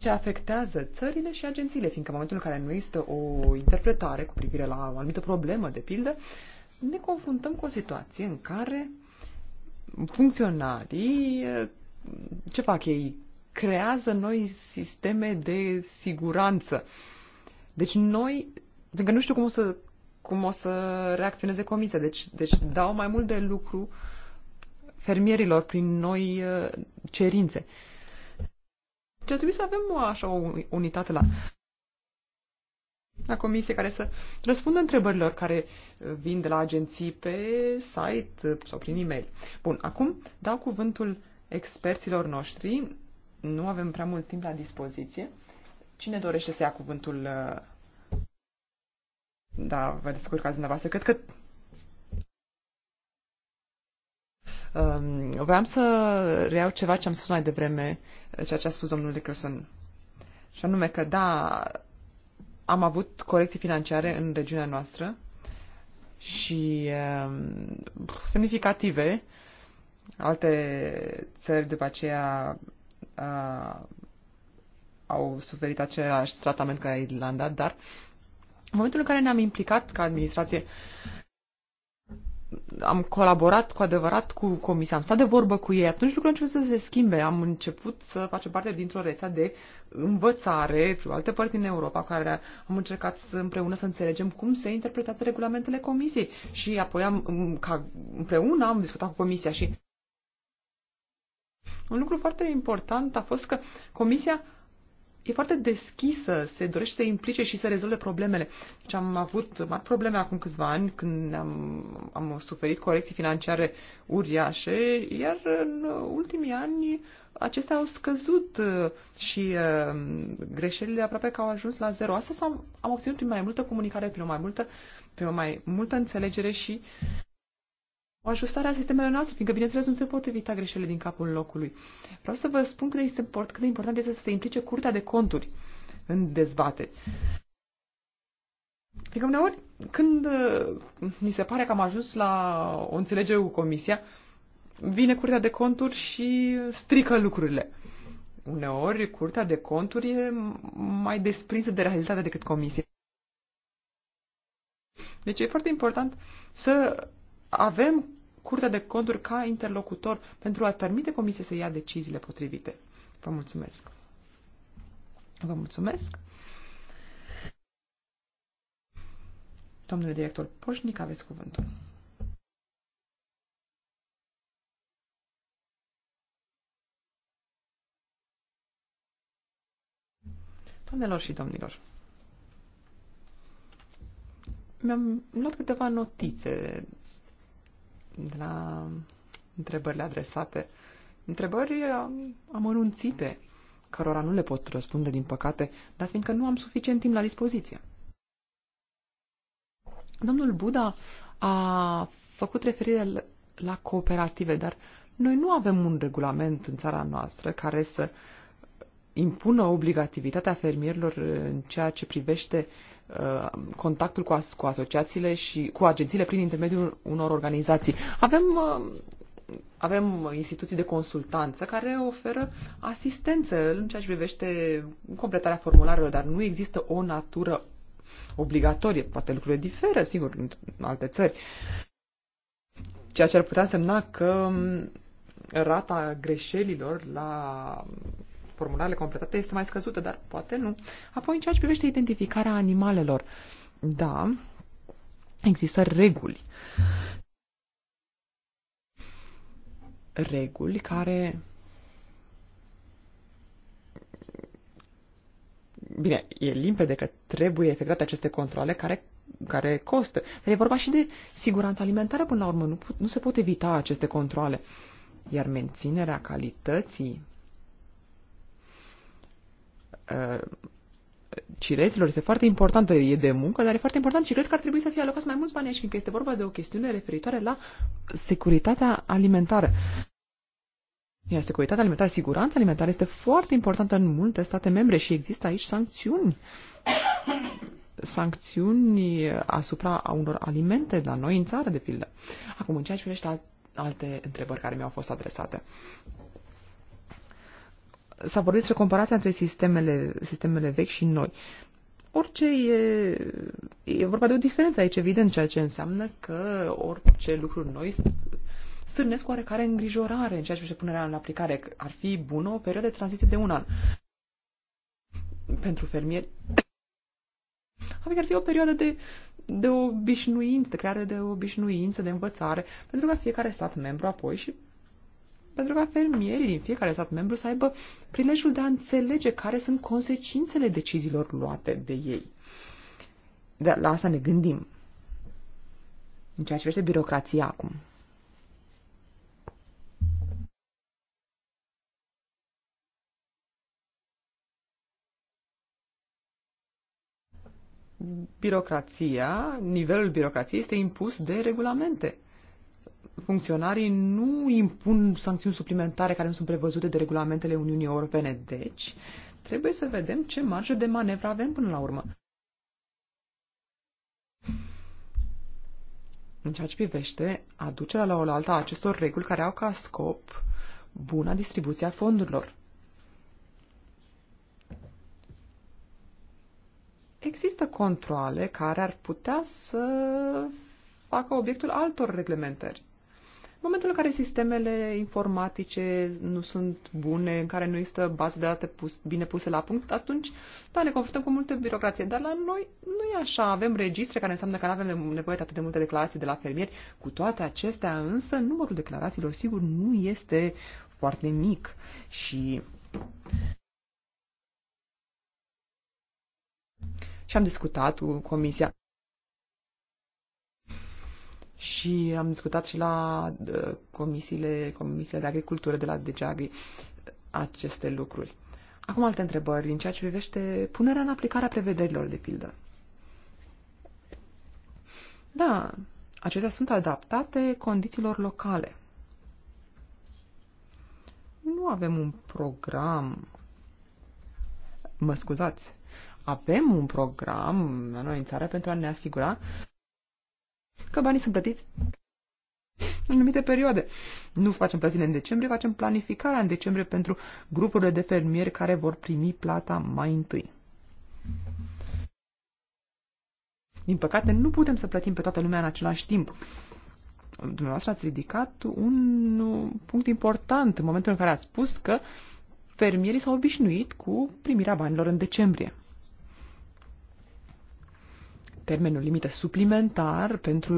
ce afectează țările și agențiile, fiindcă în momentul în care nu există o interpretare cu privire la o anumită problemă, de pildă, ne confruntăm cu o situație în care funcționarii, ce fac ei? creează noi sisteme de siguranță. Deci noi, pentru că nu știu cum o să, cum o să reacționeze comisia, deci, deci dau mai mult de lucru fermierilor prin noi uh, cerințe. Deci ar trebui să avem așa o unitate la, la comisie care să răspundă întrebărilor care uh, vin de la agenții pe site uh, sau prin e-mail. Bun, acum dau cuvântul experților noștri nu avem prea mult timp la dispoziție. Cine dorește să ia cuvântul? Uh, da, vă descurcați dumneavoastră. Cred că um, Vreau să reiau ceva ce am spus mai devreme, ceea ce a spus domnul Nicholson. Și anume că, da, am avut corecții financiare în regiunea noastră și um, semnificative. Alte țări după aceea uh, au suferit același tratament ca Irlanda, dar în momentul în care ne-am implicat ca administrație, am colaborat cu adevărat cu comisia, am stat de vorbă cu ei, atunci lucrurile început să se schimbe. Am început să facem parte dintr-o rețea de învățare, prin alte părți din Europa, care am încercat să, împreună să înțelegem cum se interpretează regulamentele comisiei. Și apoi am, ca, împreună am discutat cu comisia și un lucru foarte important a fost că Comisia e foarte deschisă, se dorește să implice și să rezolve problemele. Deci am avut mari probleme acum câțiva ani când am, am suferit corecții financiare uriașe, iar în ultimii ani acestea au scăzut uh, și uh, greșelile aproape că au ajuns la zero. Asta am, am obținut prin mai multă comunicare, prin mai multă, prin mai multă înțelegere și o ajustare a sistemelor noastre, fiindcă, bineînțeles, nu se pot evita greșelile din capul locului. Vreau să vă spun cât de, este, cât de important este să se implice Curtea de Conturi în dezbateri. Fiindcă uneori, când uh, ni se pare că am ajuns la o înțelegere cu Comisia, vine Curtea de Conturi și strică lucrurile. Uneori, Curtea de Conturi e mai desprinsă de realitate decât Comisia. Deci e foarte important să avem Curtea de Conturi ca interlocutor pentru a permite Comisiei să ia deciziile potrivite. Vă mulțumesc. Vă mulțumesc. Domnule director Poșnic, aveți cuvântul. Doamnelor și domnilor, mi-am luat câteva notițe la întrebările adresate. Întrebări amănunțite, cărora nu le pot răspunde, din păcate, dar fiindcă nu am suficient timp la dispoziție. Domnul Buda a făcut referire la cooperative, dar noi nu avem un regulament în țara noastră care să impună obligativitatea fermierilor în ceea ce privește uh, Uh, contactul cu, as- cu asociațiile și cu agențiile prin intermediul unor organizații. Avem uh, avem instituții de consultanță care oferă asistență în ceea ce privește completarea formularelor, dar nu există o natură obligatorie. Poate lucrurile diferă, sigur, în alte țări. Ceea ce ar putea semna că um, rata greșelilor la formularele completate este mai scăzută, dar poate nu. Apoi, în ceea ce privește identificarea animalelor, da, există reguli. Reguli care bine, e limpede că trebuie efectuate aceste controle care, care costă. Dar e vorba și de siguranța alimentară până la urmă. Nu, nu se pot evita aceste controle. Iar menținerea calității Uh, cireților este foarte importantă, e de muncă, dar e foarte important și cred că ar trebui să fie alocați mai mulți bani aici, fiindcă este vorba de o chestiune referitoare la securitatea alimentară. Iar securitatea alimentară, siguranța alimentară este foarte importantă în multe state membre și există aici sancțiuni. sancțiuni asupra unor alimente la noi în țară, de pildă. Acum, în ceea ce privește alte întrebări care mi-au fost adresate s-a vorbit despre comparația între sistemele, sistemele vechi și noi. Orice e, e vorba de o diferență aici, evident, ceea ce înseamnă că orice lucruri noi stârnesc oarecare îngrijorare în ceea ce se punerea în aplicare. Ar fi bună o perioadă de tranziție de un an pentru fermieri. Adică ar fi o perioadă de, de obișnuință, de creare de obișnuință, de învățare, pentru ca fiecare stat membru apoi și pentru ca fermierii din fiecare stat membru să aibă prilejul de a înțelege care sunt consecințele deciziilor luate de ei. Dar la asta ne gândim. În ceea ce privește birocrația acum. Birocrația, nivelul birocrației este impus de regulamente funcționarii nu impun sancțiuni suplimentare care nu sunt prevăzute de regulamentele Uniunii Europene. Deci, trebuie să vedem ce marjă de manevră avem până la urmă. În ceea ce privește aducerea la oaltă a acestor reguli care au ca scop buna distribuție a fondurilor. Există controle care ar putea să facă obiectul altor reglementări. În momentul în care sistemele informatice nu sunt bune, în care nu există baze de date pus, bine puse la punct, atunci, da, ne confruntăm cu multe birocrație. Dar la noi nu e așa. Avem registre care înseamnă că nu avem nevoie de atât de multe declarații de la fermieri. Cu toate acestea, însă, numărul declarațiilor, sigur, nu este foarte mic. Și și am discutat cu comisia și am discutat și la comisiile, comisiile de agricultură de la Degeagri uh, aceste lucruri. Acum alte întrebări din ceea ce privește punerea în aplicare a prevederilor, de pildă. Da, acestea sunt adaptate condițiilor locale. Nu avem un program. Mă scuzați. Avem un program la noi în țară pentru a ne asigura că banii sunt plătiți în anumite perioade. Nu facem plățile în decembrie, facem planificarea în decembrie pentru grupurile de fermieri care vor primi plata mai întâi. Din păcate, nu putem să plătim pe toată lumea în același timp. Dumneavoastră ați ridicat un punct important în momentul în care ați spus că fermierii s-au obișnuit cu primirea banilor în decembrie termenul limită suplimentar pentru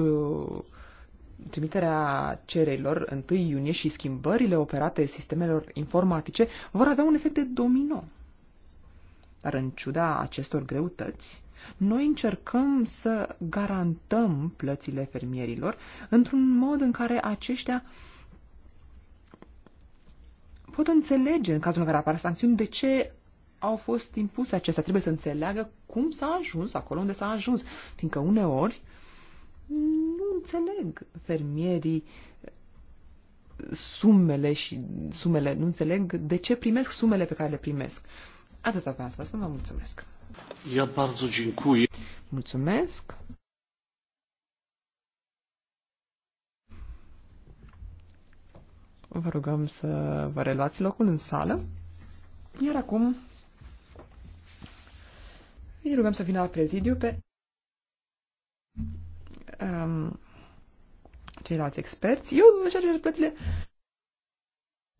trimiterea cererilor 1 iunie și schimbările operate sistemelor informatice vor avea un efect de domino. Dar în ciuda acestor greutăți, noi încercăm să garantăm plățile fermierilor într-un mod în care aceștia pot înțelege, în cazul în care apar sancțiuni, de ce au fost impuse acestea. Trebuie să înțeleagă cum s-a ajuns acolo unde s-a ajuns. Fiindcă uneori nu înțeleg fermierii eh, sumele și sumele, nu înțeleg de ce primesc sumele pe care le primesc. Atâta vreau să vă spun, vă mulțumesc. Ia bardzo dziękuję. Mulțumesc. Vă rugăm să vă reluați locul în sală. Iar acum îi rugăm să vină la prezidiu pe um, ceilalți experți. Eu își aduce plățile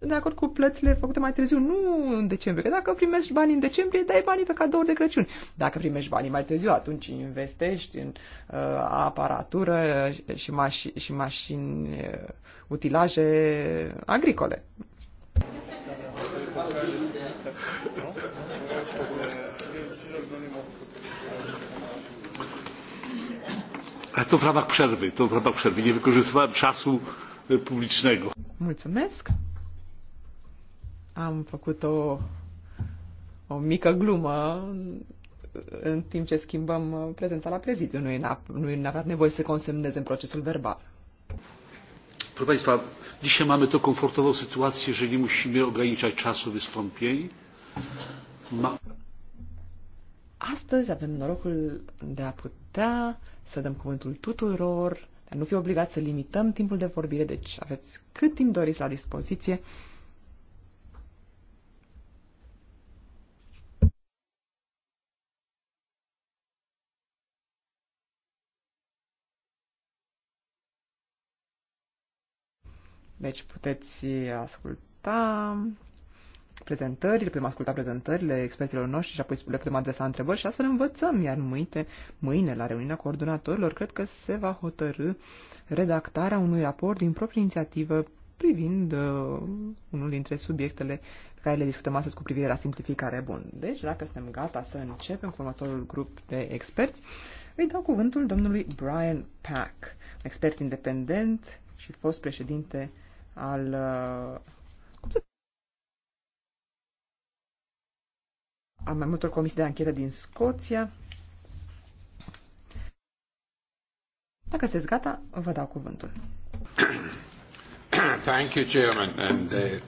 de acord cu plățile făcute mai târziu, nu în decembrie, că dacă primești bani în decembrie, dai banii pe cadouri de Crăciun. Dacă primești banii mai târziu, atunci investești în uh, aparatură și, maș- și mașini, uh, utilaje agricole. To w ramach przerwy, to w ramach przerwy. Nie wykorzystywałem czasu publicznego. Mulțumesc. Am făcut o, o mică glumă în timp ce schimbăm uh, prezența la prezidiu. Nu e, nu e neapărat nevoie să consemneze în procesul verbal. Proszę Państwa, dzisiaj mamy tą komfortową sytuację, że nie musimy ograniczać czasu wystąpień. Ma... Astăzi avem norocul de a put- putea să dăm cuvântul tuturor, dar nu fi obligat să limităm timpul de vorbire, deci aveți cât timp doriți la dispoziție. Deci puteți asculta prezentări, le putem asculta prezentările experților noștri și apoi le putem adresa întrebări și astfel învățăm. Iar mâine, mâine la reuniunea coordonatorilor, cred că se va hotărâ redactarea unui raport din proprie inițiativă privind uh, unul dintre subiectele pe care le discutăm astăzi cu privire la simplificare. Bun, deci dacă suntem gata să începem cu următorul grup de experți, îi dau cuvântul domnului Brian Pack, expert independent și fost președinte al uh, a mai multor comisii de anchetă din Scoția. Dacă sunteți gata, vă dau cuvântul. Thank you, Chairman, and uh,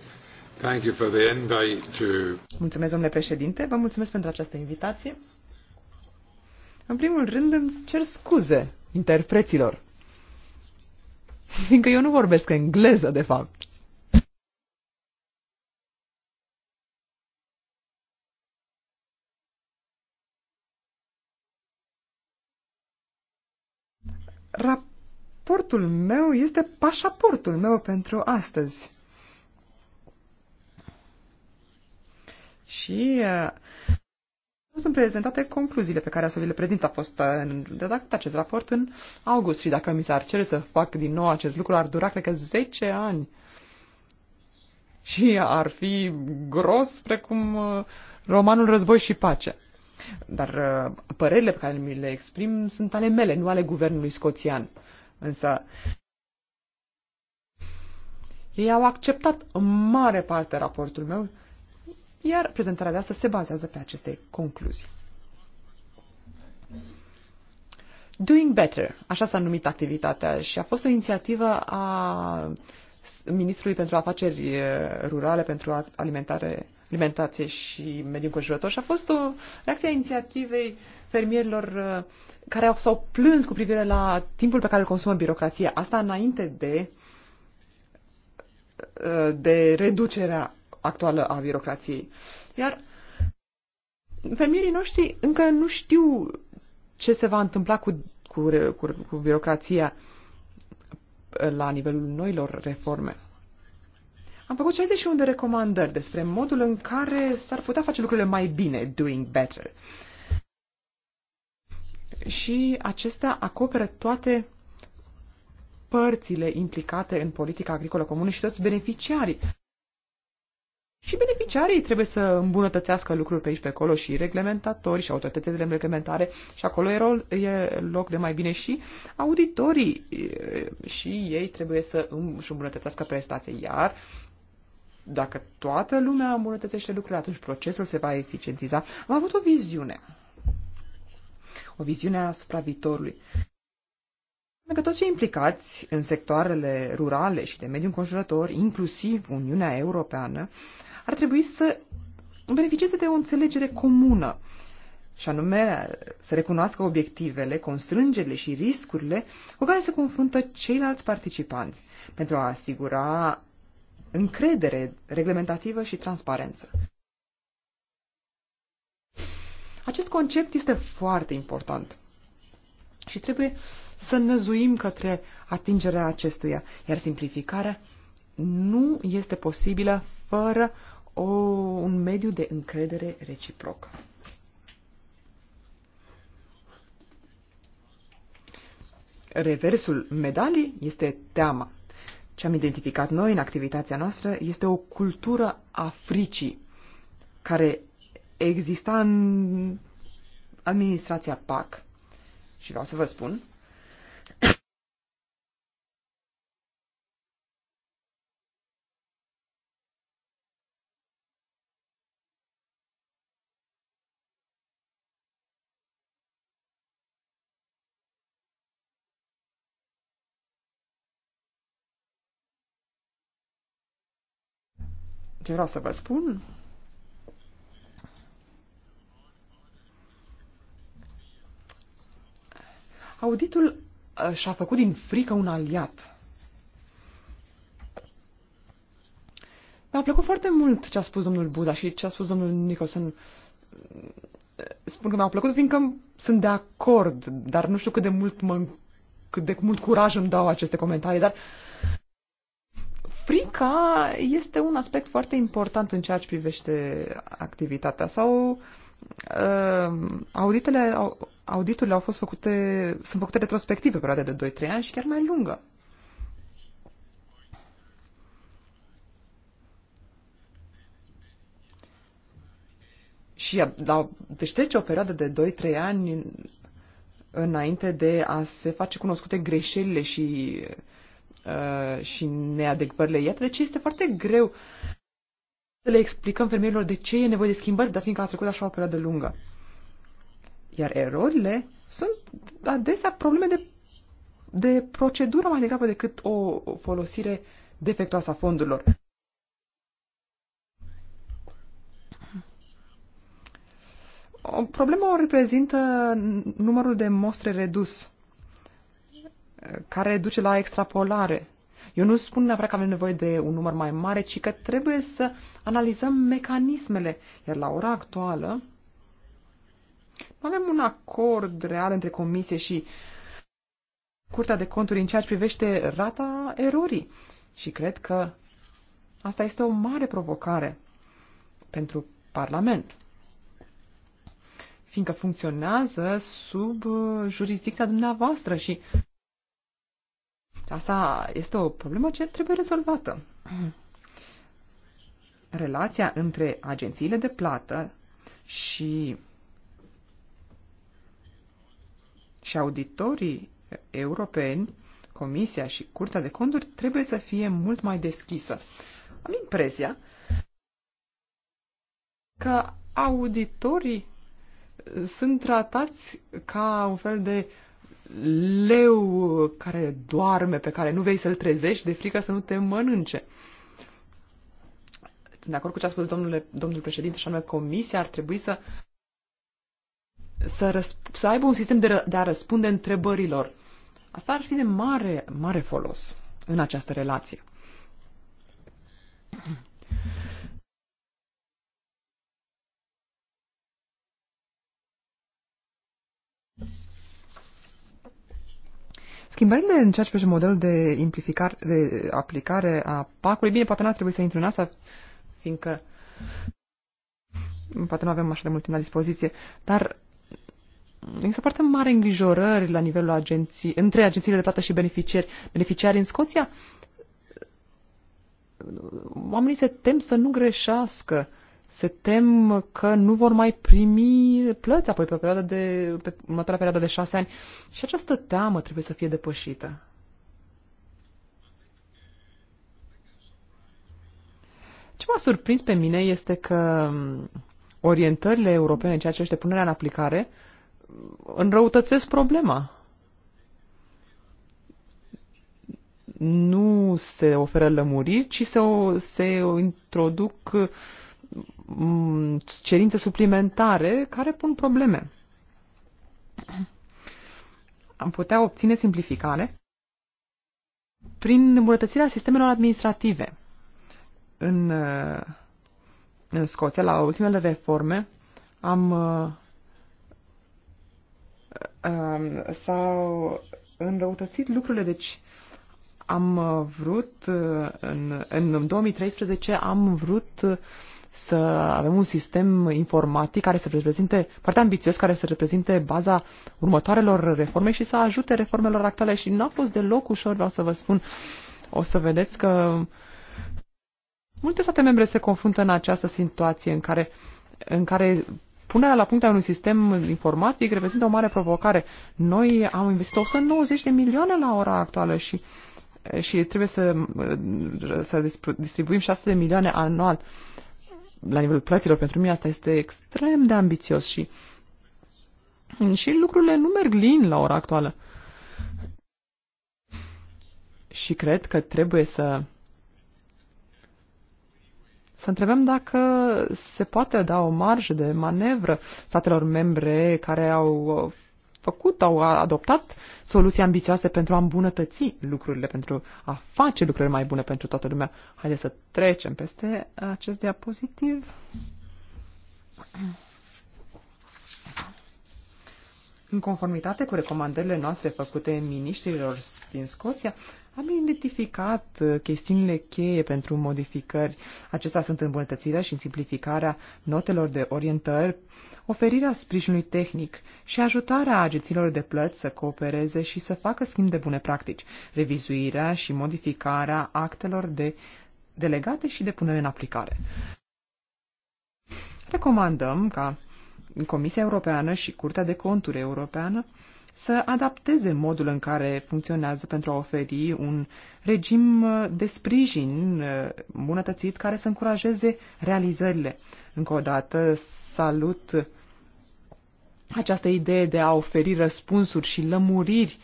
thank you for the invite to... Mulțumesc, domnule președinte, vă mulțumesc pentru această invitație. În primul rând îmi cer scuze interpreților, fiindcă eu nu vorbesc engleză, de fapt. Raportul meu este pașaportul meu pentru astăzi. Și uh, sunt prezentate concluziile pe care să vi le prezint. A fost uh, redactat acest raport în august și dacă mi s-ar cere să fac din nou acest lucru, ar dura, cred că, 10 ani. Și ar fi gros precum uh, romanul Război și Pace. Dar uh, părerile pe care mi le exprim sunt ale mele, nu ale guvernului scoțian. Însă ei au acceptat în mare parte raportul meu, iar prezentarea de astăzi se bazează pe aceste concluzii. Doing Better, așa s-a numit activitatea și a fost o inițiativă a Ministrului pentru Afaceri uh, Rurale, pentru Alimentare alimentație și mediul înconjurător. și a fost o reacție a inițiativei fermierilor uh, care s-au plâns cu privire la timpul pe care îl consumă birocrația. Asta înainte de, uh, de reducerea actuală a birocrației. Iar fermierii noștri încă nu știu ce se va întâmpla cu, cu, cu, cu birocrația la nivelul noilor reforme. Am făcut 61 de recomandări despre modul în care s-ar putea face lucrurile mai bine, doing better. Și acestea acoperă toate părțile implicate în politica agricolă comună și toți beneficiarii. Și beneficiarii trebuie să îmbunătățească lucruri pe aici pe acolo și reglementatori și autoritățile de reglementare și acolo e, rol, e loc de mai bine și auditorii și ei trebuie să își îmbunătățească prestații. Iar dacă toată lumea îmbunătățește lucrurile, atunci procesul se va eficientiza. Am avut o viziune. O viziune asupra viitorului. Că toți cei implicați în sectoarele rurale și de mediu înconjurător, inclusiv Uniunea Europeană, ar trebui să beneficieze de o înțelegere comună și anume să recunoască obiectivele, constrângerile și riscurile cu care se confruntă ceilalți participanți pentru a asigura încredere reglementativă și transparență. Acest concept este foarte important și trebuie să năzuim către atingerea acestuia, iar simplificarea nu este posibilă fără o, un mediu de încredere reciprocă. Reversul medalii este teama. Ce am identificat noi în activitatea noastră este o cultură a fricii care exista în administrația PAC. Și vreau să vă spun ce vreau să vă spun auditul uh, și-a făcut din frică un aliat. Mi-a plăcut foarte mult ce a spus domnul Buda și ce a spus domnul Nicholson. Spun că mi-a plăcut fiindcă sunt de acord, dar nu știu cât de mult mă, cât de mult curaj îmi dau aceste comentarii, dar frica este un aspect foarte important în ceea ce privește activitatea sau uh, auditele, au, auditurile au fost făcute, sunt făcute retrospective pe perioada de 2-3 ani și chiar mai lungă. Și la, da, deci trece o perioadă de 2-3 ani înainte de a se face cunoscute greșelile și uh, și neadecvările. Iată de ce este foarte greu să le explicăm fermierilor de ce e nevoie de schimbări, dar fiindcă a trecut așa o perioadă lungă. Iar erorile sunt adesea probleme de, de procedură mai degrabă decât o folosire defectuoasă a fondurilor. O problemă o reprezintă numărul de mostre redus care duce la extrapolare. Eu nu spun neapărat că avem nevoie de un număr mai mare, ci că trebuie să analizăm mecanismele. Iar la ora actuală nu avem un acord real între comisie și Curtea de Conturi în ceea ce privește rata erorii. Și cred că asta este o mare provocare pentru Parlament, fiindcă funcționează sub uh, jurisdicția dumneavoastră și Asta este o problemă ce trebuie rezolvată. Relația între agențiile de plată și, și auditorii europeni, Comisia și Curtea de Conturi, trebuie să fie mult mai deschisă. Am impresia că auditorii sunt tratați ca un fel de leu care doarme, pe care nu vei să-l trezești de frică să nu te mănânce. Sunt de acord cu ce a spus domnule, domnul președinte, și anume comisia ar trebui să să, răsp- să aibă un sistem de, de a răspunde întrebărilor. Asta ar fi de mare, mare folos în această relație. Schimbările în ceea ce privește modelul de, implificare, de aplicare a PAC-ului, bine, poate n-ar trebui să intru în asta, fiindcă poate nu avem așa de mult timp la dispoziție, dar există foarte mare îngrijorări la nivelul agenții, între agențiile de plată și beneficiari. Beneficiari în Scoția, oamenii se tem să nu greșească se tem că nu vor mai primi plăți apoi pe, perioada de, pe următoarea perioadă de șase ani. Și această teamă trebuie să fie depășită. Ce m-a surprins pe mine este că orientările europene, ceea ce este punerea în aplicare, înrăutățesc problema. Nu se oferă lămuriri, ci se, se introduc uh, Mm, cerințe suplimentare care pun probleme. Am putea obține simplificare prin îmbunătățirea sistemelor administrative. În, uh, în Scoția, la ultimele reforme, am uh, um, s-au înrăutățit lucrurile, deci am vrut, uh, în, în 2013 am vrut să avem un sistem informatic care să reprezinte, foarte ambițios, care să reprezinte baza următoarelor reforme și să ajute reformelor actuale. Și n-a fost deloc ușor, vreau să vă spun. O să vedeți că multe state membre se confruntă în această situație în care, în care punerea la punct a unui sistem informatic reprezintă o mare provocare. Noi am investit 190 de milioane la ora actuală și și trebuie să, să distribuim 6 de milioane anual la nivelul plăților pentru mine asta este extrem de ambițios și, și lucrurile nu merg lin la ora actuală. Și cred că trebuie să să întrebăm dacă se poate da o marjă de manevră statelor membre care au făcut, au adoptat soluții ambițioase pentru a îmbunătăți lucrurile, pentru a face lucrurile mai bune pentru toată lumea. Haideți să trecem peste acest diapozitiv. În conformitate cu recomandările noastre făcute miniștrilor din Scoția, am identificat uh, chestiunile cheie pentru modificări. Acestea sunt îmbunătățirea și simplificarea notelor de orientări, oferirea sprijinului tehnic și ajutarea agențiilor de plăți să coopereze și să facă schimb de bune practici, revizuirea și modificarea actelor de delegate și de punere în aplicare. Recomandăm ca Comisia Europeană și Curtea de Conturi Europeană să adapteze modul în care funcționează pentru a oferi un regim uh, de sprijin uh, bunătățit care să încurajeze realizările. Încă o dată salut această idee de a oferi răspunsuri și lămuriri.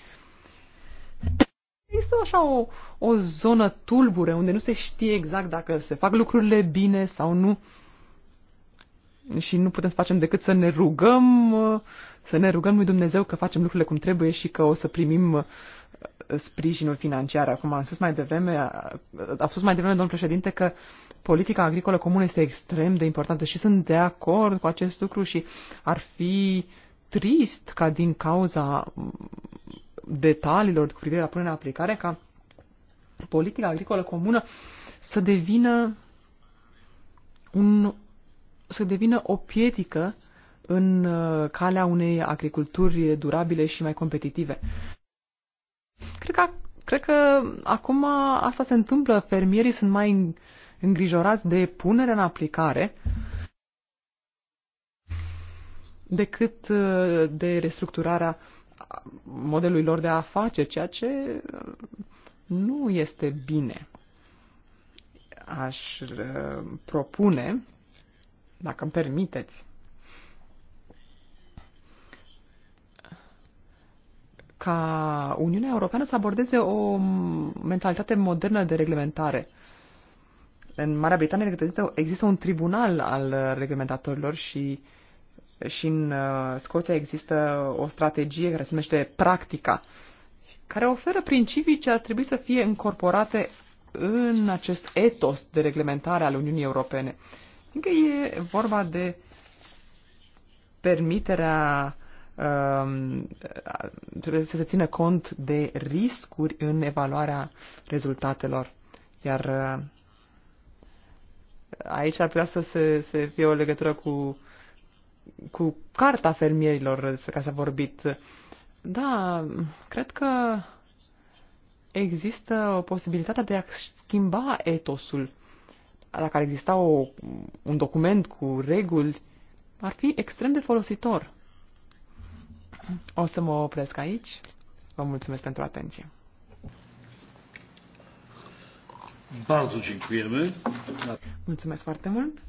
Există așa o, o zonă tulbure unde nu se știe exact dacă se fac lucrurile bine sau nu și nu putem să facem decât să ne rugăm, să ne rugăm lui Dumnezeu că facem lucrurile cum trebuie și că o să primim uh, sprijinul financiar. Acum am spus mai devreme, a spus mai devreme domnul președinte că politica agricolă comună este extrem de importantă și sunt de acord cu acest lucru și ar fi trist ca din cauza mm, detaliilor cu privire la punerea în aplicare ca politica agricolă comună să devină un să devină o pietică în uh, calea unei agriculturi durabile și mai competitive. Cred că, cred că acum asta se întâmplă. Fermierii sunt mai îngrijorați de punerea în aplicare decât uh, de restructurarea modelului lor de afaceri, ceea ce uh, nu este bine. Aș propune dacă îmi permiteți, ca Uniunea Europeană să abordeze o mentalitate modernă de reglementare. În Marea Britanie există un tribunal al reglementatorilor și, și în uh, Scoția există o strategie care se numește practica, care oferă principii ce ar trebui să fie încorporate în acest etos de reglementare al Uniunii Europene. Uh, încă e vorba de permiterea um, trebuie să se țină cont de riscuri în evaluarea rezultatelor. Iar uh, aici ar putea să se, se fie o legătură cu, cu carta fermierilor despre care s-a vorbit. Da, cred că există o posibilitate de a schimba etosul dacă ar exista o, un document cu reguli, ar fi extrem de folositor. O să mă opresc aici. Vă mulțumesc pentru atenție. Bardzo dziękujemy. Mulțumesc foarte mult.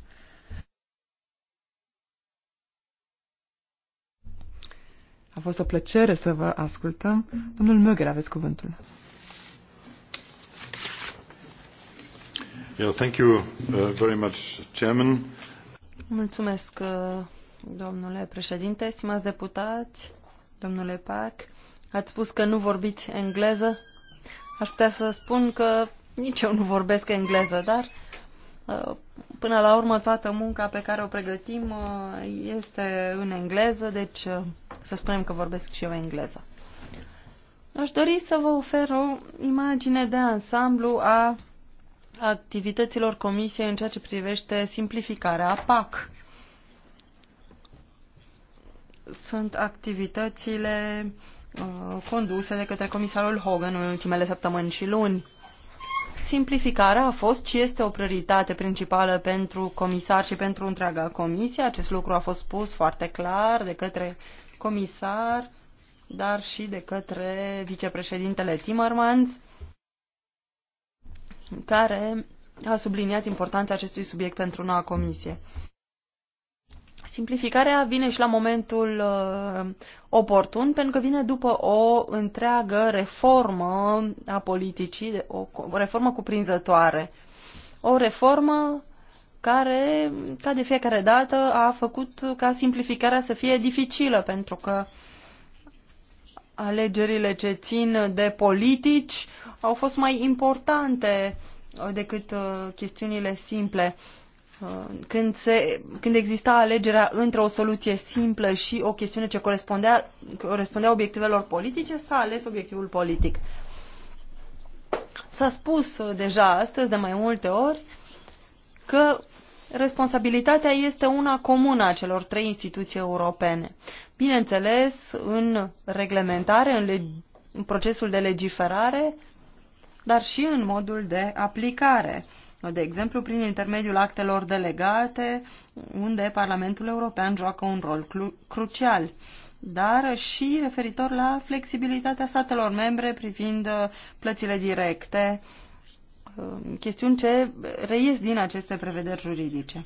A fost o plăcere să vă ascultăm. Domnul Mögel, aveți cuvântul. Uh, Mulțumesc, uh, domnule președinte, stimați deputați, domnule pack Ați spus că nu vorbiți engleză. Aș putea să spun că nici eu nu vorbesc engleză, dar uh, până la urmă toată munca pe care o pregătim este în engleză, deci să spunem că vorbesc și eu engleză. Aș dori să vă ofer o imagine de ansamblu a activităților Comisiei în ceea ce privește simplificarea PAC. Sunt activitățile uh, conduse de către comisarul Hogan în ultimele săptămâni și luni. Simplificarea a fost și este o prioritate principală pentru comisar și pentru întreaga comisie. Acest lucru a fost spus foarte clar de către comisar, dar și de către vicepreședintele Timmermans care a subliniat importanța acestui subiect pentru noua comisie. Simplificarea vine și la momentul uh, oportun, pentru că vine după o întreagă reformă a politicii, o, o reformă cuprinzătoare. O reformă care, ca de fiecare dată, a făcut ca simplificarea să fie dificilă, pentru că uh, alegerile ce țin de politici au fost mai importante uh, decât uh, chestiunile simple. Uh, când, se, când exista alegerea între o soluție simplă și o chestiune ce corespundea, corespundea obiectivelor politice, s-a ales obiectivul politic. S-a spus deja astăzi de mai multe ori că responsabilitatea este una comună a celor trei instituții europene. Bineînțeles, în reglementare, în, leg- în procesul de legiferare, dar și în modul de aplicare. De exemplu, prin intermediul actelor delegate, unde Parlamentul European joacă un rol crucial dar și referitor la flexibilitatea statelor membre privind uh, plățile directe Um, chestiuni ce reies din aceste prevederi juridice.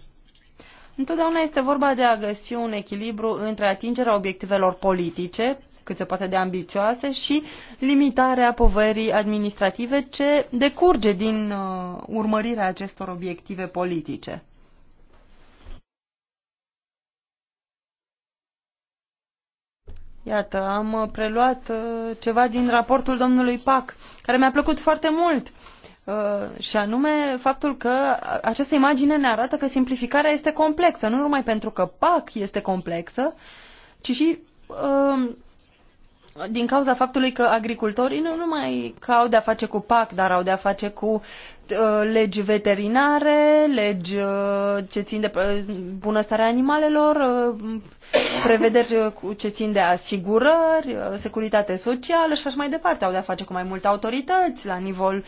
Întotdeauna este vorba de a găsi un echilibru între atingerea obiectivelor politice, cât se poate de ambițioase, și limitarea poverii administrative ce decurge din uh, urmărirea acestor obiective politice. Iată, am preluat uh, ceva din raportul domnului Pac, care mi-a plăcut foarte mult Uh, și anume faptul că această imagine ne arată că simplificarea este complexă, nu numai pentru că PAC este complexă, ci și uh, din cauza faptului că agricultorii nu numai că au de-a face cu PAC, dar au de-a face cu uh, legi veterinare, legi ce țin de bunăstarea animalelor, prevederi ce țin de asigurări, securitate socială și așa mai departe. Au de-a face cu mai multe autorități la nivel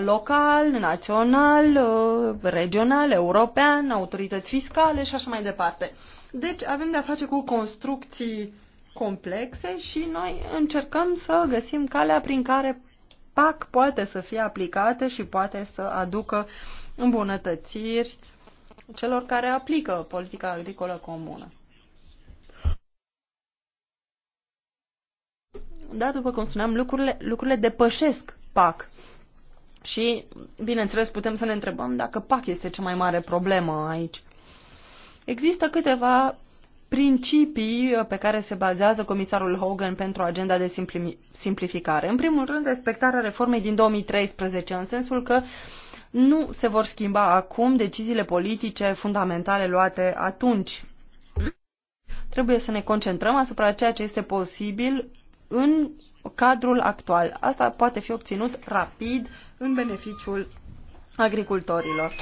local, național, uh, regional, european, autorități fiscale și așa mai departe. Deci avem de-a face cu construcții complexe și noi încercăm să găsim calea prin care PAC poate să fie aplicată și poate să aducă îmbunătățiri celor care aplică politica agricolă comună. Da, după cum spuneam, lucrurile, lucrurile depășesc PAC și, bineînțeles, putem să ne întrebăm dacă PAC este cea mai mare problemă aici. Există câteva principii pe care se bazează comisarul Hogan pentru agenda de simplificare. În primul rând, respectarea reformei din 2013, în sensul că nu se vor schimba acum deciziile politice fundamentale luate atunci. Trebuie să ne concentrăm asupra ceea ce este posibil în cadrul actual. Asta poate fi obținut rapid în beneficiul agricultorilor.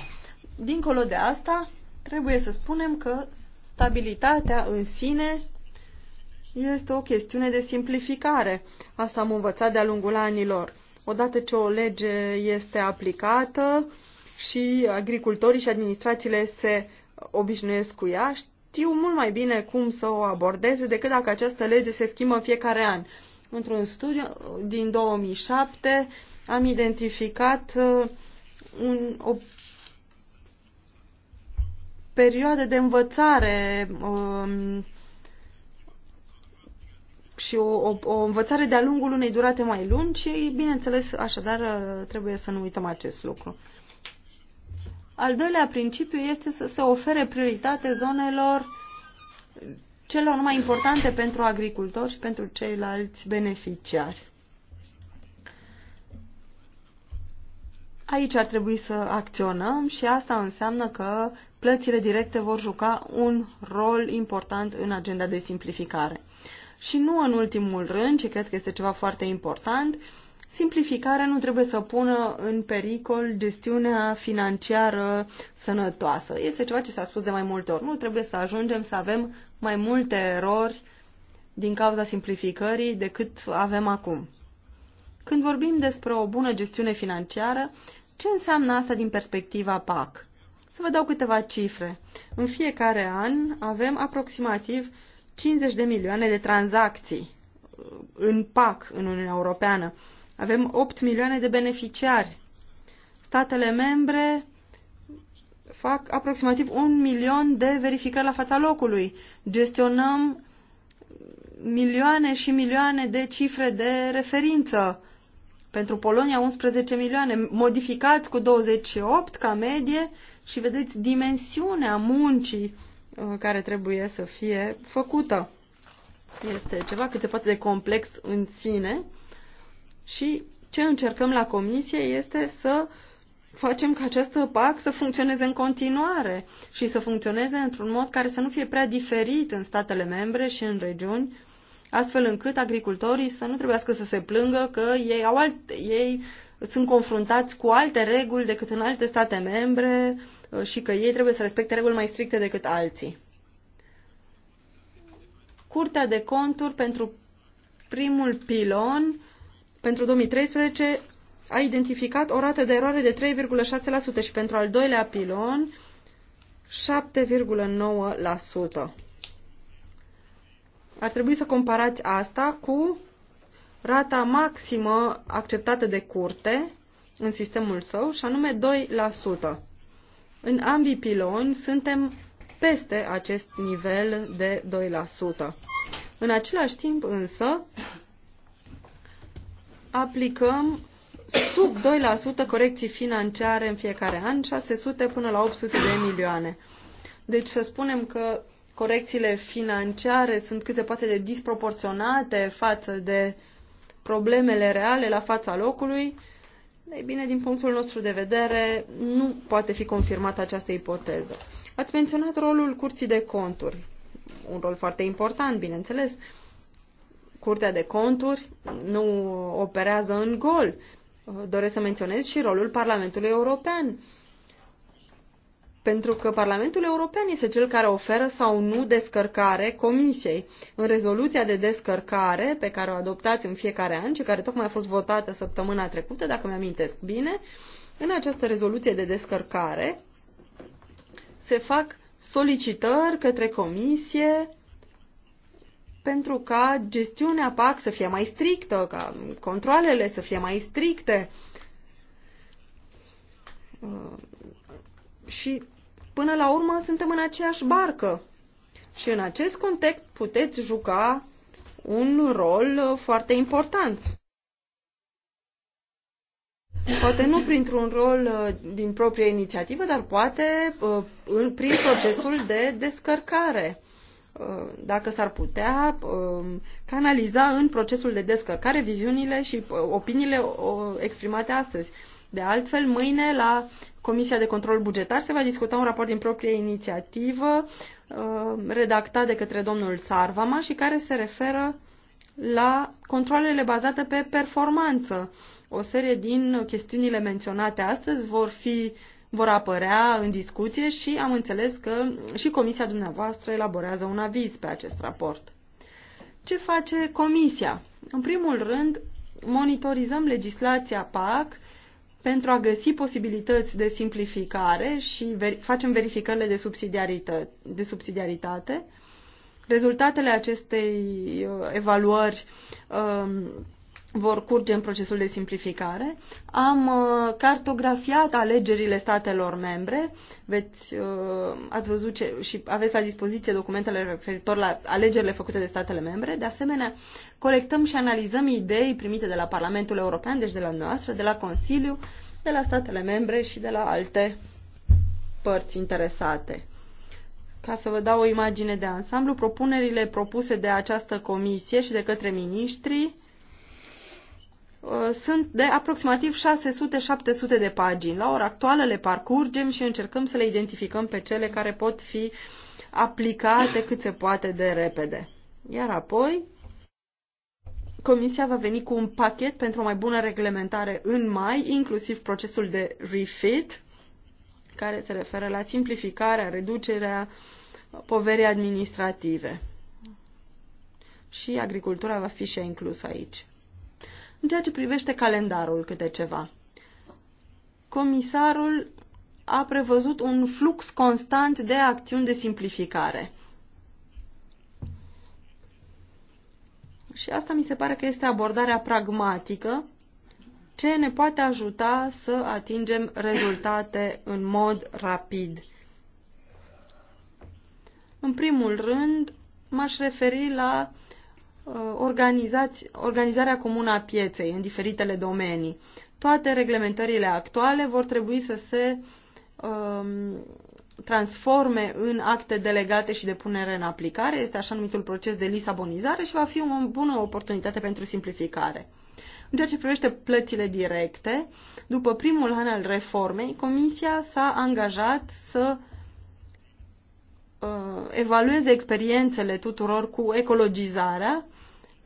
Dincolo de asta, trebuie să spunem că stabilitatea în sine este o chestiune de simplificare. Asta am învățat de-a lungul anilor. Odată ce o lege este aplicată și agricultorii și administrațiile se obișnuiesc cu ea, știu mult mai bine cum să o abordeze decât dacă această lege se schimbă în fiecare an. Într-un studiu din 2007 am identificat uh, un, o perioadă de învățare uh, și o, o, o învățare de-a lungul unei durate mai lungi și, bineînțeles, așadar uh, trebuie să nu uităm acest lucru. Al doilea principiu este să se ofere prioritate zonelor celor mai importante pentru agricultori și pentru ceilalți beneficiari. Aici ar trebui să acționăm și asta înseamnă că plățile directe vor juca un rol important în agenda de simplificare. Și nu în ultimul rând, ce cred că este ceva foarte important, simplificarea nu trebuie să pună în pericol gestiunea financiară sănătoasă. Este ceva ce s-a spus de mai multe ori. Nu trebuie să ajungem să avem mai multe erori din cauza simplificării decât avem acum. Când vorbim despre o bună gestiune financiară, ce înseamnă asta din perspectiva PAC? Să vă dau câteva cifre. În fiecare an avem aproximativ 50 de milioane de tranzacții uh, în PAC, în Uniunea Europeană. Avem 8 milioane de beneficiari. Statele membre fac aproximativ un milion de verificări la fața locului. Gestionăm milioane și milioane de cifre de referință. Pentru Polonia 11 milioane, modificați cu 28 ca medie și vedeți dimensiunea muncii uh, care trebuie să fie făcută. Este ceva cât se poate de complex în sine și ce încercăm la comisie este să facem ca această PAC să funcționeze în continuare și să funcționeze într-un mod care să nu fie prea diferit în statele membre și în regiuni, astfel încât agricultorii să nu trebuiască să se plângă că ei, au alt, ei sunt confruntați cu alte reguli decât în alte state membre uh, și că ei trebuie să respecte reguli mai stricte decât alții. Curtea de conturi pentru primul pilon pentru 2013 a identificat o rată de eroare de 3,6% și pentru al doilea pilon 7,9%. Ar trebui să comparați asta cu rata maximă acceptată de curte în sistemul său, și anume 2%. În ambii piloni suntem peste acest nivel de 2%. În același timp însă, aplicăm sub 2% corecții financiare în fiecare an, 600 până la 800 de milioane. Deci să spunem că corecțiile financiare sunt cât se poate de disproporționate față de problemele reale la fața locului, ei bine, din punctul nostru de vedere, nu poate fi confirmată această ipoteză. Ați menționat rolul curții de conturi, un rol foarte important, bineînțeles, uh, Curtea de conturi nu operează în gol. Doresc să menționez și rolul Parlamentului European. Pentru că Parlamentul European este cel care oferă sau nu descărcare Comisiei. În rezoluția de descărcare pe care o adoptați în fiecare an și care tocmai a fost votată săptămâna trecută, dacă mi-amintesc bine, în această rezoluție de descărcare se fac solicitări către Comisie pentru ca gestiunea PAC să fie mai strictă, ca controlele să fie mai stricte. Uh, și până la urmă suntem în aceeași barcă. Și în acest context puteți juca un rol foarte important. Poate nu printr-un rol uh, din propria inițiativă, dar poate uh, prin procesul de descărcare Uh, dacă s-ar putea, uh, canaliza în procesul de descărcare viziunile și uh, opiniile exprimate astăzi. De altfel, mâine la Comisia de Control Bugetar se va discuta un raport din proprie inițiativă redactat de către domnul Sarvama și care se referă la controlele bazate pe performanță. O serie din chestiunile menționate astăzi vor fi vor apărea în discuție și am înțeles că și comisia dumneavoastră elaborează un aviz pe acest raport. Ce face comisia? În primul rând, monitorizăm legislația PAC pentru a găsi posibilități de simplificare și ver facem verificările de, subsidiarită de subsidiaritate. Rezultatele acestei uh, evaluări uh, vor curge în procesul de simplificare. Am uh, cartografiat alegerile statelor membre. Veți, uh, ați văzut ce, și aveți la dispoziție documentele referitor la alegerile făcute de statele membre. De asemenea, colectăm și analizăm idei primite de la Parlamentul European, deci de la noastră, de la Consiliu, de la statele membre și de la alte părți interesate. Ca să vă dau o imagine de ansamblu, propunerile propuse de această comisie și de către miniștrii Uh, sunt de aproximativ 600-700 de pagini. La ora actuală le parcurgem și încercăm să le identificăm pe cele care pot fi aplicate cât se poate de repede. Iar apoi, Comisia va veni cu un pachet pentru o mai bună reglementare în mai, inclusiv procesul de refit, care se referă la simplificarea, reducerea poverii administrative. Și agricultura va fi și inclusă aici. În ceea ce privește calendarul câte ceva, comisarul a prevăzut un flux constant de acțiuni de simplificare. Și asta mi se pare că este abordarea pragmatică ce ne poate ajuta să atingem rezultate în mod rapid. În primul rând, m-aș referi la Uh, organizarea comună a pieței în diferitele domenii. Toate reglementările actuale vor trebui să se um, transforme în acte delegate și de punere în aplicare. Este așa numitul proces de lisabonizare și va fi o bună oportunitate pentru simplificare. În ceea ce privește plățile directe, după primul an al reformei, Comisia s-a angajat să uh, evalueze experiențele tuturor cu ecologizarea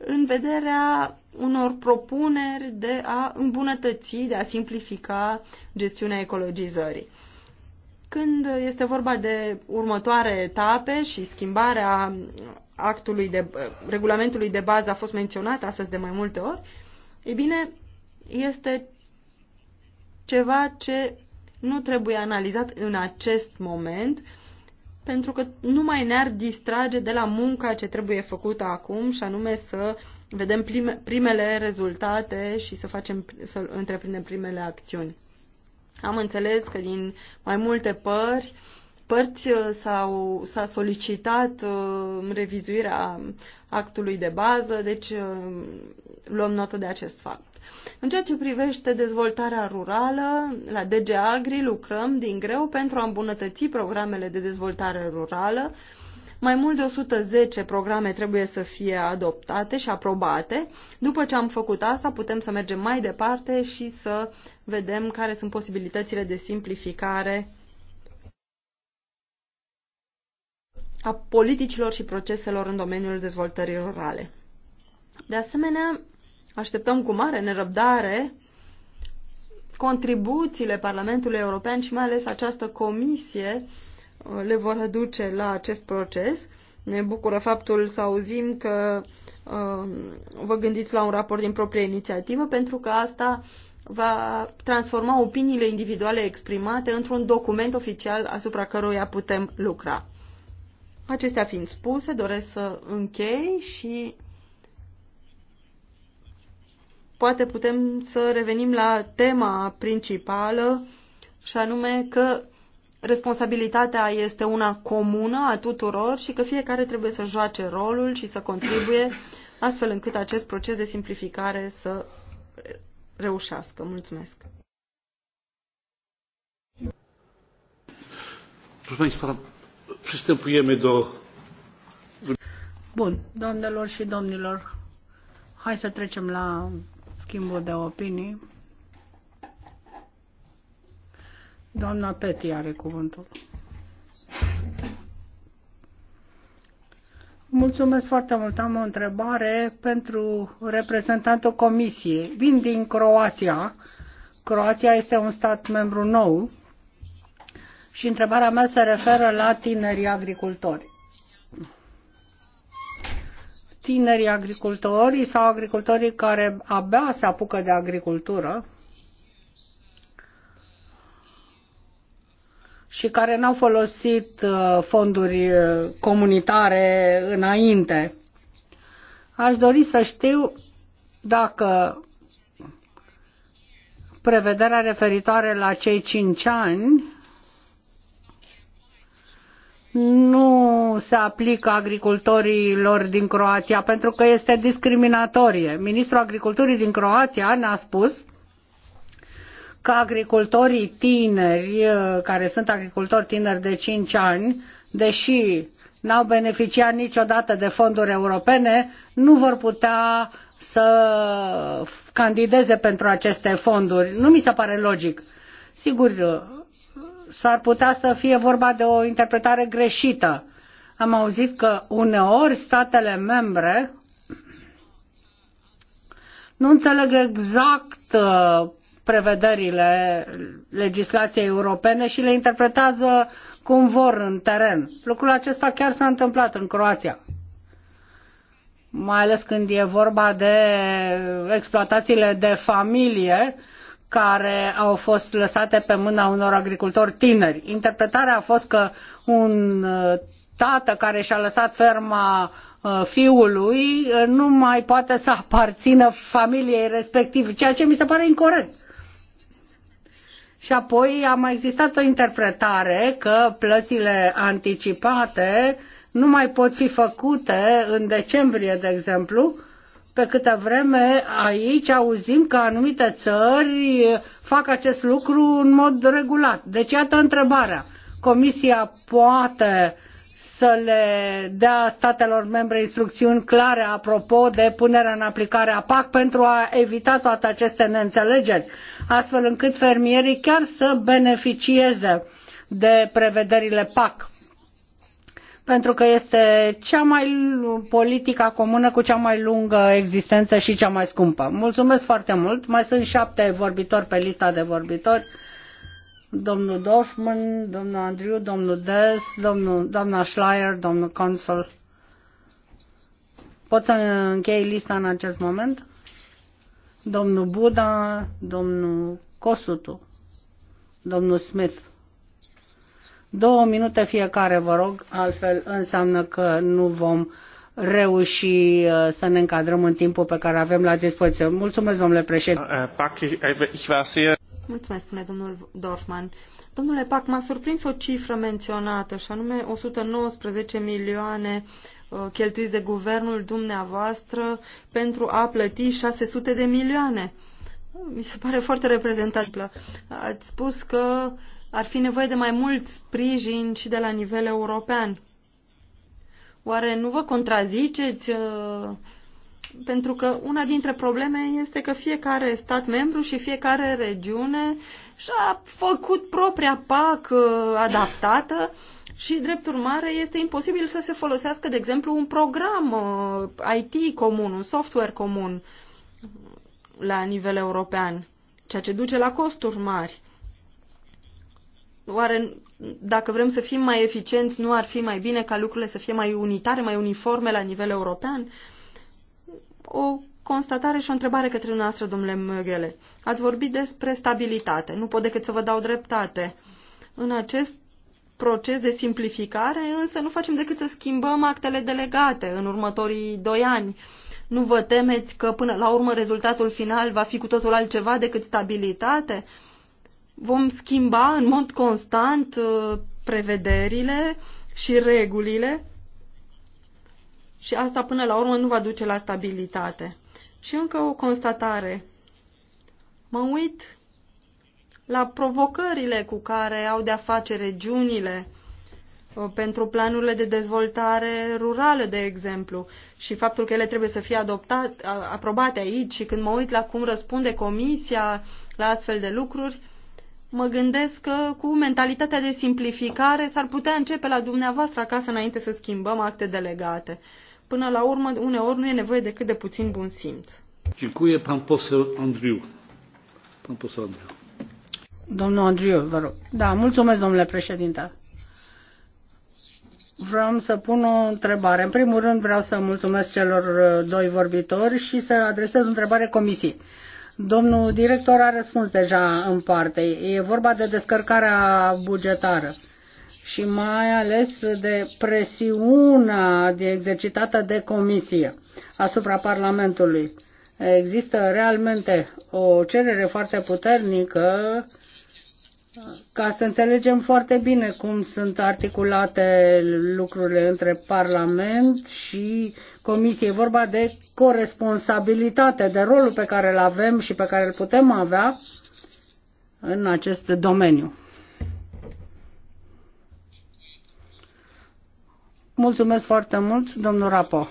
în vederea unor propuneri de a îmbunătăți, de a simplifica gestiunea ecologizării. Când este vorba de următoare etape și schimbarea actului de, regulamentului de bază a fost menționat astăzi de mai multe ori, e bine, este ceva ce nu trebuie analizat în acest moment, pentru că numai ne-ar distrage de la munca ce trebuie făcută acum și anume să vedem prime, primele rezultate și să, facem, să întreprindem primele acțiuni. Am înțeles că din mai multe pări, părți uh, s-au, s-a solicitat uh, revizuirea actului de bază, deci uh, luăm notă de acest fapt. În ceea ce privește dezvoltarea rurală, la DG Agri lucrăm din greu pentru a îmbunătăți programele de dezvoltare rurală. Mai mult de 110 programe trebuie să fie adoptate și aprobate. După ce am făcut asta, putem să mergem mai departe și să vedem care sunt posibilitățile de simplificare a politicilor și proceselor în domeniul dezvoltării rurale. De asemenea, Așteptăm cu mare nerăbdare contribuțiile Parlamentului European și mai ales această comisie uh, le vor aduce la acest proces. Ne bucură faptul să auzim că uh, vă gândiți la un raport din proprie inițiativă, pentru că asta va transforma opiniile individuale exprimate într-un document oficial asupra căruia putem lucra. Acestea fiind spuse, doresc să închei și poate putem să revenim la tema principală și anume că responsabilitatea este una comună a tuturor și că fiecare trebuie să joace rolul și să contribuie astfel încât acest proces de simplificare să reușească. Mulțumesc! Proszę Państwa, przystępujemy do... Bun, doamnelor și domnilor, hai să trecem la schimbul de opinii. Doamna Peti are cuvântul. Mulțumesc foarte mult. Am o întrebare pentru reprezentantul Comisiei. Vin din Croația. Croația este un stat membru nou și întrebarea mea se referă la tinerii agricultori tinerii agricultori sau agricultorii care abia se apucă de agricultură și care n-au folosit uh, fonduri uh, comunitare înainte. Aș dori să știu dacă prevederea referitoare la cei 5 ani nu se aplică agricultorilor din Croația pentru că este discriminatorie. Ministrul Agriculturii din Croația ne-a spus că agricultorii tineri, care sunt agricultori tineri de 5 ani, deși n-au beneficiat niciodată de fonduri europene, nu vor putea să candideze pentru aceste fonduri. Nu mi se pare logic. Sigur, s-ar putea să fie vorba de o interpretare greșită. Am auzit că uneori statele membre nu înțeleg exact uh, prevederile legislației europene și le interpretează cum vor în teren. Lucrul acesta chiar s-a întâmplat în Croația. Mai ales când e vorba de exploatațiile de familie, care au fost lăsate pe mâna unor agricultori tineri. Interpretarea a fost că un uh, tată care și-a lăsat ferma uh, fiului uh, nu mai poate să aparțină familiei respective, ceea ce mi se pare incorrect. Și apoi a mai existat o interpretare că plățile anticipate nu mai pot fi făcute în decembrie, de exemplu, pe câtă vreme aici auzim că anumite țări fac acest lucru în mod regulat. Deci iată întrebarea. Comisia poate să le dea statelor membre instrucțiuni clare apropo de punerea în aplicare a PAC pentru a evita toate aceste neînțelegeri, astfel încât fermierii chiar să beneficieze de prevederile PAC pentru că este cea mai politica comună cu cea mai lungă existență și cea mai scumpă. Mulțumesc foarte mult. Mai sunt șapte vorbitori pe lista de vorbitori. Domnul Dorfman, domnul Andriu, domnul Des, domnul, doamna Schleier, domnul Consul. Pot să închei lista în acest moment? Domnul Buda, domnul Cosutu, domnul Smith. Două minute fiecare, vă rog, altfel înseamnă că nu vom reuși uh, să ne încadrăm în timpul pe care avem la dispoziție. Mulțumesc, domnule președinte. Uh, Mulțumesc, spune domnul Dorfman. Domnule Pac, m-a surprins o cifră menționată, și anume 119 milioane uh, cheltuiți de guvernul dumneavoastră pentru a plăti 600 de milioane. Mi se pare foarte reprezentativă. Ați spus că ar fi nevoie de mai mult sprijin și de la nivel european. Oare nu vă contraziceți? Uh, pentru că una dintre probleme este că fiecare stat membru și fiecare regiune și-a făcut propria PAC uh, adaptată și, drept urmare, este imposibil să se folosească, de exemplu, un program uh, IT comun, un software comun la nivel european, ceea ce duce la costuri mari. Oare dacă vrem să fim mai eficienți, nu ar fi mai bine ca lucrurile să fie mai unitare, mai uniforme la nivel european? O constatare și o întrebare către noastră, domnule Măghele. Ați vorbit despre stabilitate. Nu pot decât să vă dau dreptate. În acest proces de simplificare, însă nu facem decât să schimbăm actele delegate în următorii doi ani. Nu vă temeți că până la urmă rezultatul final va fi cu totul altceva decât stabilitate? Uh, vom schimba în mod constant uh, prevederile și regulile și asta până la urmă nu va duce la stabilitate. Și încă o constatare. Mă uit la provocările cu care au de-a face regiunile uh, pentru planurile de dezvoltare rurală, de exemplu, și faptul că ele trebuie să fie adoptate, aprobate aici și când mă uit la cum răspunde Comisia la astfel de lucruri, mă gândesc că cu mentalitatea de simplificare s-ar putea începe la dumneavoastră acasă înainte să schimbăm acte delegate. Până la urmă, uneori nu e nevoie decât de puțin bun simț. Dziękuję pan poseł Andriu. Pan poseł Andriu. Domnul Andriu, vă rog. Da, mulțumesc, domnule președinte. Vreau să pun o întrebare. În primul rând vreau să mulțumesc celor uh, doi vorbitori și să adresez o întrebare comisiei. Domnul director a răspuns deja în parte. E vorba de descărcarea bugetară și mai ales de presiunea de exercitată de comisie asupra Parlamentului. Există realmente o cerere foarte puternică ca să înțelegem foarte bine cum sunt articulate lucrurile între Parlament și Comisiei, vorba de corresponsabilitate, de rolul pe care îl avem și pe care îl putem avea în acest domeniu. Mulțumesc foarte mult, domnul Rapo.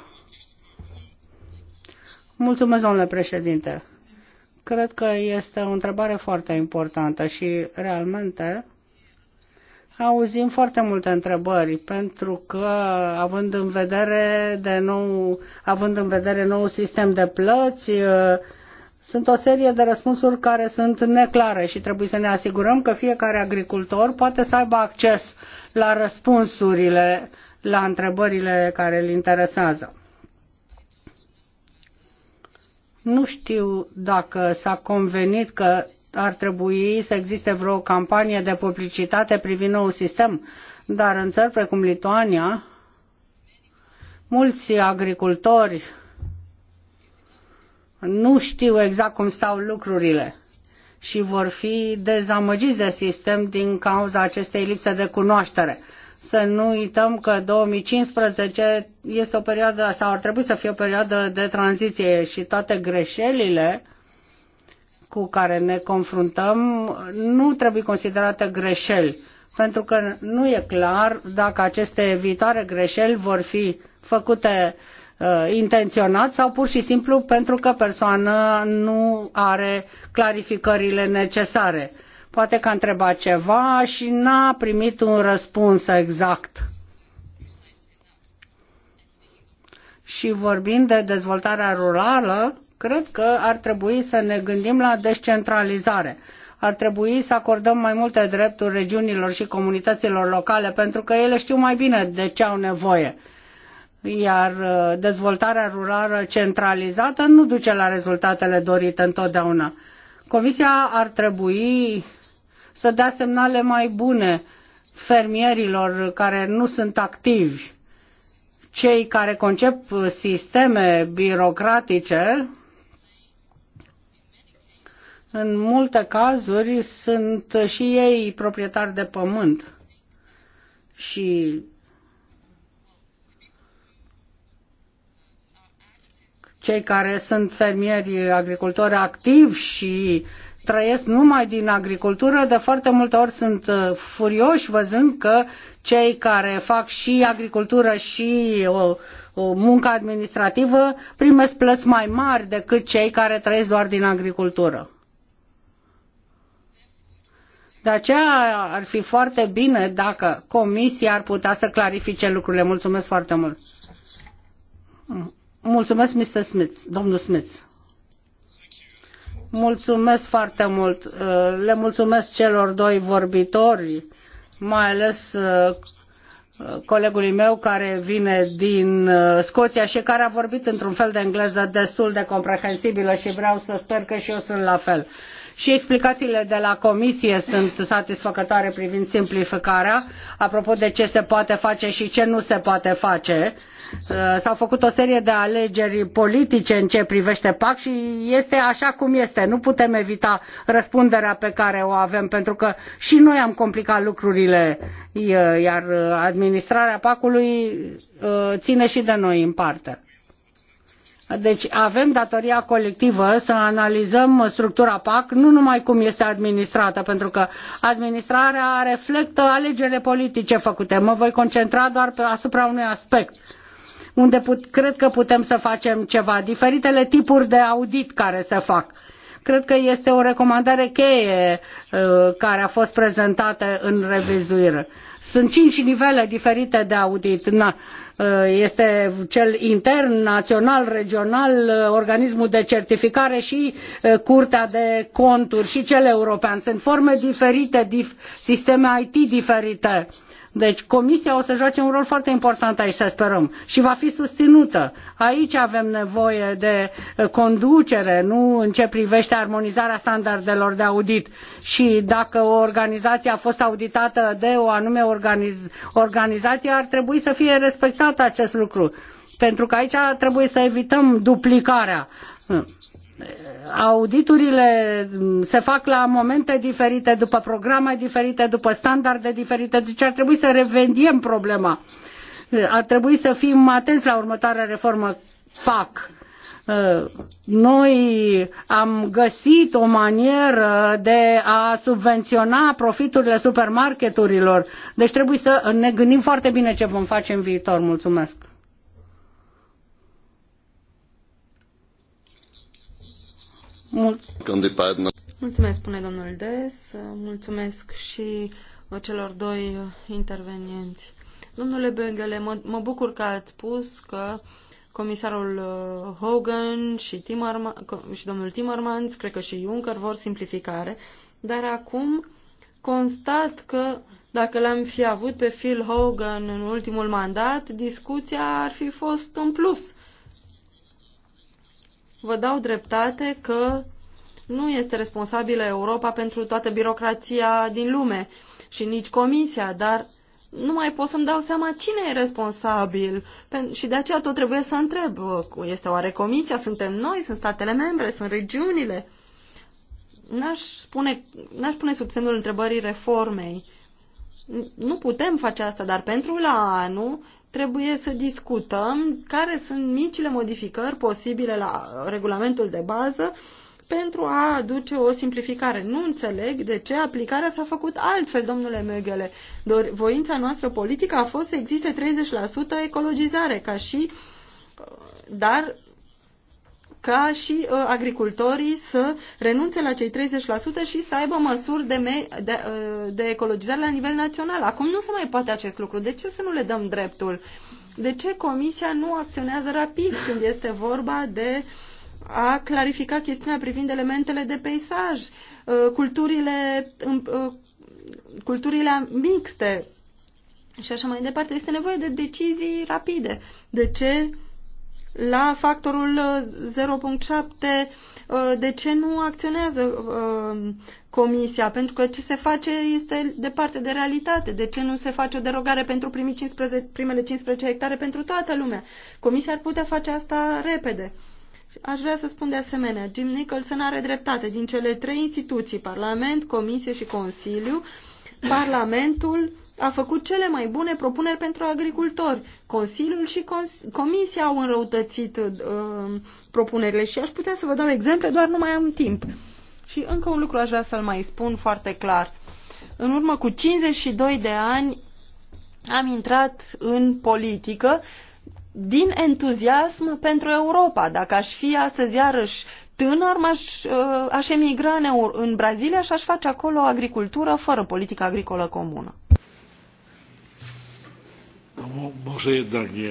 Mulțumesc, domnule președinte. Cred că este o întrebare foarte importantă și realmente auzim foarte multe întrebări, pentru că având în vedere de nou, având în vedere nou sistem de plăți, uh, sunt o serie de răspunsuri care sunt neclare și trebuie să ne asigurăm că fiecare agricultor poate să aibă acces la răspunsurile la întrebările care îl interesează. Nu știu dacă s-a convenit că ar trebui să existe vreo campanie de publicitate privind nou sistem, dar în țări precum Lituania, mulți agricultori nu știu exact cum stau lucrurile și vor fi dezamăgiți de sistem din cauza acestei lipse de cunoaștere să nu uităm că 2015 este o perioadă, sau ar trebui să fie o perioadă de tranziție și toate greșelile cu care ne confruntăm nu trebuie considerate greșeli, pentru că nu e clar dacă aceste viitoare greșeli vor fi făcute uh, intenționat sau pur și simplu pentru că persoana nu are clarificările necesare Poate că a întrebat ceva și n-a primit un răspuns exact. Și vorbind de dezvoltarea rurală, cred că ar trebui să ne gândim la descentralizare. Ar trebui să acordăm mai multe drepturi regiunilor și comunităților locale, pentru că ele știu mai bine de ce au nevoie iar uh, dezvoltarea rurală centralizată nu duce la rezultatele dorite întotdeauna. Comisia ar trebui să dea semnale mai bune fermierilor care nu sunt activi, cei care concep sisteme birocratice, în multe cazuri sunt și ei proprietari de pământ și cei care sunt fermieri agricultori activi și trăiesc numai din agricultură, de foarte multe ori sunt uh, furioși văzând că cei care fac și agricultură și o, uh, o uh, muncă administrativă primesc plăți mai mari decât cei care trăiesc doar din agricultură. De aceea ar fi foarte bine dacă comisia ar putea să clarifice lucrurile. Mulțumesc foarte mult. Mulțumesc, Mr. Smith, domnul Smith. Mulțumesc foarte mult. Le mulțumesc celor doi vorbitori, mai ales uh, colegului meu care vine din uh, Scoția și care a vorbit într-un fel de engleză destul de comprehensibilă și vreau să sper că și eu sunt la fel și explicațiile de la comisie sunt satisfăcătoare privind simplificarea, apropo de ce se poate face și ce nu se poate face. Uh, s-au făcut o serie de alegeri politice în ce privește PAC și este așa cum este. Nu putem evita răspunderea pe care o avem, pentru că și noi am complicat lucrurile, uh, iar administrarea PAC-ului uh, ține și de noi în parte. Deci avem datoria colectivă să analizăm structura PAC, nu numai cum este administrată, pentru că administrarea reflectă alegerile politice făcute. Mă voi concentra doar asupra unui aspect unde put, cred că putem să facem ceva, diferitele tipuri de audit care se fac. Cred că este o recomandare cheie uh, care a fost prezentată în revizuire. Sunt cinci nivele diferite de audit. Na, Uh, este cel intern, național, regional, uh, organismul de certificare și uh, curtea de conturi și cel european. Sunt forme diferite, sisteme IT diferite. Deci comisia o să joace un rol foarte important aici, să sperăm, și va fi susținută. Aici avem nevoie de uh, conducere, nu în ce privește armonizarea standardelor de audit. Și dacă o organizație a fost auditată de o anume organiz- organizație, ar trebui să fie respectat acest lucru. Pentru că aici trebuie să evităm duplicarea auditurile mm, se fac la momente diferite, după programe diferite, după standarde diferite, deci ar trebui să revendiem problema. Ar trebui să fim atenți la următoarea reformă PAC. Uh, noi am găsit o manieră de a subvenționa profiturile supermarketurilor, deci trebuie să ne gândim foarte bine ce vom face în viitor. Mulțumesc! mulțumesc, spune domnul Des, mulțumesc și celor doi intervenienți. Domnule Bengele, mă, mă bucur că ați spus că comisarul uh, Hogan și, Timmerman, și domnul Timmermans, cred că și Juncker, vor simplificare, dar acum constat că dacă l-am fi avut pe Phil Hogan în ultimul mandat, discuția ar fi fost în plus vă dau dreptate că nu este responsabilă Europa pentru toată birocrația din lume și nici Comisia, dar nu mai pot să-mi dau seama cine e responsabil și de aceea tot trebuie să întreb. Este oare Comisia? Suntem noi? Sunt statele membre? Sunt regiunile? N-aș, spune, n-aș pune sub semnul întrebării reformei. Nu putem face asta, dar pentru la anul trebuie să discutăm care sunt micile modificări posibile la regulamentul de bază pentru a aduce o simplificare. Nu înțeleg de ce aplicarea s-a făcut altfel, domnule Megele. Dor, voința noastră politică a fost să existe 30% ecologizare, ca și, dar ca și uh, agricultorii să renunțe la cei 30% și să aibă măsuri de, me- de, uh, de ecologizare la nivel național. Acum nu se mai poate acest lucru. De ce să nu le dăm dreptul? De ce Comisia nu acționează rapid când este vorba de a clarifica chestiunea privind elementele de peisaj, uh, culturile, uh, culturile mixte și așa mai departe? Este nevoie de decizii rapide. De ce la factorul 0.7 uh, uh, de ce nu acționează uh, comisia, pentru că ce se face este departe de realitate. De ce nu se face o derogare pentru primii 15, primele 15 hectare pentru toată lumea? Comisia ar putea face asta repede. Aș vrea să spun de asemenea, Jim Nicholson are dreptate. Din cele trei instituții, Parlament, Comisie și Consiliu, Parlamentul a făcut cele mai bune propuneri pentru agricultori. Consiliul și Comisia au înrăutățit uh, propunerile și aș putea să vă dau exemple, doar nu mai am timp. Și încă un lucru aș vrea să-l mai spun foarte clar. În urmă cu 52 de ani am intrat în politică din entuziasm pentru Europa. Dacă aș fi astăzi iarăși tânăr, m-aș, uh, aș emigra în, în Brazilia și aș face acolo o agricultură fără politică agricolă comună. No, może jednak nie.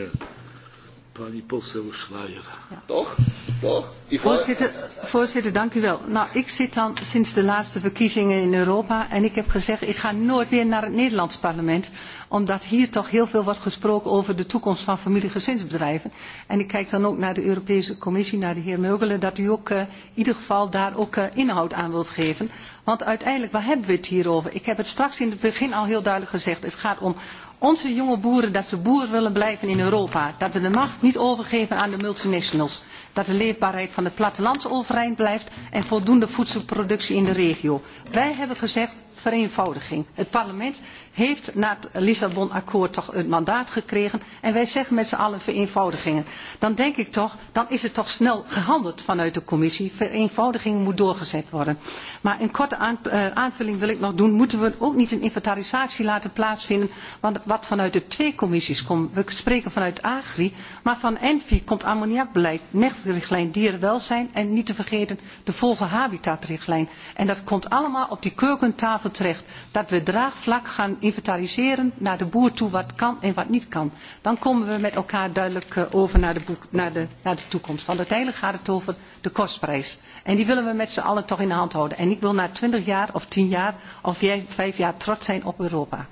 Pani poseł Schreier. Ja. Toch? Toch? Voorzitter, voorzitter, dank u wel. Nou, ik zit dan sinds de laatste verkiezingen in Europa en ik heb gezegd ik ga nooit weer naar het Nederlands parlement. Omdat hier toch heel veel wordt gesproken over de toekomst van familiegezinsbedrijven. En ik kijk dan ook naar de Europese Commissie, naar de heer Meugelen, dat u ook uh, in ieder geval daar ook uh, inhoud aan wilt geven. Want uiteindelijk, waar hebben we het hier over? Ik heb het straks in het begin al heel duidelijk gezegd. Het gaat om onze jonge boeren dat ze boer willen blijven in Europa. Dat we de macht niet overgeven aan de multinationals dat de leefbaarheid van het platteland overeind blijft en voldoende voedselproductie in de regio. Wij hebben gezegd vereenvoudiging. Het parlement heeft na het Lissabon akkoord toch het mandaat gekregen en wij zeggen met z'n allen vereenvoudigingen. Dan denk ik toch, dan is er toch snel gehandeld vanuit de commissie. Vereenvoudiging moet doorgezet worden. Maar een korte eh, aanvulling wil ik nog doen. Moeten we ook niet een inventarisatie laten plaatsvinden want wat vanuit de twee commissies komt. We spreken vanuit Agri, maar van Envi komt ammoniakbeleid, basisrichtlijn dierenwelzijn en niet te vergeten de vogelhabitatrichtlijn. En dat komt allemaal op die keukentafel terecht. Dat we draagvlak gaan inventariseren naar de boer toe wat kan en wat niet kan. Dan komen we met elkaar duidelijk eh, over naar de, boek, naar de, naar de toekomst. Want uiteindelijk gaat het over de kostprijs. En die willen we met z'n allen toch in de hand houden. En ik wil na twintig jaar of tien jaar of vijf jaar trots zijn op Europa.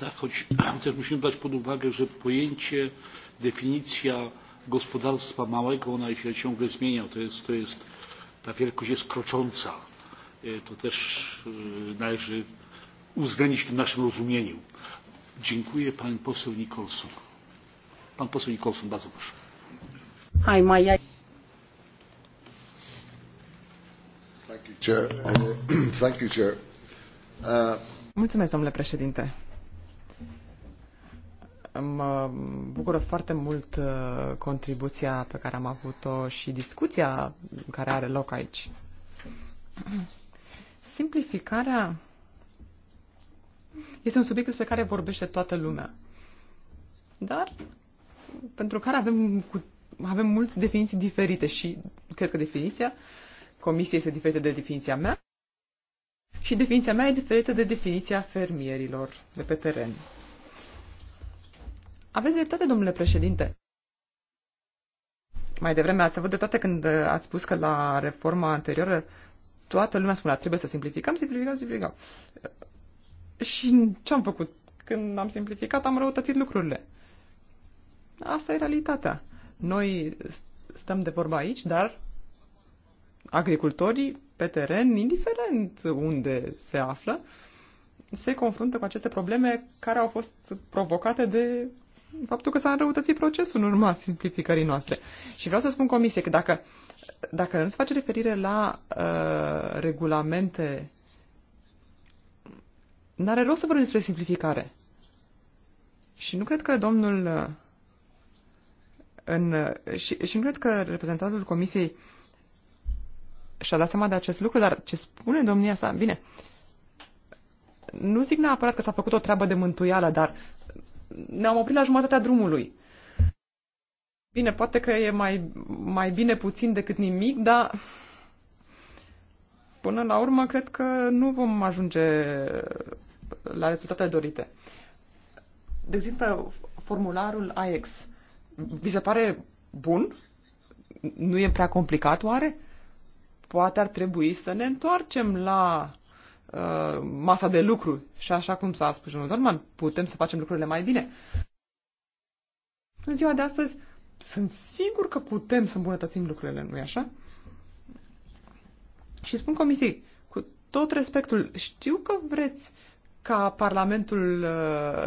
Tak, choć też musimy brać pod uwagę, że pojęcie, definicja gospodarstwa małego, ona się ciągle zmienia. To jest, to jest ta wielkość jest krocząca. To też należy uwzględnić w tym naszym rozumieniu. Dziękuję. Pan poseł Nicholson. Pan poseł Nicholson, bardzo proszę. Hi, Maja. Thank you, Chair. thank you, Chair. Uh, Mulțumesc, domnule președinte. Mă bucură foarte mult uh, contribuția pe care am avut-o și discuția care are loc aici. Simplificarea este un subiect despre care vorbește toată lumea, dar pentru care avem, cu, avem multe definiții diferite și cred că definiția comisiei este diferită de definiția mea și definiția mea e diferită de definiția fermierilor de pe teren. Aveți dreptate, domnule președinte. Mai devreme ați avut dreptate când ați spus că la reforma anterioară toată lumea spunea trebuie să simplificăm, simplificăm, simplificăm. Și ce am făcut? Când am simplificat, am răutățit lucrurile. Asta e realitatea. Noi stăm de vorba aici, dar agricultorii pe teren, indiferent unde se află, se confruntă cu aceste probleme care au fost provocate de faptul că s-a înrăutățit procesul în urma simplificării noastre. Și vreau să spun comisie că dacă, dacă nu se face referire la uh, regulamente, n-are rost să vorbim despre simplificare. Și nu cred că domnul uh, în, și, și nu cred că reprezentantul comisiei și-a dat seama de acest lucru, dar ce spune domnia sa, bine, nu zic neapărat că s-a făcut o treabă de mântuială, dar ne-am oprit la jumătatea drumului. Bine, poate că e mai, mai bine puțin decât nimic, dar până la urmă cred că nu vom ajunge la rezultatele dorite. De exemplu, formularul AX, vi se pare bun? Nu e prea complicat oare? Poate ar trebui să ne întoarcem la Uh, masa de lucru. Și așa cum s-a spus domnul Dorman, putem să facem lucrurile mai bine. În ziua de astăzi, sunt sigur că putem să îmbunătățim lucrurile, nu-i așa? Și spun comisiei, cu tot respectul, știu că vreți ca Parlamentul uh,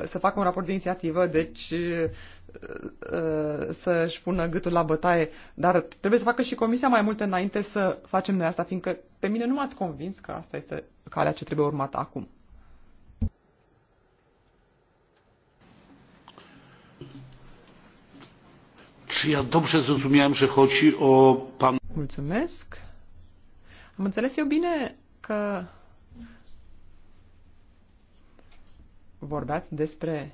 să facă un raport de inițiativă, deci uh, Uh, uh, să-și pună gâtul la bătaie, dar trebuie să facă și comisia mai multe înainte să facem noi asta, fiindcă pe mine nu m-ați convins că asta este calea ce trebuie urmată acum. Czy ja dobrze zrozumiałem, że chodzi o pan... Mulțumesc. Am înțeles eu bine că vorbeați despre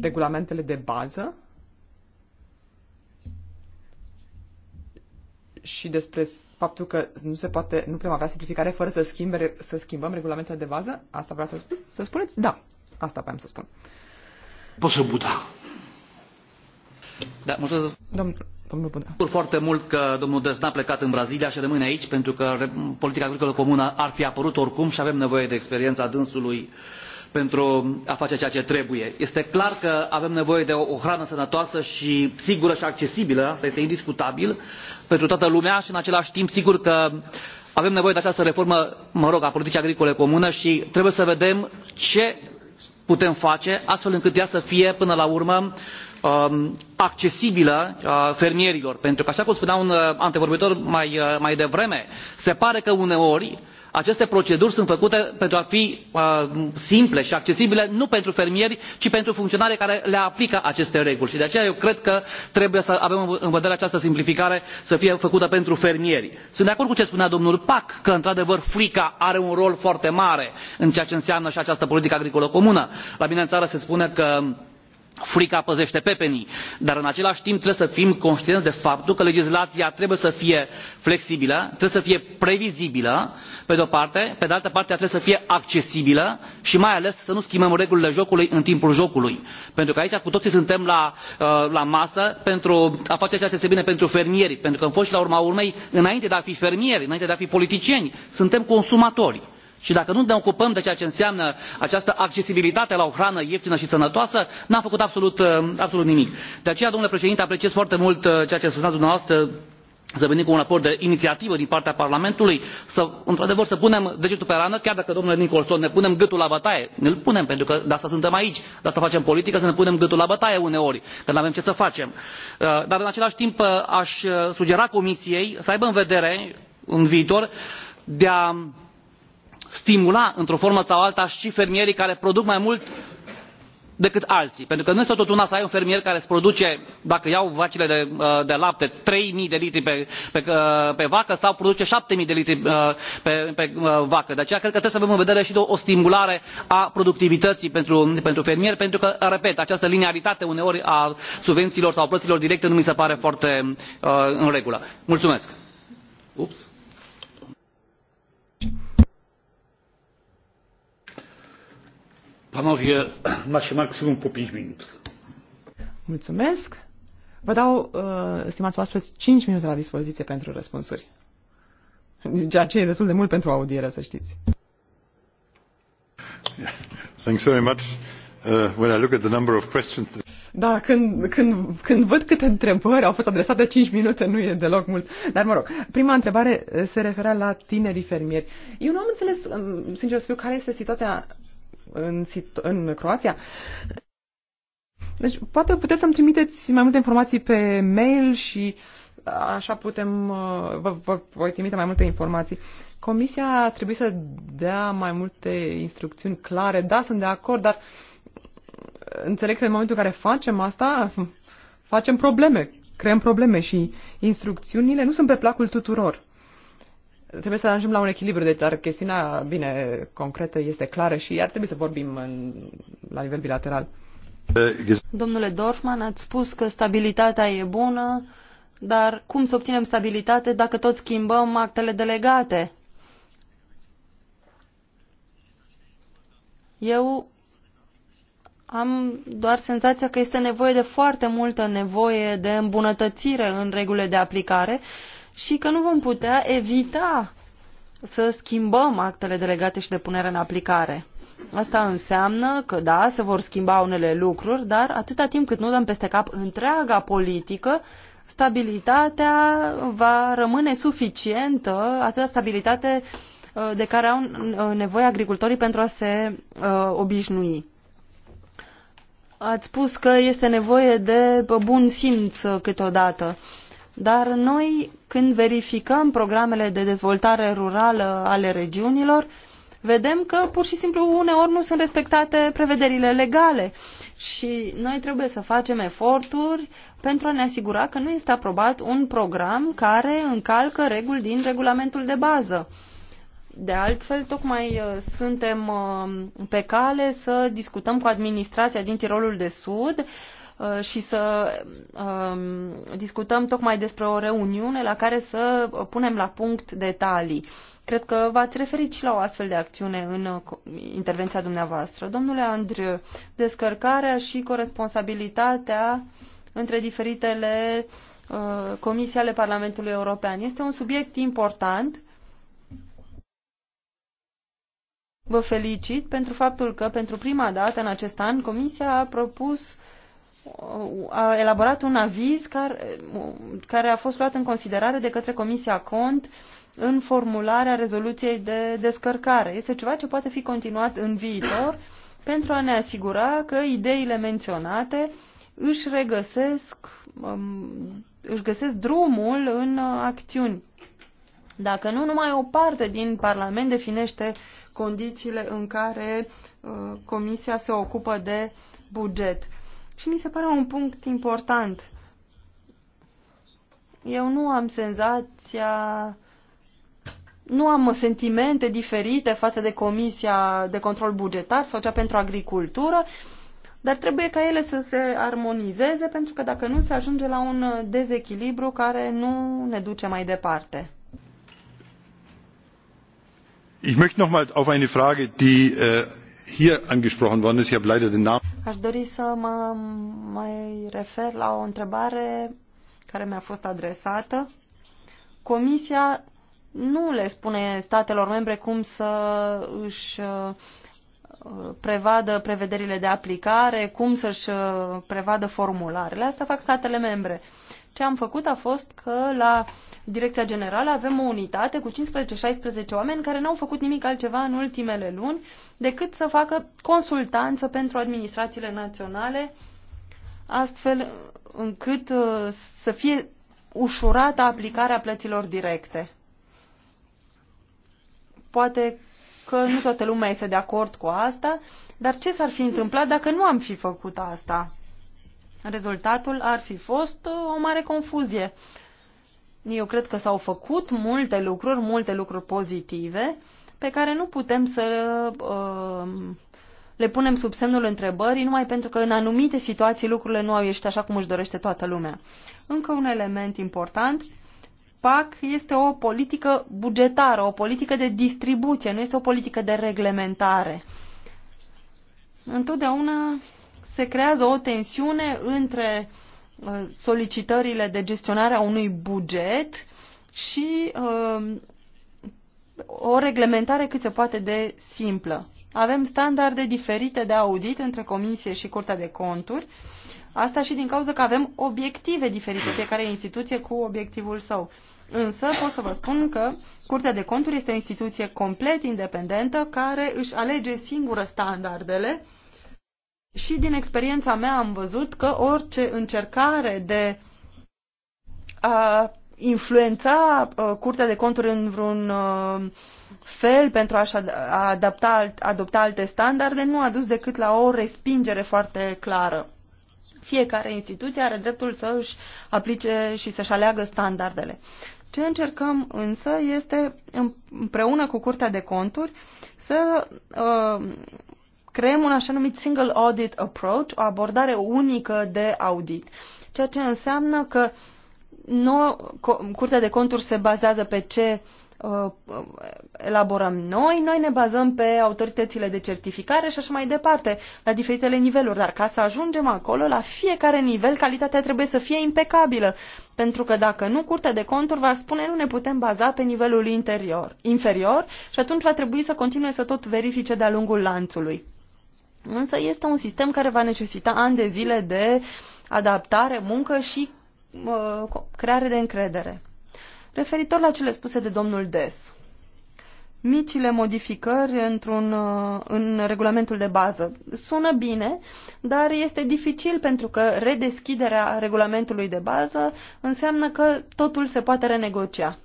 regulamentele de bază și despre faptul că nu se poate, nu putem avea simplificare fără să, schimbe, să schimbăm regulamentele de bază? Asta vreau să, să spuneți? Da, asta vreau să spun. Pot să Buda. Da, mulțumesc. Domnul, domnul foarte mult că domnul Dezna a plecat în Brazilia și rămâne aici pentru că politica agricolă comună ar fi apărut oricum și avem nevoie de experiența dânsului uh, pentru a face ceea ce trebuie. este clar că avem nevoie de o hrană sănătoasă și sigură și accesibilă asta este indiscutabil pentru toată lumea și în același timp sigur că avem nevoie de această reformă mă rog a politicii agricole comune și trebuie să vedem ce putem face astfel încât ea să fie până la urmă um, accesibilă uh, fermierilor pentru că așa cum spunea un uh, antevorbitor mai, uh, mai devreme se pare că uneori aceste proceduri sunt făcute pentru a fi uh, simple și accesibile nu pentru fermieri ci pentru funcționarii care le aplică aceste reguli și de aceea eu cred că trebuie să avem în vedere această simplificare să fie făcută pentru fermieri. sunt de acord cu ce spunea domnul pack că într adevăr frica are un rol foarte mare în ceea ce înseamnă și această politică agricolă comună. la mine în țară se spune că frica păzește pepenii dar în același timp trebuie să fim conștienți de faptul că legislația trebuie să fie flexibilă trebuie să fie previzibilă pe de o parte pe de altă parte trebuie să fie accesibilă și mai ales să nu schimbăm regulile jocului în timpul jocului pentru că aici cu toții suntem la, uh, la masă pentru a face ceea ce este bine pentru fermieri pentru că am fost și la urma urmei înainte de a fi fermieri înainte de a fi politicieni suntem consumatori și dacă nu ne ocupăm de ceea ce înseamnă această accesibilitate la o hrană ieftină și sănătoasă n am făcut uh, absolut, nimic. de aceea domnule președinte apreciez foarte mult uh, ceea ce spuneați dumneavoastră să venim cu un raport de inițiativă din partea parlamentului să într adevăr să punem degetul pe rană chiar dacă domnule nicholson ne punem gâtul la bătaie ne punem pentru că de asta suntem aici de asta facem politică să ne punem gâtul la bătaie uneori când nu avem ce să facem uh, dar în același timp aș sugera comisiei să aibă în vedere în viitor de a stimula într o formă sau alta și fermierii care produc mai mult decât alții pentru că nu este totuna să ai un fermier care îți produce dacă iau vacile de, uh, lapte trei mii de litri uh, pe, vacă sau produce șapte mii de litri uh, pe, vacă. de aceea cred că trebuie să avem în vedere și o stimulare a productivității pentru, fermieri pentru că repet această linearitate uneori a subvențiilor sau plăților directe nu mi se pare foarte în regulă. mulțumesc. Panowie, macie maximum po 5 minute. Mulțumesc. Vă dau, uh, stimați oaspeți, 5 minute la dispoziție pentru răspunsuri. Ceea ce e destul de mult pentru audiere, să știți. Yeah. Thanks very much. Uh, when I look at the number of questions... Da, când, când, când văd câte întrebări au fost adresate 5 minute, nu e deloc mult. Dar mă rog, prima întrebare uh, se referea la tinerii fermieri. Eu nu am înțeles, um, sincer să fiu, care este situația în, în Croația. Deci, poate puteți să-mi trimiteți mai multe informații pe mail și așa putem, uh, vă, vă voi trimite mai multe informații. Comisia ar trebui să dea mai multe instrucțiuni clare. Da, sunt de acord, dar înțeleg că în momentul în care facem asta, facem probleme, creăm probleme și instrucțiunile nu sunt pe placul tuturor. Trebuie să ajungem la un echilibru, deci dar chestiunea, bine, concretă este clară și ar trebui să vorbim în, la nivel bilateral. Domnule Dorfman, ați spus că stabilitatea e bună, dar cum să obținem stabilitate dacă tot schimbăm actele delegate? Eu am doar senzația că este nevoie de foarte multă nevoie de îmbunătățire în regulile de aplicare și că nu vom putea evita să schimbăm actele delegate și de punere în aplicare. Asta înseamnă că, da, se vor schimba unele lucruri, dar atâta timp cât nu dăm peste cap întreaga politică, stabilitatea va rămâne suficientă, atâta stabilitate uh, de care au uh, nevoie agricultorii pentru a se uh, obișnui. Ați spus că este nevoie de uh, bun simț câteodată. Dar noi, când verificăm programele de dezvoltare rurală ale regiunilor, vedem că pur și simplu uneori nu sunt respectate prevederile legale și noi trebuie să facem eforturi pentru a ne asigura că nu este aprobat un program care încalcă reguli din regulamentul de bază. De altfel, tocmai uh, suntem uh, pe cale să discutăm cu administrația din Tirolul de Sud Uh, și să um, discutăm tocmai despre o reuniune la care să punem la punct detalii. Cred că v-ați referit și la o astfel de acțiune în uh, intervenția dumneavoastră. Domnule Andriu, descărcarea și corresponsabilitatea între diferitele uh, comisii ale Parlamentului European este un subiect important. Vă felicit pentru faptul că pentru prima dată în acest an Comisia a propus uh, a elaborat un aviz care, care a fost luat în considerare de către Comisia Cont în formularea rezoluției de descărcare. Este ceva ce poate fi continuat în viitor pentru a ne asigura că ideile menționate își regăsesc, um, își găsesc drumul în acțiuni. Dacă nu, numai o parte din Parlament definește condițiile în care uh, Comisia se ocupă de buget. Și mi se pare un punct important. Eu nu am senzația, nu am sentimente diferite față de Comisia de Control Bugetar sau cea pentru Agricultură, dar trebuie ca ele să se armonizeze, pentru că dacă nu se ajunge la un dezechilibru care nu ne duce mai departe. Ich möchte nochmal auf eine Frage, die uh, hier angesprochen worden ist. Ich habe leider den Namen. Aș dori să mă mai refer la o întrebare care mi-a fost adresată. Comisia nu le spune statelor membre cum să își uh, prevadă prevederile de aplicare, cum să-și uh, prevadă formularele. Asta fac statele membre. Ce am făcut a fost că la Direcția Generală avem o unitate cu 15-16 oameni care n-au făcut nimic altceva în ultimele luni decât să facă consultanță pentru administrațiile naționale, astfel încât uh, să fie ușurată aplicarea plăților directe. Poate că nu toată lumea este de acord cu asta, dar ce s-ar fi întâmplat dacă nu am fi făcut asta? Rezultatul ar fi fost uh, o mare confuzie. Eu cred că s-au făcut multe lucruri, multe lucruri pozitive, pe care nu putem să uh, le punem sub semnul întrebării, numai pentru că în anumite situații lucrurile nu au ieșit așa cum își dorește toată lumea. Încă un element important, PAC este o politică bugetară, o politică de distribuție, nu este o politică de reglementare. Întotdeauna se creează o tensiune între uh, solicitările de gestionare a unui buget și uh, o reglementare cât se poate de simplă. Avem standarde diferite de audit între Comisie și Curtea de Conturi, asta și din cauza că avem obiective diferite, fiecare instituție cu obiectivul său. Însă pot să vă spun că Curtea de Conturi este o instituție complet independentă care își alege singură standardele și din experiența mea am văzut că orice încercare de a influența uh, Curtea de Conturi în vreun uh, fel pentru a-și adapta, alt, adopta alte standarde nu a dus decât la o respingere foarte clară. Fiecare instituție are dreptul să își aplice și să-și aleagă standardele. Ce încercăm însă este împreună cu Curtea de Conturi să uh, creăm un așa numit single audit approach, o abordare unică de audit, ceea ce înseamnă că no, Curtea de Conturi se bazează pe ce uh, elaborăm noi, noi ne bazăm pe autoritățile de certificare și așa mai departe, la diferitele niveluri. Dar ca să ajungem acolo, la fiecare nivel, calitatea trebuie să fie impecabilă. Pentru că dacă nu, Curtea de Conturi va spune nu ne putem baza pe nivelul interior, inferior și atunci va trebui să continue să tot verifice de-a lungul lanțului. Însă este un sistem care va necesita ani de zile de adaptare, muncă și uh, creare de încredere. Referitor la cele spuse de domnul Des, micile modificări într-un, uh, în regulamentul de bază. Sună bine, dar este dificil pentru că redeschiderea regulamentului de bază înseamnă că totul se poate renegocia.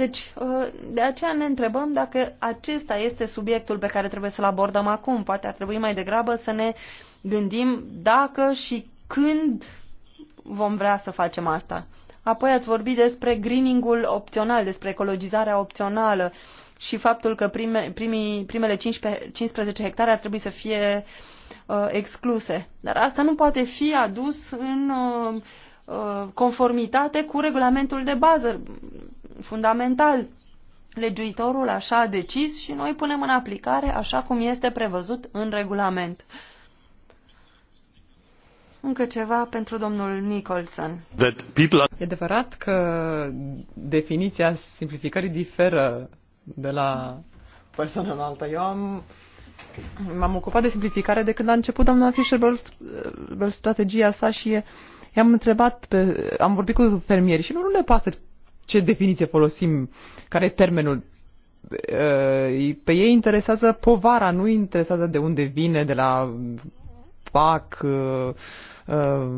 Deci, uh, de aceea ne întrebăm dacă acesta este subiectul pe care trebuie să-l abordăm acum. Poate ar trebui mai degrabă să ne gândim dacă și când vom vrea să facem asta. Apoi ați vorbit despre greening-ul opțional, despre ecologizarea opțională și faptul că prime, primii, primele 15, 15 hectare ar trebui să fie uh, excluse. Dar asta nu poate fi adus în uh, uh, conformitate cu regulamentul de bază fundamental. Legiuitorul așa a decis și noi punem în aplicare așa cum este prevăzut în regulament. Încă ceva pentru domnul Nicholson. People... E adevărat că definiția simplificării diferă de la persoană în alta. Eu am, m-am ocupat de simplificare de când a început doamna fisher strategia sa și e, i-am întrebat, pe, am vorbit cu fermieri și nu, nu le pasă ce definiție folosim, care e termenul. Ă, pe ei interesează povara, nu interesează de unde vine, de la PAC, ă, ă,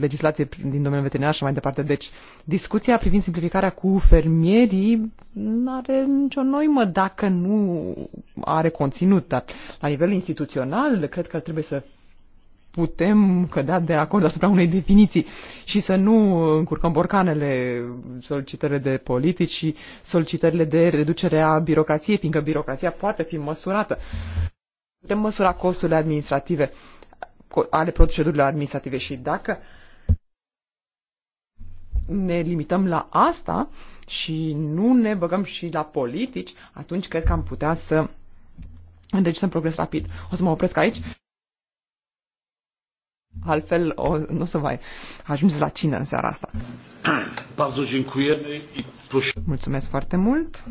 legislație din domeniul veterinar și mai departe. Deci, discuția privind simplificarea cu fermierii nu are nicio noimă dacă nu are conținut, dar la nivel instituțional cred că trebuie să putem cădea de acord asupra unei definiții și să nu încurcăm borcanele solicitările de politici și solicitările de reducere a birocrației, fiindcă birocrația poate fi măsurată. Putem măsura costurile administrative ale procedurilor administrative și dacă ne limităm la asta și nu ne băgăm și la politici, atunci cred că am putea să înregistrăm deci, progres rapid. O să mă opresc aici. Altfel o, nu o să mai ajungeți la cină în seara asta. Mulțumesc foarte mult.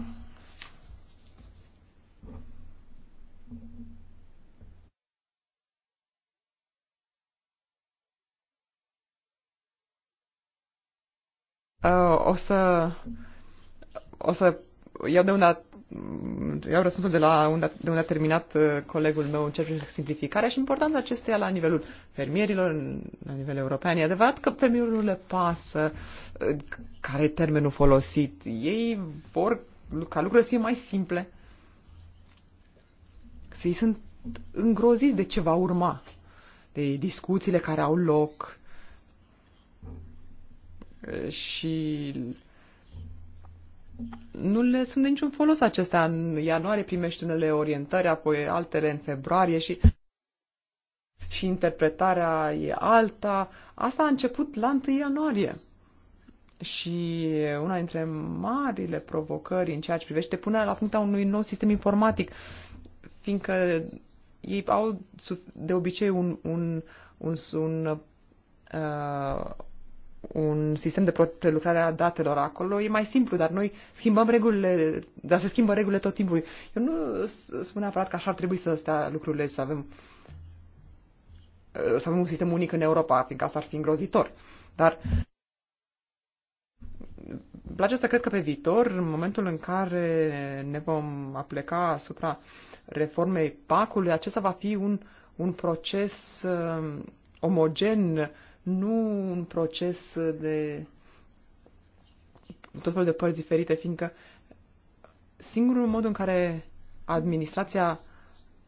Uh, o să o să iau de una iau răspunsul de la unde, de unde a terminat uh, colegul meu în cercetare ce simplificarea și importanța acesteia la nivelul fermierilor, la nivel european. E adevărat că fermierilor nu le pasă uh, care e termenul folosit. Ei vor ca lucrurile să fie mai simple. Să ei sunt îngroziți de ce va urma, de discuțiile care au loc uh, și nu le sunt de niciun folos acestea. În ianuarie primești unele orientări, apoi altele în februarie și, și interpretarea e alta. Asta a început la 1 ianuarie. Și una dintre marile provocări în ceea ce privește punerea la punct a unui nou sistem informatic, fiindcă ei au de obicei un, un, un, un uh, un sistem de prelucrare a datelor acolo. E mai simplu, dar noi schimbăm regulile, dar se schimbă regulile tot timpul. Eu nu spun neapărat că așa ar trebui să stea lucrurile, să avem să avem un sistem unic în Europa, fiindcă asta ar fi îngrozitor. Dar îmi place să cred că pe viitor, în momentul în care ne vom apleca asupra reformei PAC-ului, acesta va fi un, un proces uh, omogen nu un proces de tot felul de părți diferite, fiindcă singurul mod în care administrația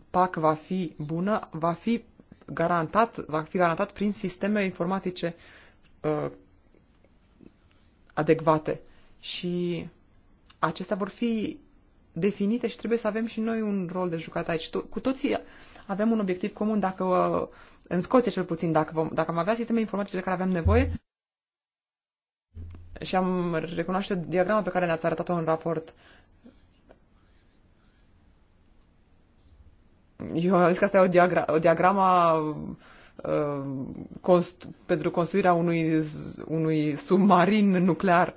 PAC va fi bună, va fi garantat, va fi garantat prin sisteme informatice uh, adecvate. Și acestea vor fi definite și trebuie să avem și noi un rol de jucat aici. Cu toții avem un obiectiv comun dacă, uh, în Scoție cel puțin, dacă, vom, dacă am avea sisteme informatice de care avem nevoie, și am recunoaște diagrama pe care ne-ați arătat-o în raport. Eu am zis că asta e o, diagra- o diagrama uh, pentru construirea unui, unui submarin nuclear. Uh,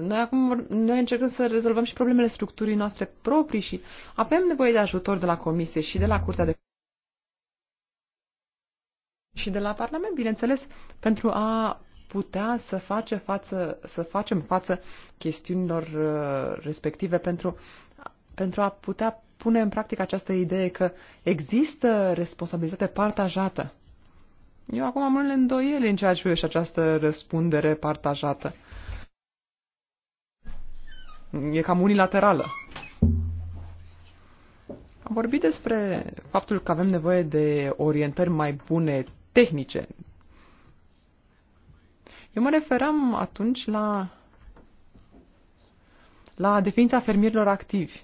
Noi acum noi încercăm să rezolvăm și problemele structurii noastre proprii și avem nevoie de ajutor de la Comisie și de la Curtea de și de la Parlament, bineînțeles, pentru a putea să, face față, să facem față chestiunilor uh, respective pentru, pentru a putea pune în practică această idee că există responsabilitate partajată. Eu acum am unele îndoieli în ceea ce privește această răspundere partajată e cam unilaterală. Am vorbit despre faptul că avem nevoie de orientări mai bune tehnice. Eu mă referam atunci la, la definiția fermierilor activi.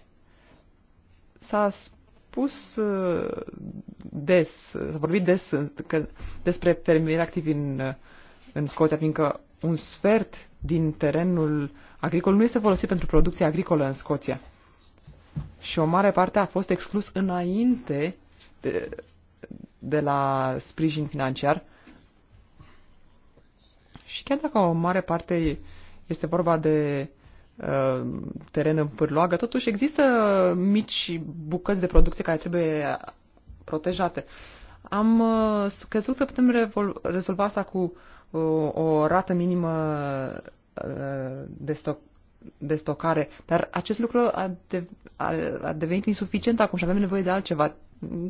S-a spus uh, des, s-a vorbit des că, despre fermieri activi în, uh, în Scoția, fiindcă un sfert din terenul agricol nu este folosit pentru producție agricolă în Scoția. Și o mare parte a fost exclus înainte de, de la sprijin financiar. Și chiar dacă o mare parte este vorba de uh, teren în pârloagă, totuși există mici bucăți de producție care trebuie protejate. Am uh, crezut că putem rezolva asta cu uh, o rată minimă uh, de, stoc, de stocare, dar acest lucru a, de, a, a devenit insuficient acum și avem nevoie de altceva,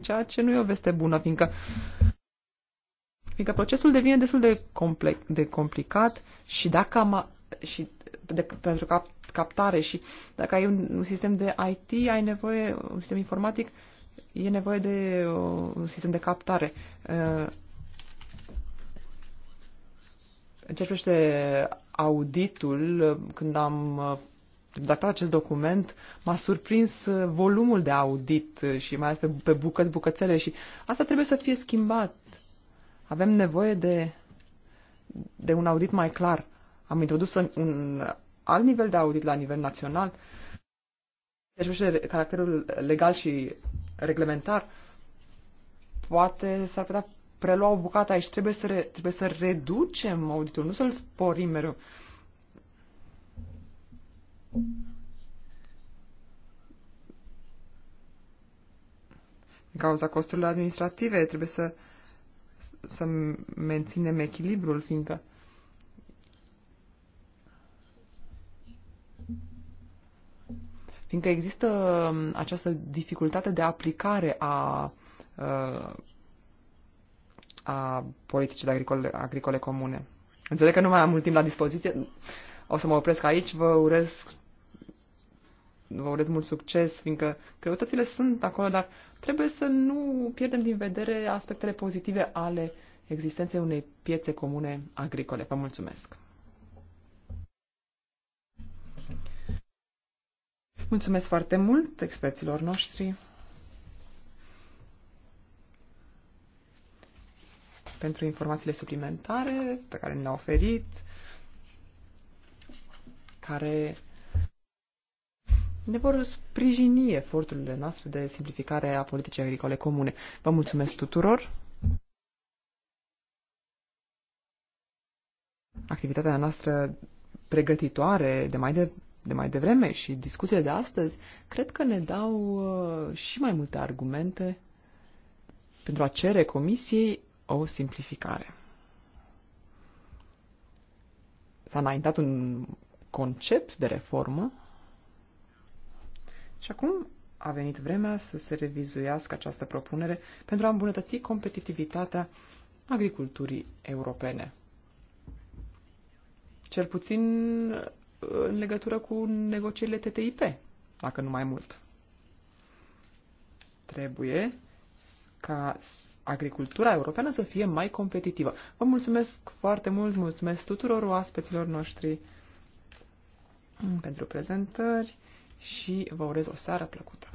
ceea ce nu e o veste bună, fiindcă, fiindcă procesul devine destul de, comple, de complicat și dacă am, și de, pentru cap, captare și dacă ai un, un sistem de IT, ai nevoie, un sistem informatic, e nevoie de uh, un sistem de captare. Uh, în ce privește auditul, când am uh, redactat acest document, m-a surprins uh, volumul de audit uh, și mai ales pe, pe bucăți, bucățele și asta trebuie să fie schimbat. Avem nevoie de, de un audit mai clar. Am introdus un alt nivel de audit la nivel național. Deci, privește caracterul legal și reglementar poate s-ar putea prelua o bucată aici. Trebuie să, re, trebuie să reducem auditul, nu să-l sporim mereu. Din cauza costurilor administrative trebuie să, să menținem echilibrul, fiindcă fiindcă există um, această dificultate de aplicare a uh, a politicii agricole, agricole comune. Înțeleg că nu mai am mult timp la dispoziție. O să mă opresc aici. Vă urez, vă urez mult succes, fiindcă greutățile sunt acolo, dar trebuie să nu pierdem din vedere aspectele pozitive ale existenței unei piețe comune agricole. Vă mulțumesc! Mulțumesc foarte mult experților noștri. pentru informațiile suplimentare pe care ne au a oferit, care ne vor sprijini eforturile noastre de simplificare a politicii agricole comune. Vă mulțumesc tuturor! Activitatea noastră pregătitoare de mai, de, de mai devreme și discuțiile de astăzi cred că ne dau uh, și mai multe argumente pentru a cere Comisiei o simplificare. S-a înaintat un concept de reformă și acum a venit vremea să se revizuiască această propunere pentru a îmbunătăți competitivitatea agriculturii europene. Cel puțin uh, în legătură cu negocierile TTIP, dacă nu mai mult. Trebuie ca agricultura europeană să fie mai competitivă. Vă mulțumesc foarte mult, mulțumesc tuturor oaspeților noștri pentru prezentări și vă urez o seară plăcută.